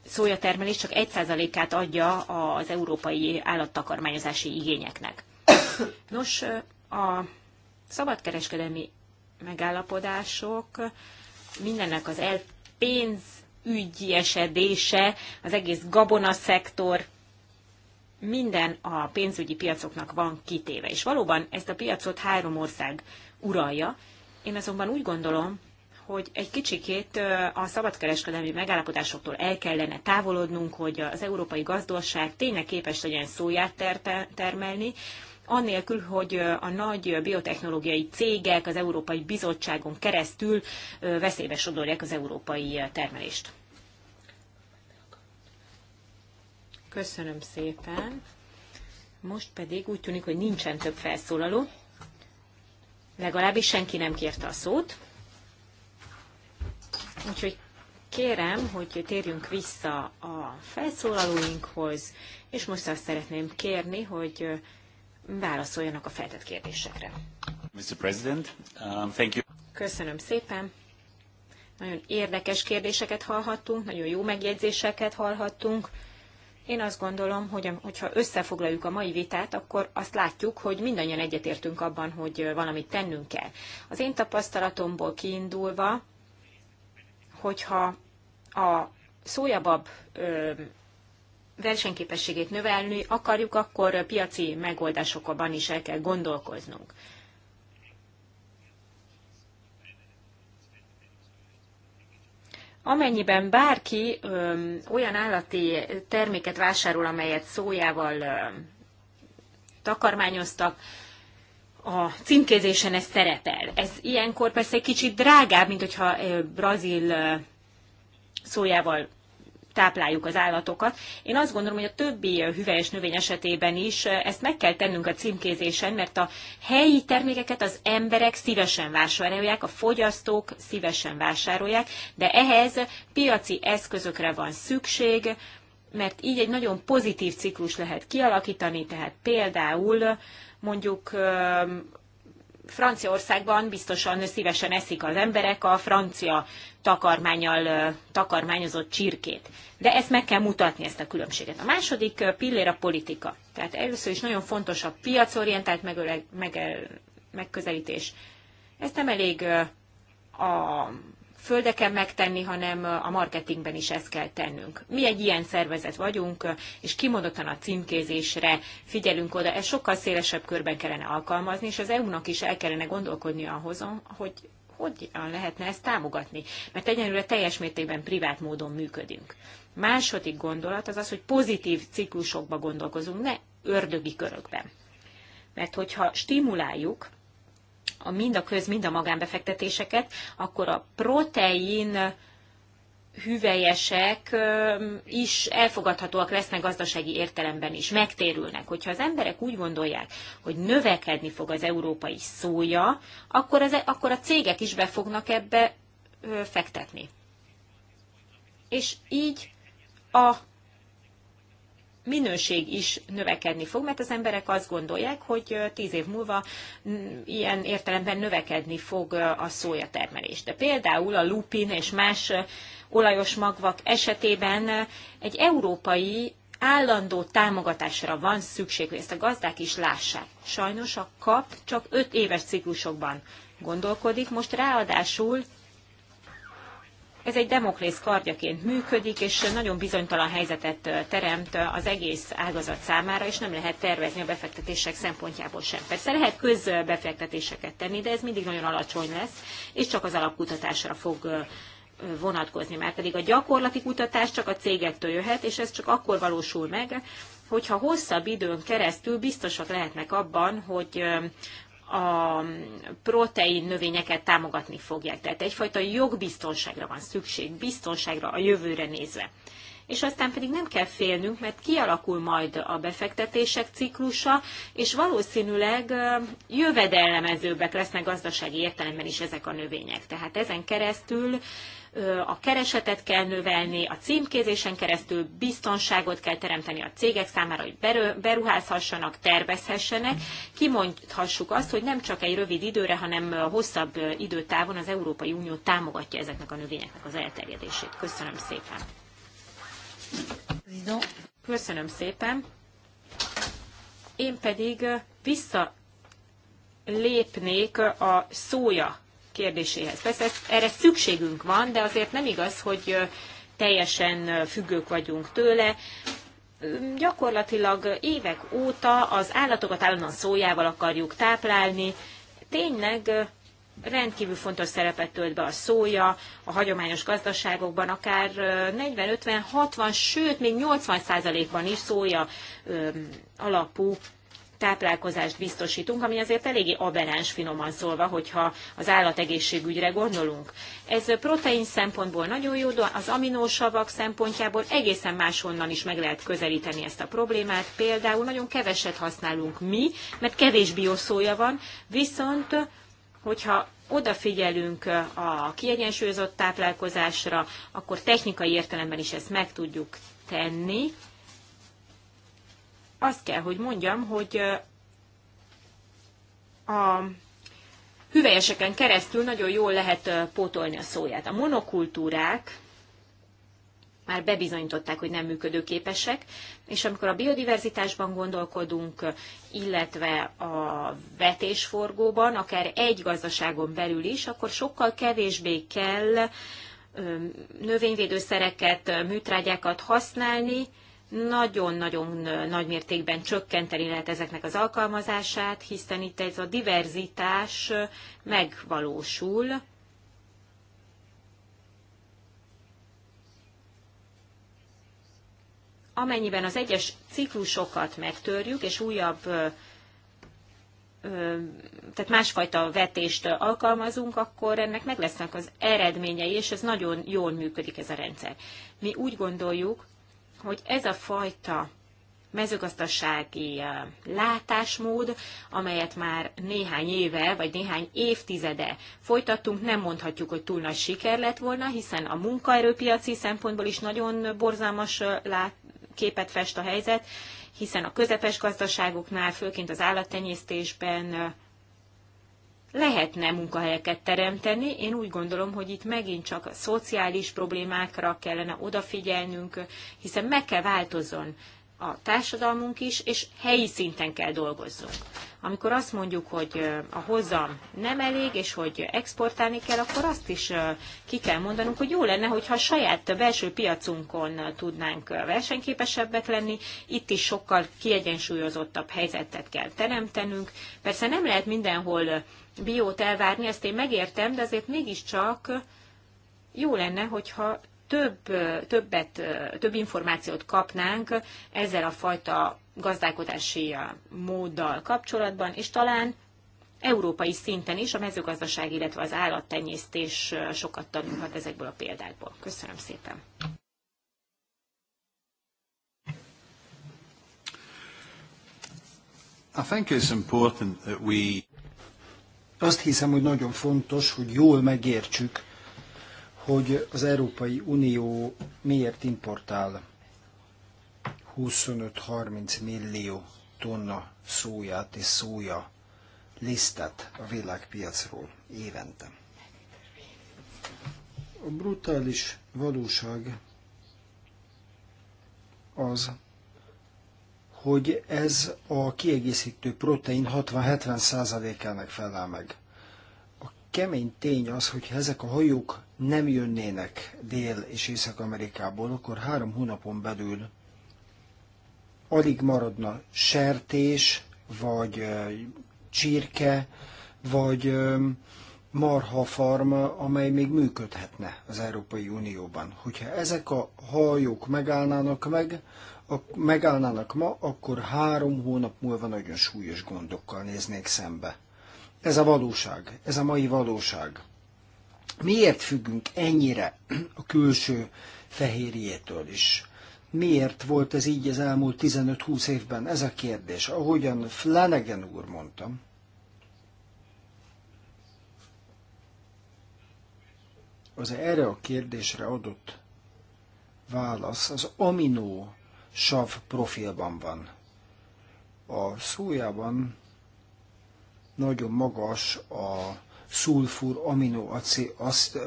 szójatermelés csak egy százalékát adja az európai állattakarmányozási igényeknek. Nos, a szabadkereskedelmi megállapodások, mindennek az el esedése, az egész gabonaszektor, minden a pénzügyi piacoknak van kitéve. És valóban ezt a piacot három ország uralja. Én azonban úgy gondolom, hogy egy kicsikét a szabadkereskedelmi megállapodásoktól el kellene távolodnunk, hogy az európai gazdaság tényleg képes legyen szóját termelni, anélkül, hogy a nagy biotechnológiai cégek az Európai Bizottságon keresztül veszélybe sodorják az európai termelést. Köszönöm szépen. Most pedig úgy tűnik, hogy nincsen több felszólaló. Legalábbis senki nem kérte a szót. Úgyhogy kérem, hogy térjünk vissza a felszólalóinkhoz, és most azt szeretném kérni, hogy válaszoljanak a feltett kérdésekre. Mr. President, um, thank you. Köszönöm szépen. Nagyon érdekes kérdéseket hallhattunk, nagyon jó megjegyzéseket hallhattunk. Én azt gondolom, hogy hogyha összefoglaljuk a mai vitát, akkor azt látjuk, hogy mindannyian egyetértünk abban, hogy valamit tennünk kell. Az én tapasztalatomból kiindulva, hogyha a szójabab versenyképességét növelni akarjuk, akkor piaci megoldásokban is el kell gondolkoznunk. Amennyiben bárki ö, olyan állati terméket vásárol, amelyet szójával ö, takarmányoztak, a címkézésen ez szerepel. Ez ilyenkor persze egy kicsit drágább, mint hogyha ö, brazil ö, szójával tápláljuk az állatokat. Én azt gondolom, hogy a többi hüvelyes növény esetében is ezt meg kell tennünk a címkézésen, mert a helyi termékeket az emberek szívesen vásárolják, a fogyasztók szívesen vásárolják, de ehhez piaci eszközökre van szükség, mert így egy nagyon pozitív ciklus lehet kialakítani, tehát például mondjuk Franciaországban biztosan szívesen eszik az emberek a francia takarmányal takarmányozott csirkét. De ezt meg kell mutatni, ezt a különbséget. A második pillér a politika. Tehát először is nagyon fontos a piacorientált megöleg, megközelítés. Ez nem elég a földeken megtenni, hanem a marketingben is ezt kell tennünk. Mi egy ilyen szervezet vagyunk, és kimondottan a címkézésre figyelünk oda. Ez sokkal szélesebb körben kellene alkalmazni, és az EU-nak is el kellene gondolkodni ahhoz, hogy hogyan lehetne ezt támogatni, mert egyenlőre teljes mértékben privát módon működünk. Második gondolat az az, hogy pozitív ciklusokba gondolkozunk, ne ördögi körökben. Mert hogyha stimuláljuk a mind a köz, mind a magánbefektetéseket, akkor a protein hüvelyesek is elfogadhatóak lesznek gazdasági értelemben is, megtérülnek. Hogyha az emberek úgy gondolják, hogy növekedni fog az európai szója, akkor, az, e, akkor a cégek is be fognak ebbe fektetni. És így a minőség is növekedni fog, mert az emberek azt gondolják, hogy tíz év múlva mm, ilyen értelemben növekedni fog a szója termelés. De például a lupin és más olajos magvak esetében egy európai állandó támogatásra van szükség, hogy ezt a gazdák is lássák. Sajnos a kap csak öt éves ciklusokban gondolkodik, most ráadásul ez egy demoklész kardjaként működik, és nagyon bizonytalan helyzetet teremt az egész ágazat számára, és nem lehet tervezni a befektetések szempontjából sem. Persze lehet közbefektetéseket tenni, de ez mindig nagyon alacsony lesz, és csak az alapkutatásra fog vonatkozni, mert pedig a gyakorlati kutatás csak a cégektől jöhet, és ez csak akkor valósul meg, hogyha hosszabb időn keresztül biztosak lehetnek abban, hogy a protein növényeket támogatni fogják. Tehát egyfajta jogbiztonságra van szükség, biztonságra a jövőre nézve. És aztán pedig nem kell félnünk, mert kialakul majd a befektetések ciklusa, és valószínűleg jövedelmezőbbek lesznek gazdasági értelemben is ezek a növények. Tehát ezen keresztül a keresetet kell növelni, a címkézésen keresztül biztonságot kell teremteni a cégek számára, hogy beruházhassanak, tervezhessenek. Kimondhassuk azt, hogy nem csak egy rövid időre, hanem hosszabb időtávon az Európai Unió támogatja ezeknek a növényeknek az elterjedését. Köszönöm szépen. Köszönöm szépen. Én pedig vissza lépnék a szója kérdéséhez. Persze erre szükségünk van, de azért nem igaz, hogy teljesen függők vagyunk tőle. Gyakorlatilag évek óta az állatokat állandóan szójával akarjuk táplálni. Tényleg rendkívül fontos szerepet tölt be a szója a hagyományos gazdaságokban, akár 40, 50, 60, sőt még 80 ban is szója alapú táplálkozást biztosítunk, ami azért eléggé aberáns finoman szólva, hogyha az állategészségügyre gondolunk. Ez protein szempontból nagyon jó, az aminósavak szempontjából egészen máshonnan is meg lehet közelíteni ezt a problémát. Például nagyon keveset használunk mi, mert kevés bioszója van, viszont hogyha odafigyelünk a kiegyensúlyozott táplálkozásra, akkor technikai értelemben is ezt meg tudjuk tenni, azt kell, hogy mondjam, hogy a hüvelyeseken keresztül nagyon jól lehet pótolni a szóját. A monokultúrák már bebizonyították, hogy nem működőképesek, és amikor a biodiverzitásban gondolkodunk, illetve a vetésforgóban, akár egy gazdaságon belül is, akkor sokkal kevésbé kell növényvédőszereket, műtrágyákat használni, nagyon-nagyon nagy mértékben csökkenteni lehet ezeknek az alkalmazását, hiszen itt ez a diverzitás megvalósul. Amennyiben az egyes ciklusokat megtörjük, és újabb, tehát másfajta vetést alkalmazunk, akkor ennek meg lesznek az eredményei, és ez nagyon jól működik ez a rendszer. Mi úgy gondoljuk, hogy ez a fajta mezőgazdasági eh, látásmód, amelyet már néhány éve vagy néhány évtizede folytattunk, nem mondhatjuk, hogy túl nagy siker lett volna, hiszen a munkaerőpiaci szempontból is nagyon borzalmas eh, képet fest a helyzet, hiszen a közepes gazdaságoknál, főként az állattenyésztésben eh, lehetne munkahelyeket teremteni. Én úgy gondolom, hogy itt megint csak a szociális problémákra kellene odafigyelnünk, hiszen meg kell változzon a társadalmunk is, és helyi szinten kell dolgozzunk. Amikor azt mondjuk, hogy a hozam nem elég, és hogy exportálni kell, akkor azt is ki kell mondanunk, hogy jó lenne, hogyha a saját belső piacunkon tudnánk versenyképesebbek lenni, itt is sokkal kiegyensúlyozottabb helyzetet kell teremtenünk. Persze nem lehet mindenhol biót elvárni, ezt én megértem, de azért mégiscsak jó lenne, hogyha több, többet, több információt kapnánk ezzel a fajta gazdálkodási móddal kapcsolatban, és talán európai szinten is a mezőgazdaság, illetve az állattenyésztés sokat tanulhat ezekből a példákból. Köszönöm szépen! I think it's important that we... Azt hiszem, hogy nagyon fontos, hogy jól megértsük, hogy az Európai Unió miért importál 25-30 millió tonna szóját és szója lisztet a világpiacról évente. A brutális valóság az, hogy ez a kiegészítő protein 60-70%-ának felel meg. A kemény tény az, hogy ezek a hajók nem jönnének Dél- és Észak-Amerikából, akkor három hónapon belül alig maradna sertés, vagy csirke, vagy marha farma, amely még működhetne az Európai Unióban. Hogyha ezek a hajók megállnának meg, megállnának ma, akkor három hónap múlva nagyon súlyos gondokkal néznék szembe. Ez a valóság, ez a mai valóság. Miért függünk ennyire a külső fehérjétől is? Miért volt ez így az elmúlt 15-20 évben? Ez a kérdés. Ahogyan Flanagan úr mondtam, az erre a kérdésre adott válasz az aminó sav profilban van. A szójában nagyon magas a szulfur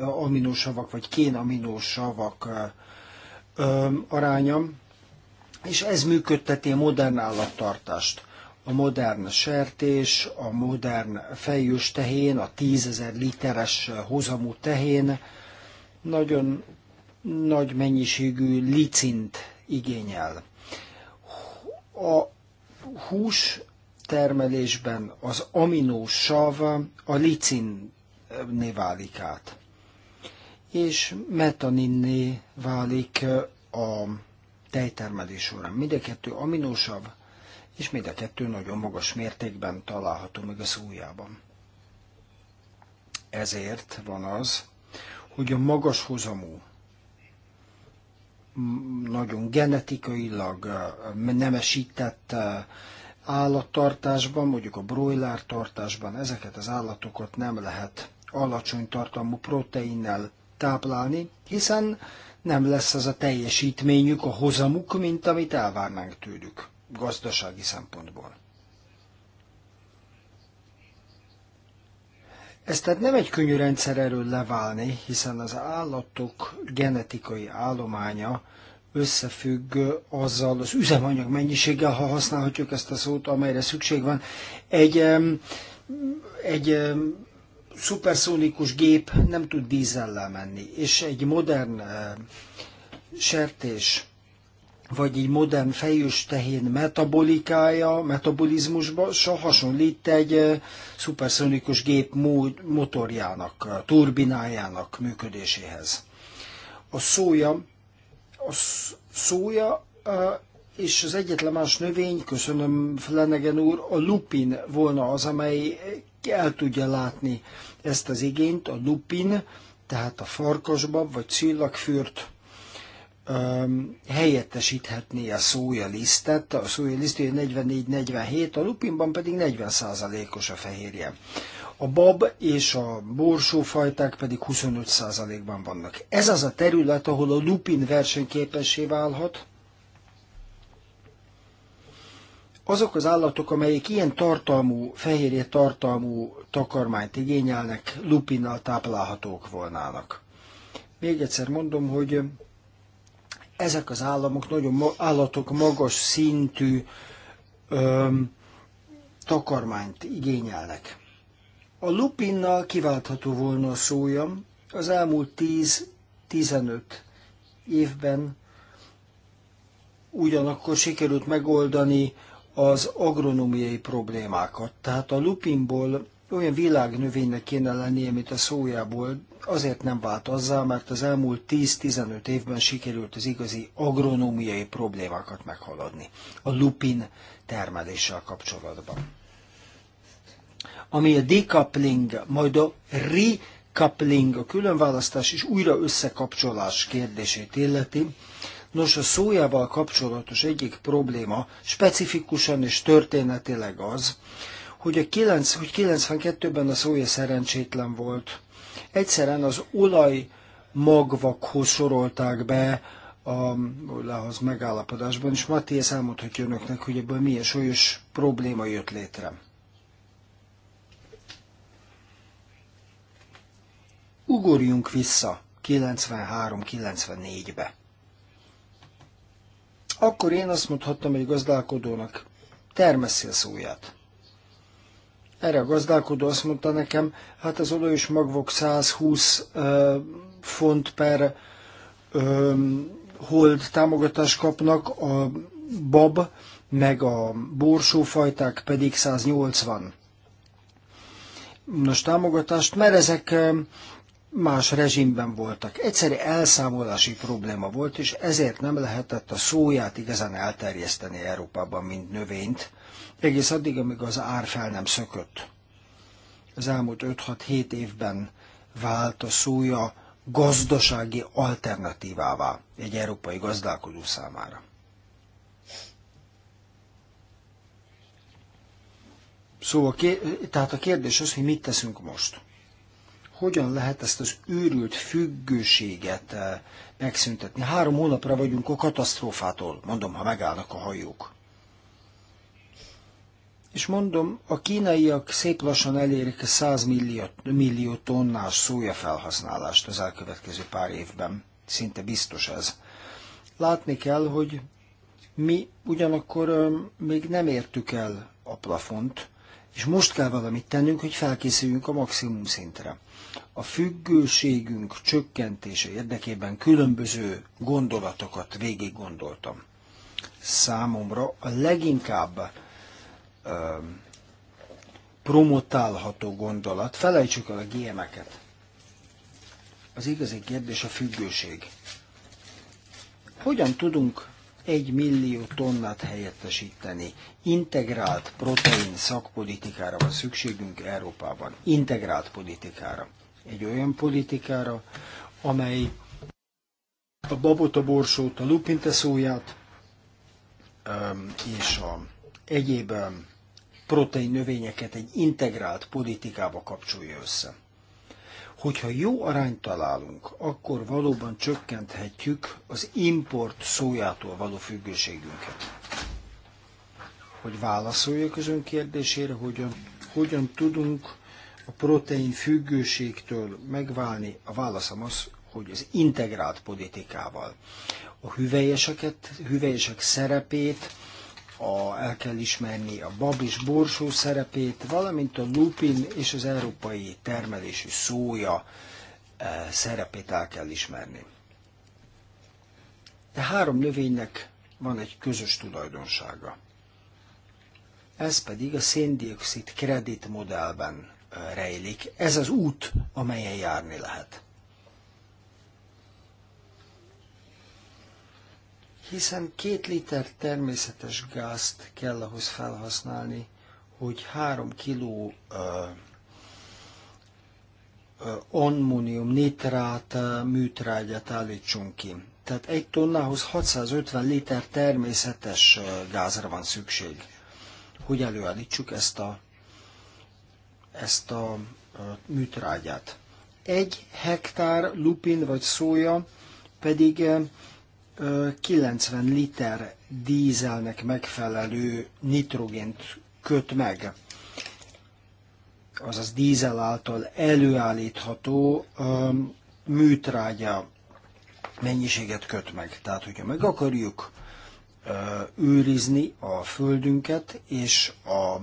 aminósavak vagy aminósavak aránya, és ez működteti a modern állattartást. A modern sertés, a modern fejős tehén, a tízezer literes hozamú tehén nagyon nagy mennyiségű licint igényel. A hús termelésben az aminósav a licinné válik át, és metaninné válik a tejtermelés során. Mind a kettő aminósav, és mind a kettő nagyon magas mértékben található meg a szójában. Ezért van az, hogy a magas hozamú nagyon genetikailag eh, nemesített eh, állattartásban, mondjuk a broiler tartásban ezeket az állatokat nem lehet alacsony tartalmú proteinnel táplálni, hiszen nem lesz az a teljesítményük, a hozamuk, mint amit elvárnánk tőlük gazdasági szempontból. Ez tehát nem egy könnyű rendszer erről leválni, hiszen az állatok genetikai állománya összefügg azzal az üzemanyag mennyiséggel, ha használhatjuk ezt a szót, amelyre szükség van. Egy, egy szuperszónikus gép nem tud dízellel menni, és egy modern sertés vagy egy modern fejős tehén metabolikája, metabolizmusba, se hasonlít egy szuperszonikus gép motorjának, turbinájának működéséhez. A szója, a szója és az egyetlen más növény, köszönöm Flanagan úr, a lupin volna az, amely el tudja látni ezt az igényt, a lupin, tehát a farkasba vagy csillagfürt, um, helyettesíthetné a szója lisztet, a szója lisztje 44-47, a lupinban pedig 40%-os a fehérje. A bab és a borsófajták pedig 25%-ban vannak. Ez az a terület, ahol a lupin versenyképessé válhat. Azok az állatok, amelyek ilyen tartalmú, fehérje tartalmú takarmányt igényelnek, lupinnal táplálhatók volnának. Még egyszer mondom, hogy ezek az államok nagyon, állatok magas szintű öm, takarmányt igényelnek. A lupinnal kiváltható volna a szójam, az elmúlt 10-15 évben ugyanakkor sikerült megoldani az agronómiai problémákat. Tehát a lupinból olyan világnövénynek kéne lennie, mint a szójából, azért nem változzá, mert az elmúlt 10-15 évben sikerült az igazi agronómiai problémákat meghaladni a lupin termeléssel kapcsolatban. Ami a decoupling, majd a recoupling, a különválasztás és újra összekapcsolás kérdését illeti, Nos, a szójával kapcsolatos egyik probléma specifikusan és történetileg az, hogy, a 9, hogy 92-ben a szója szerencsétlen volt, Egyszerűen az olaj magvakhoz sorolták be a az megállapodásban, és Matthias elmondhatja önöknek, hogy ebből milyen súlyos probléma jött létre. Ugorjunk vissza 93-94-be. Akkor én azt mondhattam egy gazdálkodónak, termesszél szóját. Erre a gazdálkodó azt mondta nekem, hát az is magvok 120 font per hold támogatást kapnak, a bab meg a borsófajták pedig 180 nos támogatást, mert ezek más rezsimben voltak. Egyszerű elszámolási probléma volt, és ezért nem lehetett a szóját igazán elterjeszteni Európában, mint növényt egész addig, amíg az ár fel nem szökött. Az elmúlt 5-6-7 évben vált a szója gazdasági alternatívává egy európai gazdálkodó számára. Szóval, tehát a kérdés az, hogy mit teszünk most. Hogyan lehet ezt az őrült függőséget eh, megszüntetni? Három hónapra vagyunk a katasztrófától, mondom, ha megállnak a hajók. És mondom, a kínaiak szép lassan elérik a 100 millió, millió tonnás szója felhasználást az elkövetkező pár évben. Szinte biztos ez. Látni kell, hogy mi ugyanakkor még nem értük el a plafont, és most kell valamit tennünk, hogy felkészüljünk a maximum szintre. A függőségünk csökkentése érdekében különböző gondolatokat végig gondoltam. Számomra a leginkább promotálható gondolat. Felejtsük el a GM-eket. Az igazi kérdés a függőség. Hogyan tudunk egy millió tonnát helyettesíteni? Integrált protein szakpolitikára van szükségünk Európában. Integrált politikára. Egy olyan politikára, amely a babot, a borsót, a szóját és a egyéb protein növényeket egy integrált politikába kapcsolja össze. Hogyha jó arányt találunk, akkor valóban csökkenthetjük az import szójától való függőségünket. Hogy válaszoljak az ön kérdésére, hogyan, hogyan tudunk a protein függőségtől megválni, a válaszom az, hogy az integrált politikával. A hüvelyeseket, hüvelyesek szerepét a, el kell ismerni a bab és borsó szerepét, valamint a lupin és az európai termelésű szója e, szerepét el kell ismerni. De három növénynek van egy közös tulajdonsága. Ez pedig a széndiokszid kredit modellben e, rejlik. Ez az út, amelyen járni lehet. hiszen két liter természetes gázt kell ahhoz felhasználni, hogy három kiló onmunium nitrát műtrágyát állítsunk ki. Tehát egy tonnához 650 liter természetes gázra van szükség, hogy előállítsuk ezt a, ezt a műtrágyát. Egy hektár lupin vagy szója pedig 90 liter dízelnek megfelelő nitrogént köt meg, azaz dízel által előállítható műtrágya mennyiséget köt meg. Tehát, hogyha meg akarjuk őrizni a földünket, és a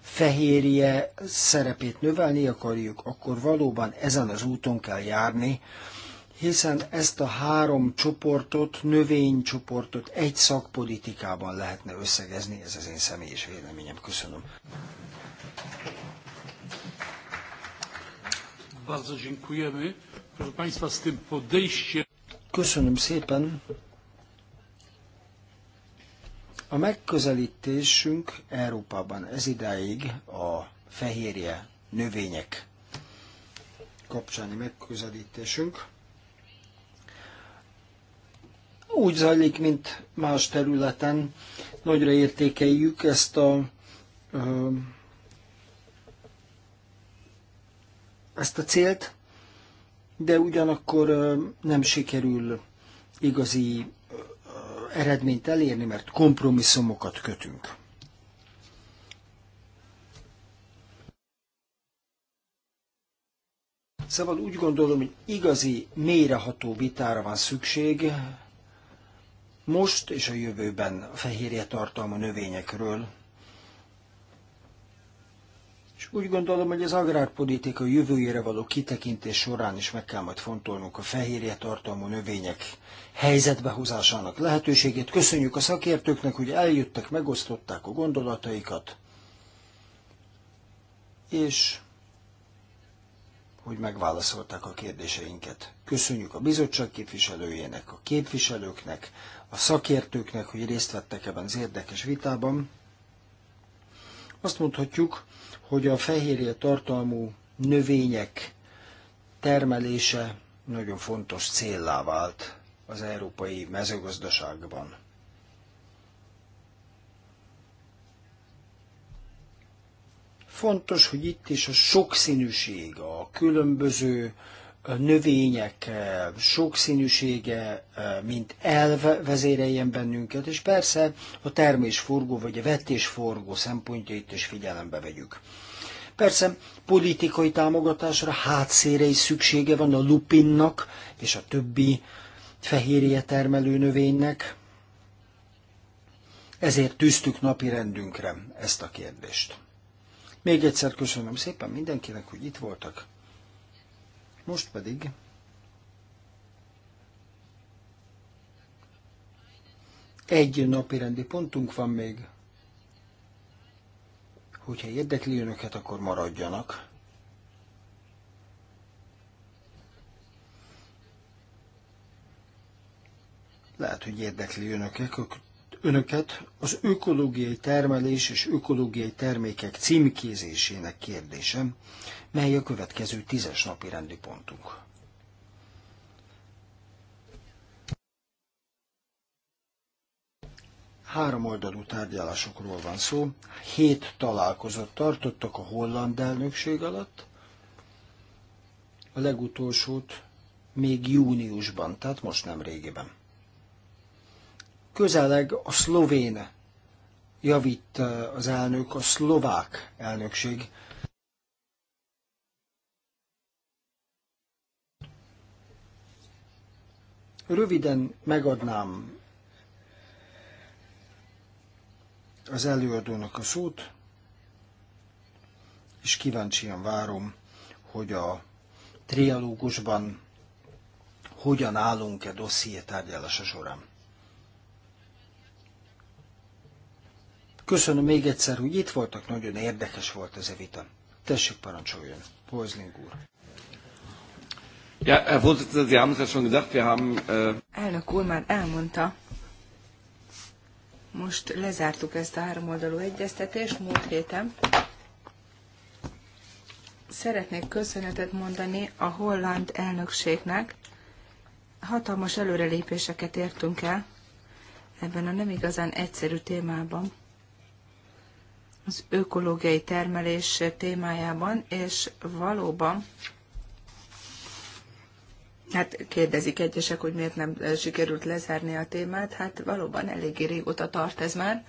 fehérje szerepét növelni akarjuk, akkor valóban ezen az úton kell járni, hiszen ezt a három csoportot, növénycsoportot egy szakpolitikában lehetne összegezni, ez az én személyes véleményem. Köszönöm. Bardzo dziękujemy. Proszę Państwa, z tym Köszönöm szépen. A megközelítésünk Európában ez idáig a fehérje növények kapcsáni megközelítésünk úgy zajlik, mint más területen. Nagyra értékeljük ezt a ezt a célt, de ugyanakkor nem sikerül igazi eredményt elérni, mert kompromisszumokat kötünk. Szóval úgy gondolom, hogy igazi, mélyreható vitára van szükség, most és a jövőben a fehérje tartalma növényekről. És úgy gondolom, hogy az agrárpolitika jövőjére való kitekintés során is meg kell majd fontolnunk a fehérje tartalma növények helyzetbehozásának lehetőségét. Köszönjük a szakértőknek, hogy eljöttek, megosztották a gondolataikat, és hogy megválaszolták a kérdéseinket. Köszönjük a bizottság képviselőjének, a képviselőknek, a szakértőknek, hogy részt vettek ebben az érdekes vitában. Azt mondhatjuk, hogy a fehérje tartalmú növények termelése nagyon fontos céllá vált az európai mezőgazdaságban. Fontos, hogy itt is a sokszínűség, a különböző növények eh, sokszínűsége, eh, mint elv vezéreljen bennünket, és persze a termésforgó vagy a vetésforgó szempontjait is figyelembe vegyük. Persze politikai támogatásra hátszére is szüksége van a lupinnak és a többi fehérje termelő növénynek, ezért tűztük napirendünkre ezt a kérdést. Még egyszer köszönöm szépen mindenkinek, hogy itt voltak. Most pedig egy napi rendi pontunk van még. Hogyha érdekli önöket, akkor maradjanak. Lehet, hogy érdekli önöket, önöket az ökológiai termelés és ökológiai termékek címkézésének kérdésem, mely a következő tízes napi rendi pontunk. Három oldalú tárgyalásokról van szó, hét találkozott tartottak a holland elnökség alatt, a legutolsót még júniusban, tehát most nem régiben közeleg a szlovén javít eh, az elnök, a szlovák elnökség. Röviden megadnám az előadónak a szót, és kíváncsian várom, hogy a trialógusban hogyan állunk-e dosszié tárgyalása során. Köszönöm még egyszer, hogy itt voltak, nagyon érdekes volt ez a vita. Tessék, parancsoljon, Hozling úr. Ja, Herr Vorsitzender, Sie haben es ja schon gesagt, wir haben... Äh... Elnök úr már elmondta, most lezártuk ezt a háromoldalú egyeztetést múlt héten. Szeretnék köszönetet mondani a holland elnökségnek. Hatalmas előrelépéseket értünk el ebben a nem igazán egyszerű témában az ökológiai termelés témájában, és valóban Hát kérdezik egyesek, hogy miért nem sikerült lezárni a témát. Hát valóban eléggé régóta tart ez már.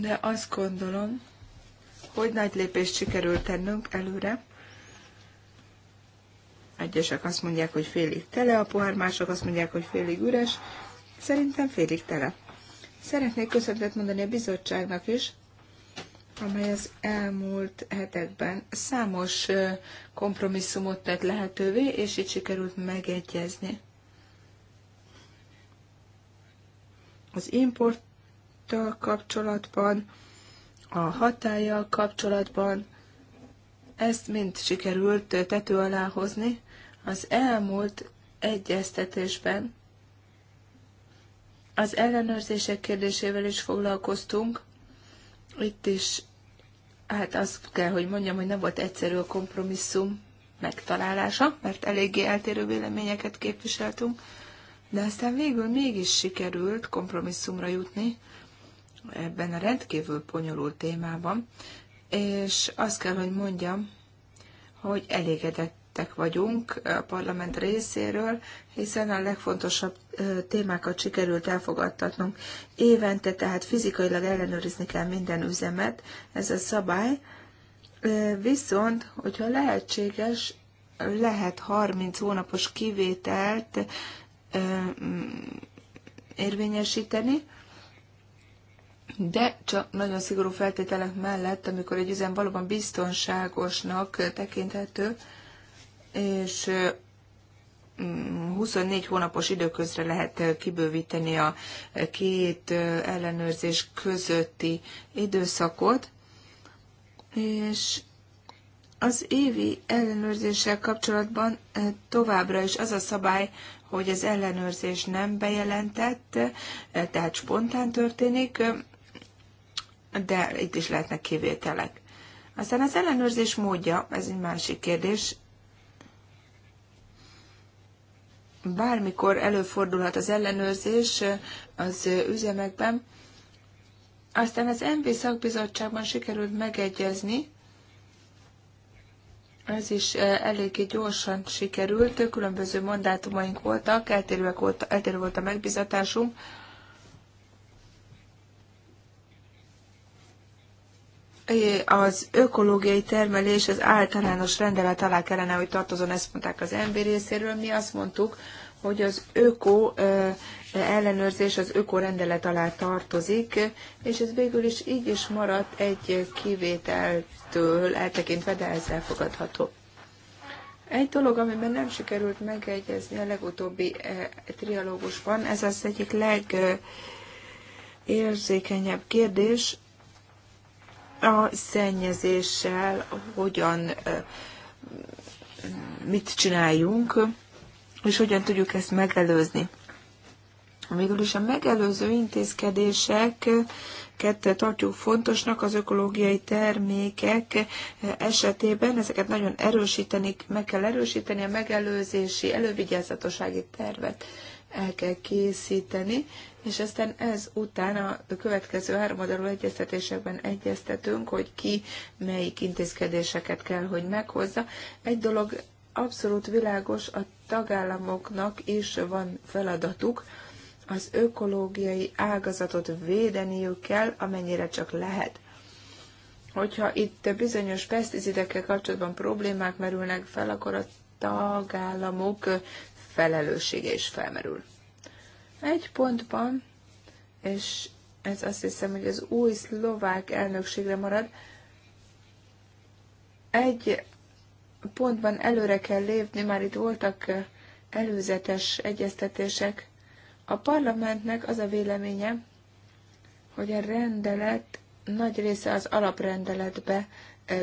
De azt gondolom, hogy nagy lépést sikerült tennünk előre. Egyesek azt mondják, hogy félig tele a pohár, mások azt mondják, hogy félig üres. Szerintem félig tele. Szeretnék köszönetet mondani a bizottságnak is, amely az elmúlt hetekben számos kompromisszumot tett lehetővé, és így sikerült megegyezni. Az importtal kapcsolatban, a hatállyal kapcsolatban, ezt mind sikerült tető alá hozni. Az elmúlt egyeztetésben az ellenőrzések kérdésével is foglalkoztunk. Itt is, hát azt kell, hogy mondjam, hogy nem volt egyszerű a kompromisszum megtalálása, mert eléggé eltérő véleményeket képviseltünk, de aztán végül mégis sikerült kompromisszumra jutni ebben a rendkívül bonyolult témában, és azt kell, hogy mondjam, hogy elégedett elkötelezettek vagyunk a parlament részéről, hiszen a legfontosabb témákat sikerült elfogadtatnunk. Évente tehát fizikailag ellenőrizni kell minden üzemet, ez a szabály. Viszont, hogyha lehetséges, lehet 30 hónapos kivételt mm, érvényesíteni, de csak nagyon szigorú feltételek mellett, amikor egy üzem valóban biztonságosnak tekinthető, és 24 mm, hónapos időközre lehet eh, kibővíteni a eh, két eh, ellenőrzés közötti időszakot, és az évi ellenőrzéssel kapcsolatban továbbra is az a szabály, hogy az ellenőrzés nem bejelentett, tehát spontán történik, de itt is lehetnek kivételek. Aztán az ellenőrzés módja, ez egy másik kérdés, bármikor előfordulhat az ellenőrzés az üzemekben. Aztán az MV szakbizottságban sikerült megegyezni, ez is eh, eléggé gyorsan sikerült, különböző mandátumaink voltak, eltérő volt a megbizatásunk, az ökológiai termelés az általános rendelet alá kellene, hogy tartozon, ezt mondták az MB részéről. Mi azt mondtuk, hogy az öko ellenőrzés az öko rendelet alá tartozik, és ez végül is így is maradt egy kivételtől eltekintve, de ez elfogadható. Egy dolog, amiben nem sikerült megegyezni a legutóbbi trialógusban, ez az egyik legérzékenyebb kérdés, a szennyezéssel hogyan, mit csináljunk, és hogyan tudjuk ezt megelőzni. Végül is a megelőző intézkedéseket tartjuk fontosnak az ökológiai termékek esetében. Ezeket nagyon erősíteni, meg kell erősíteni a megelőzési elővigyázatossági tervet el kell készíteni, és aztán ez után a következő három háromadalú egyeztetésekben egyeztetünk, hogy ki melyik intézkedéseket kell, hogy meghozza. Egy dolog abszolút világos, a tagállamoknak is van feladatuk, az ökológiai ágazatot védeniük kell, amennyire csak lehet. Hogyha itt bizonyos peszticidekkel kapcsolatban problémák merülnek fel, akkor a tagállamok felelőssége is felmerül. Egy pontban, és ez azt hiszem, hogy az új szlovák elnökségre marad, egy pontban előre kell lépni, már itt voltak előzetes egyeztetések. A parlamentnek az a véleménye, hogy a rendelet nagy része az alaprendeletbe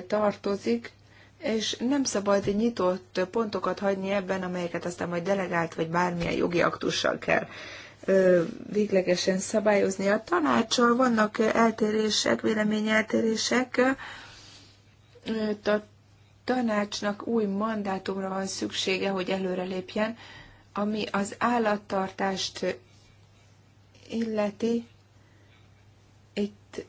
tartozik, és nem szabad nyitott pontokat hagyni ebben, amelyeket aztán majd delegált vagy bármilyen jogi aktussal kell véglegesen szabályozni. A tanácsal vannak eltérések, véleményeltérések. A tanácsnak új mandátumra van szüksége, hogy előrelépjen, ami az állattartást illeti, itt,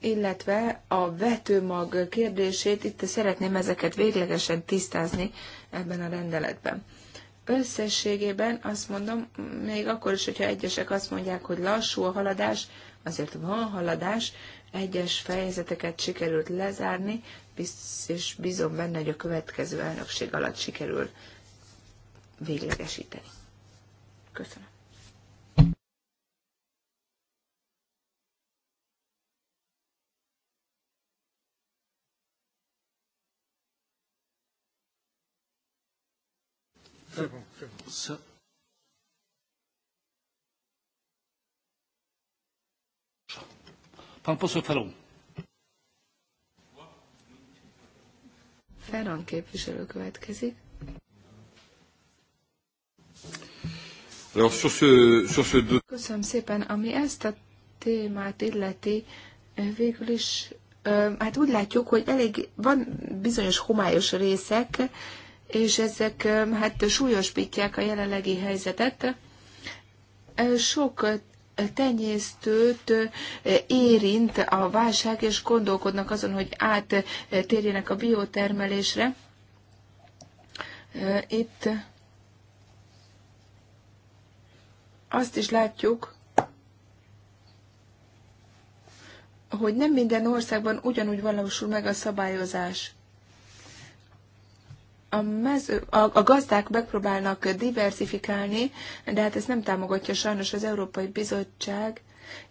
illetve a vetőmag kérdését, itt szeretném ezeket véglegesen tisztázni ebben a rendeletben összességében azt mondom, még akkor is, hogyha egyesek azt mondják, hogy lassú a haladás, azért van haladás, egyes fejezeteket sikerült lezárni, és bízom benne, hogy a következő elnökség alatt sikerül véglegesíteni. Köszönöm. C'est bon, c'est bon. Ça... Pan poseł Feron. Feron képviselő következik. Köszönöm szépen. Ami ezt a témát illeti, végül is, hát úgy látjuk, hogy elég van bizonyos homályos részek, és ezek hát súlyosbítják a jelenlegi helyzetet. Sok tenyésztőt érint a válság, és gondolkodnak azon, hogy áttérjenek a biotermelésre. Itt azt is látjuk, hogy nem minden országban ugyanúgy valósul meg a szabályozás a, mező, a, a gazdák megpróbálnak diversifikálni, de hát ezt nem támogatja sajnos az Európai Bizottság,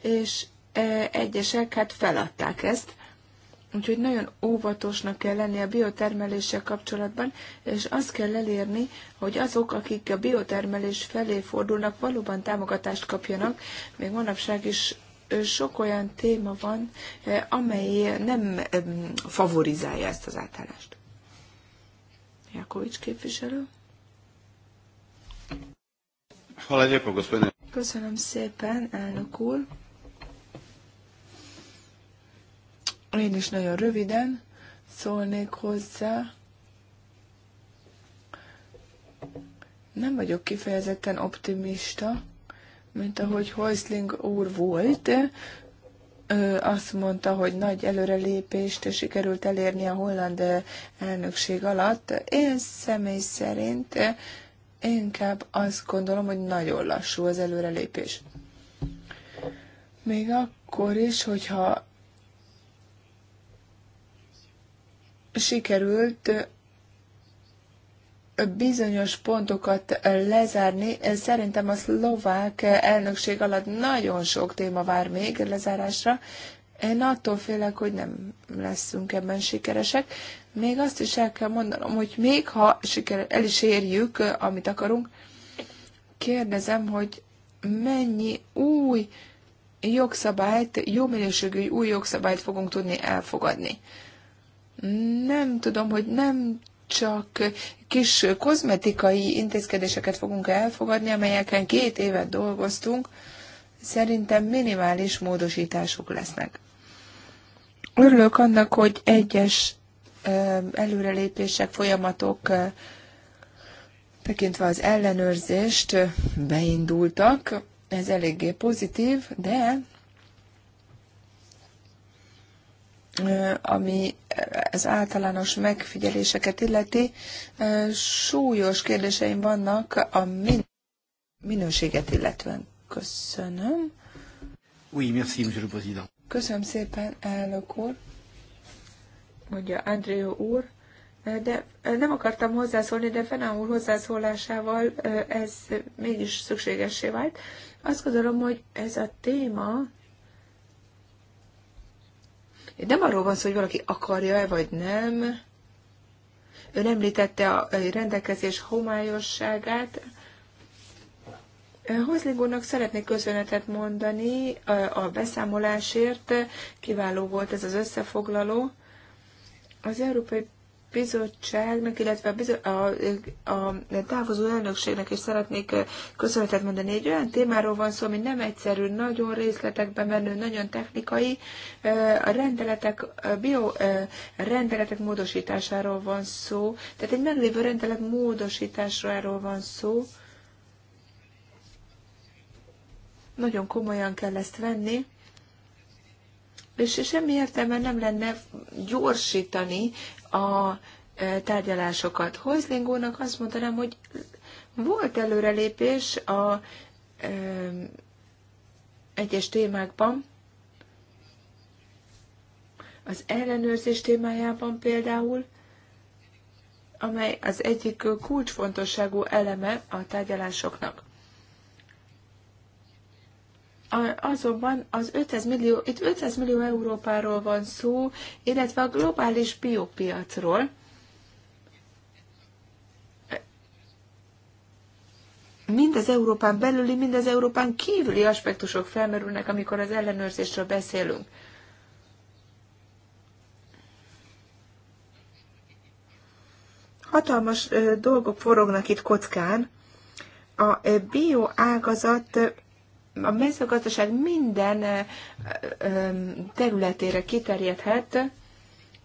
és e, egyesek hát feladták ezt. Úgyhogy nagyon óvatosnak kell lenni a biotermeléssel kapcsolatban, és azt kell elérni, hogy azok, akik a biotermelés felé fordulnak, valóban támogatást kapjanak. Még manapság is sok olyan téma van, e, amely nem favorizálja ezt az átállást. Jakovics képviselő. Köszönöm szépen, elnök úr. Én is nagyon röviden szólnék hozzá. Nem vagyok kifejezetten optimista, mint ahogy Heusling úr volt, azt mondta, hogy nagy előrelépést sikerült elérni a holland elnökség alatt. Én személy szerint inkább azt gondolom, hogy nagyon lassú az előrelépés. Még akkor is, hogyha sikerült bizonyos pontokat lezárni. Szerintem a szlovák elnökség alatt nagyon sok téma vár még lezárásra. Én attól félek, hogy nem leszünk ebben sikeresek. Még azt is el kell mondanom, hogy még ha siker, el is érjük, amit akarunk, kérdezem, hogy mennyi új jogszabályt, jó minőségű új jogszabályt fogunk tudni elfogadni. Nem tudom, hogy nem csak kis kozmetikai intézkedéseket fogunk elfogadni, amelyeken két évet dolgoztunk, szerintem minimális módosítások lesznek. Örülök annak, hogy egyes előrelépések, folyamatok tekintve az ellenőrzést beindultak. Ez eléggé pozitív, de ami az általános megfigyeléseket illeti, súlyos kérdéseim vannak a min- minőséget illetően. Köszönöm. Oui, merci, monsieur le président. Köszönöm szépen, elnök úr, mondja Andrea úr. De nem akartam hozzászólni, de Fenán úr hozzászólásával ez mégis szükségessé vált. Azt gondolom, hogy ez a téma nem arról van szó, hogy valaki akarja-e vagy nem. Ön említette a rendelkezés homályosságát. Hozling úrnak szeretnék köszönetet mondani a beszámolásért. Kiváló volt ez az összefoglaló. Az Európai bizottságnak, illetve a, a, a távozó elnökségnek is szeretnék eh, köszönetet mondani. Egy olyan témáról van szó, ami nem egyszerű, nagyon részletekbe menő, nagyon technikai. Eh, a rendeletek, a bio eh, rendeletek módosításáról van szó, tehát egy meglévő rendelet módosításáról van szó. Nagyon komolyan kell ezt venni és semmi értelme nem lenne gyorsítani a e, tárgyalásokat. Hozlingónak azt mondanám, hogy volt előrelépés a ö, e, egyes témákban, az ellenőrzés témájában például, amely az egyik kulcsfontosságú eleme a tárgyalásoknak. Azonban az 500 millió, itt 500 millió Európáról van szó, illetve a globális biopiacról. mind az Európán belüli, mind az Európán kívüli aspektusok felmerülnek, amikor az ellenőrzésről beszélünk. Hatalmas dolgok forognak itt kockán. A bioágazat a mezőgazdaság minden területére kiterjedhet,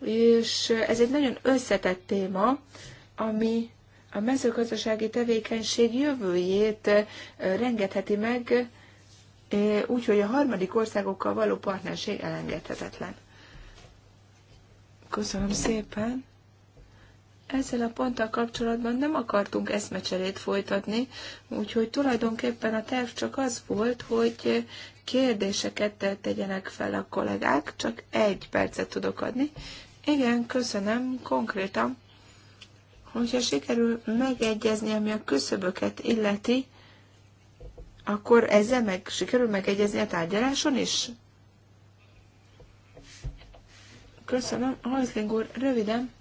és ez egy nagyon összetett téma, ami a mezőgazdasági tevékenység jövőjét rengetheti meg, úgyhogy a harmadik országokkal való partnerség elengedhetetlen. Köszönöm szépen. Ezzel a ponttal kapcsolatban nem akartunk eszmecserét folytatni, úgyhogy tulajdonképpen a terv csak az volt, hogy kérdéseket tegyenek fel a kollégák, csak egy percet tudok adni. Igen, köszönöm, konkrétan, hogyha sikerül megegyezni, ami a küszöböket illeti, akkor ezzel meg sikerül megegyezni a tárgyaláson is? Köszönöm. Hajszling úr, röviden.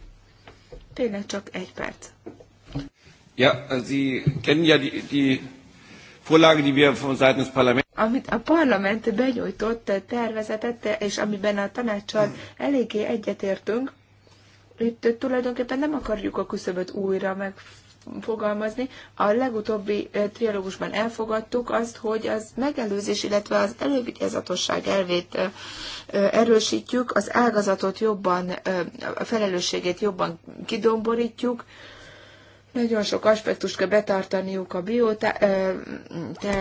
Tényleg csak egy perc. Ja, Sie kennen ja die, die Vorlage, die wir von Seiten des Parlaments amit a parlament benyújtott eh, tervezetet, eh, és amiben a tanácssal eléggé egyetértünk, itt eh, tulajdonképpen nem akarjuk a küszöböt újra meg fogalmazni. A legutóbbi eh, trialógusban elfogadtuk azt, hogy az megelőzés, illetve az elővigyázatosság elvét eh, eh, erősítjük, az ágazatot jobban, a felelősségét jobban kidomborítjuk, nagyon sok aspektust kell betartaniuk a biota, te,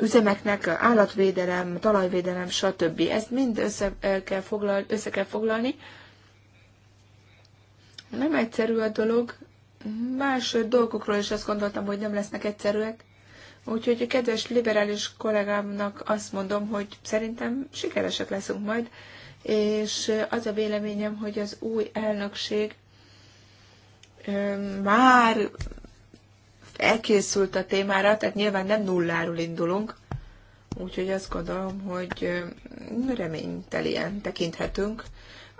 üzemeknek, állatvédelem, talajvédelem, stb. Ezt mind össze kell, foglal, össze kell foglalni. Nem egyszerű a dolog, más dolgokról is azt gondoltam, hogy nem lesznek egyszerűek. Úgyhogy a kedves liberális kollégámnak azt mondom, hogy szerintem sikeresek leszünk majd, és az a véleményem, hogy az új elnökség már elkészült a témára, tehát nyilván nem nulláról indulunk, úgyhogy azt gondolom, hogy reménytelien tekinthetünk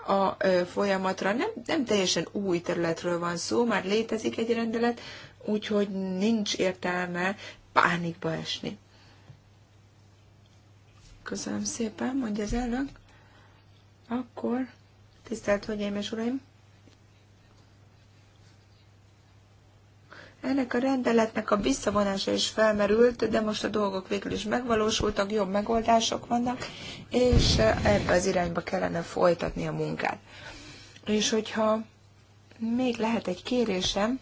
a folyamatra. Nem, nem teljesen új területről van szó, már létezik egy rendelet, úgyhogy nincs értelme pánikba esni. Köszönöm szépen, mondja az elnök. Akkor, tisztelt Hölgyeim és Uraim! Ennek a rendeletnek a visszavonása is felmerült, de most a dolgok végül is megvalósultak, jobb megoldások vannak, és ebbe az irányba kellene folytatni a munkát. És hogyha még lehet egy kérésem,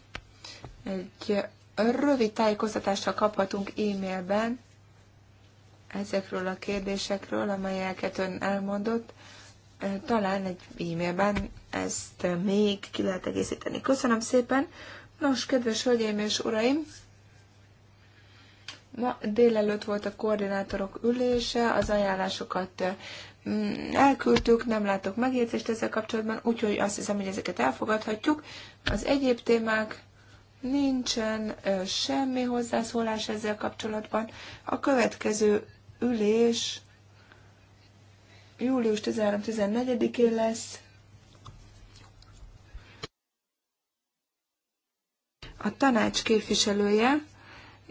egy rövid tájékoztatást kaphatunk e-mailben ezekről a kérdésekről, amelyeket ön elmondott. Talán egy e-mailben ezt még ki lehet egészíteni. Köszönöm szépen! Nos, kedves hölgyeim és uraim, ma délelőtt volt a koordinátorok ülése, az ajánlásokat mm, elküldtük, nem látok megjegyzést ezzel kapcsolatban, úgyhogy azt hiszem, hogy ezeket elfogadhatjuk. Az egyéb témák nincsen semmi hozzászólás ezzel kapcsolatban. A következő ülés július 13-14-én lesz A tanács képviselője,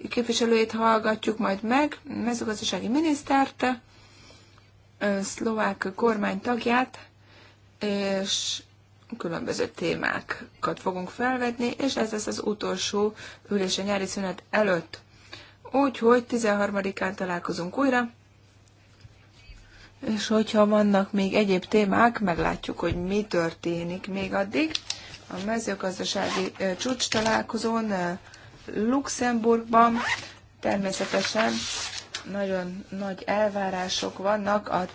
képviselőjét hallgatjuk majd meg, mezőgazdasági minisztert, szlovák kormány tagját, és különböző témákat fogunk felvetni, és ez lesz az utolsó ülés a nyári szünet előtt. Úgyhogy 13-án találkozunk újra, és hogyha vannak még egyéb témák, meglátjuk, hogy mi történik még addig a mezőgazdasági csúcs találkozón Luxemburgban természetesen nagyon nagy elvárások vannak a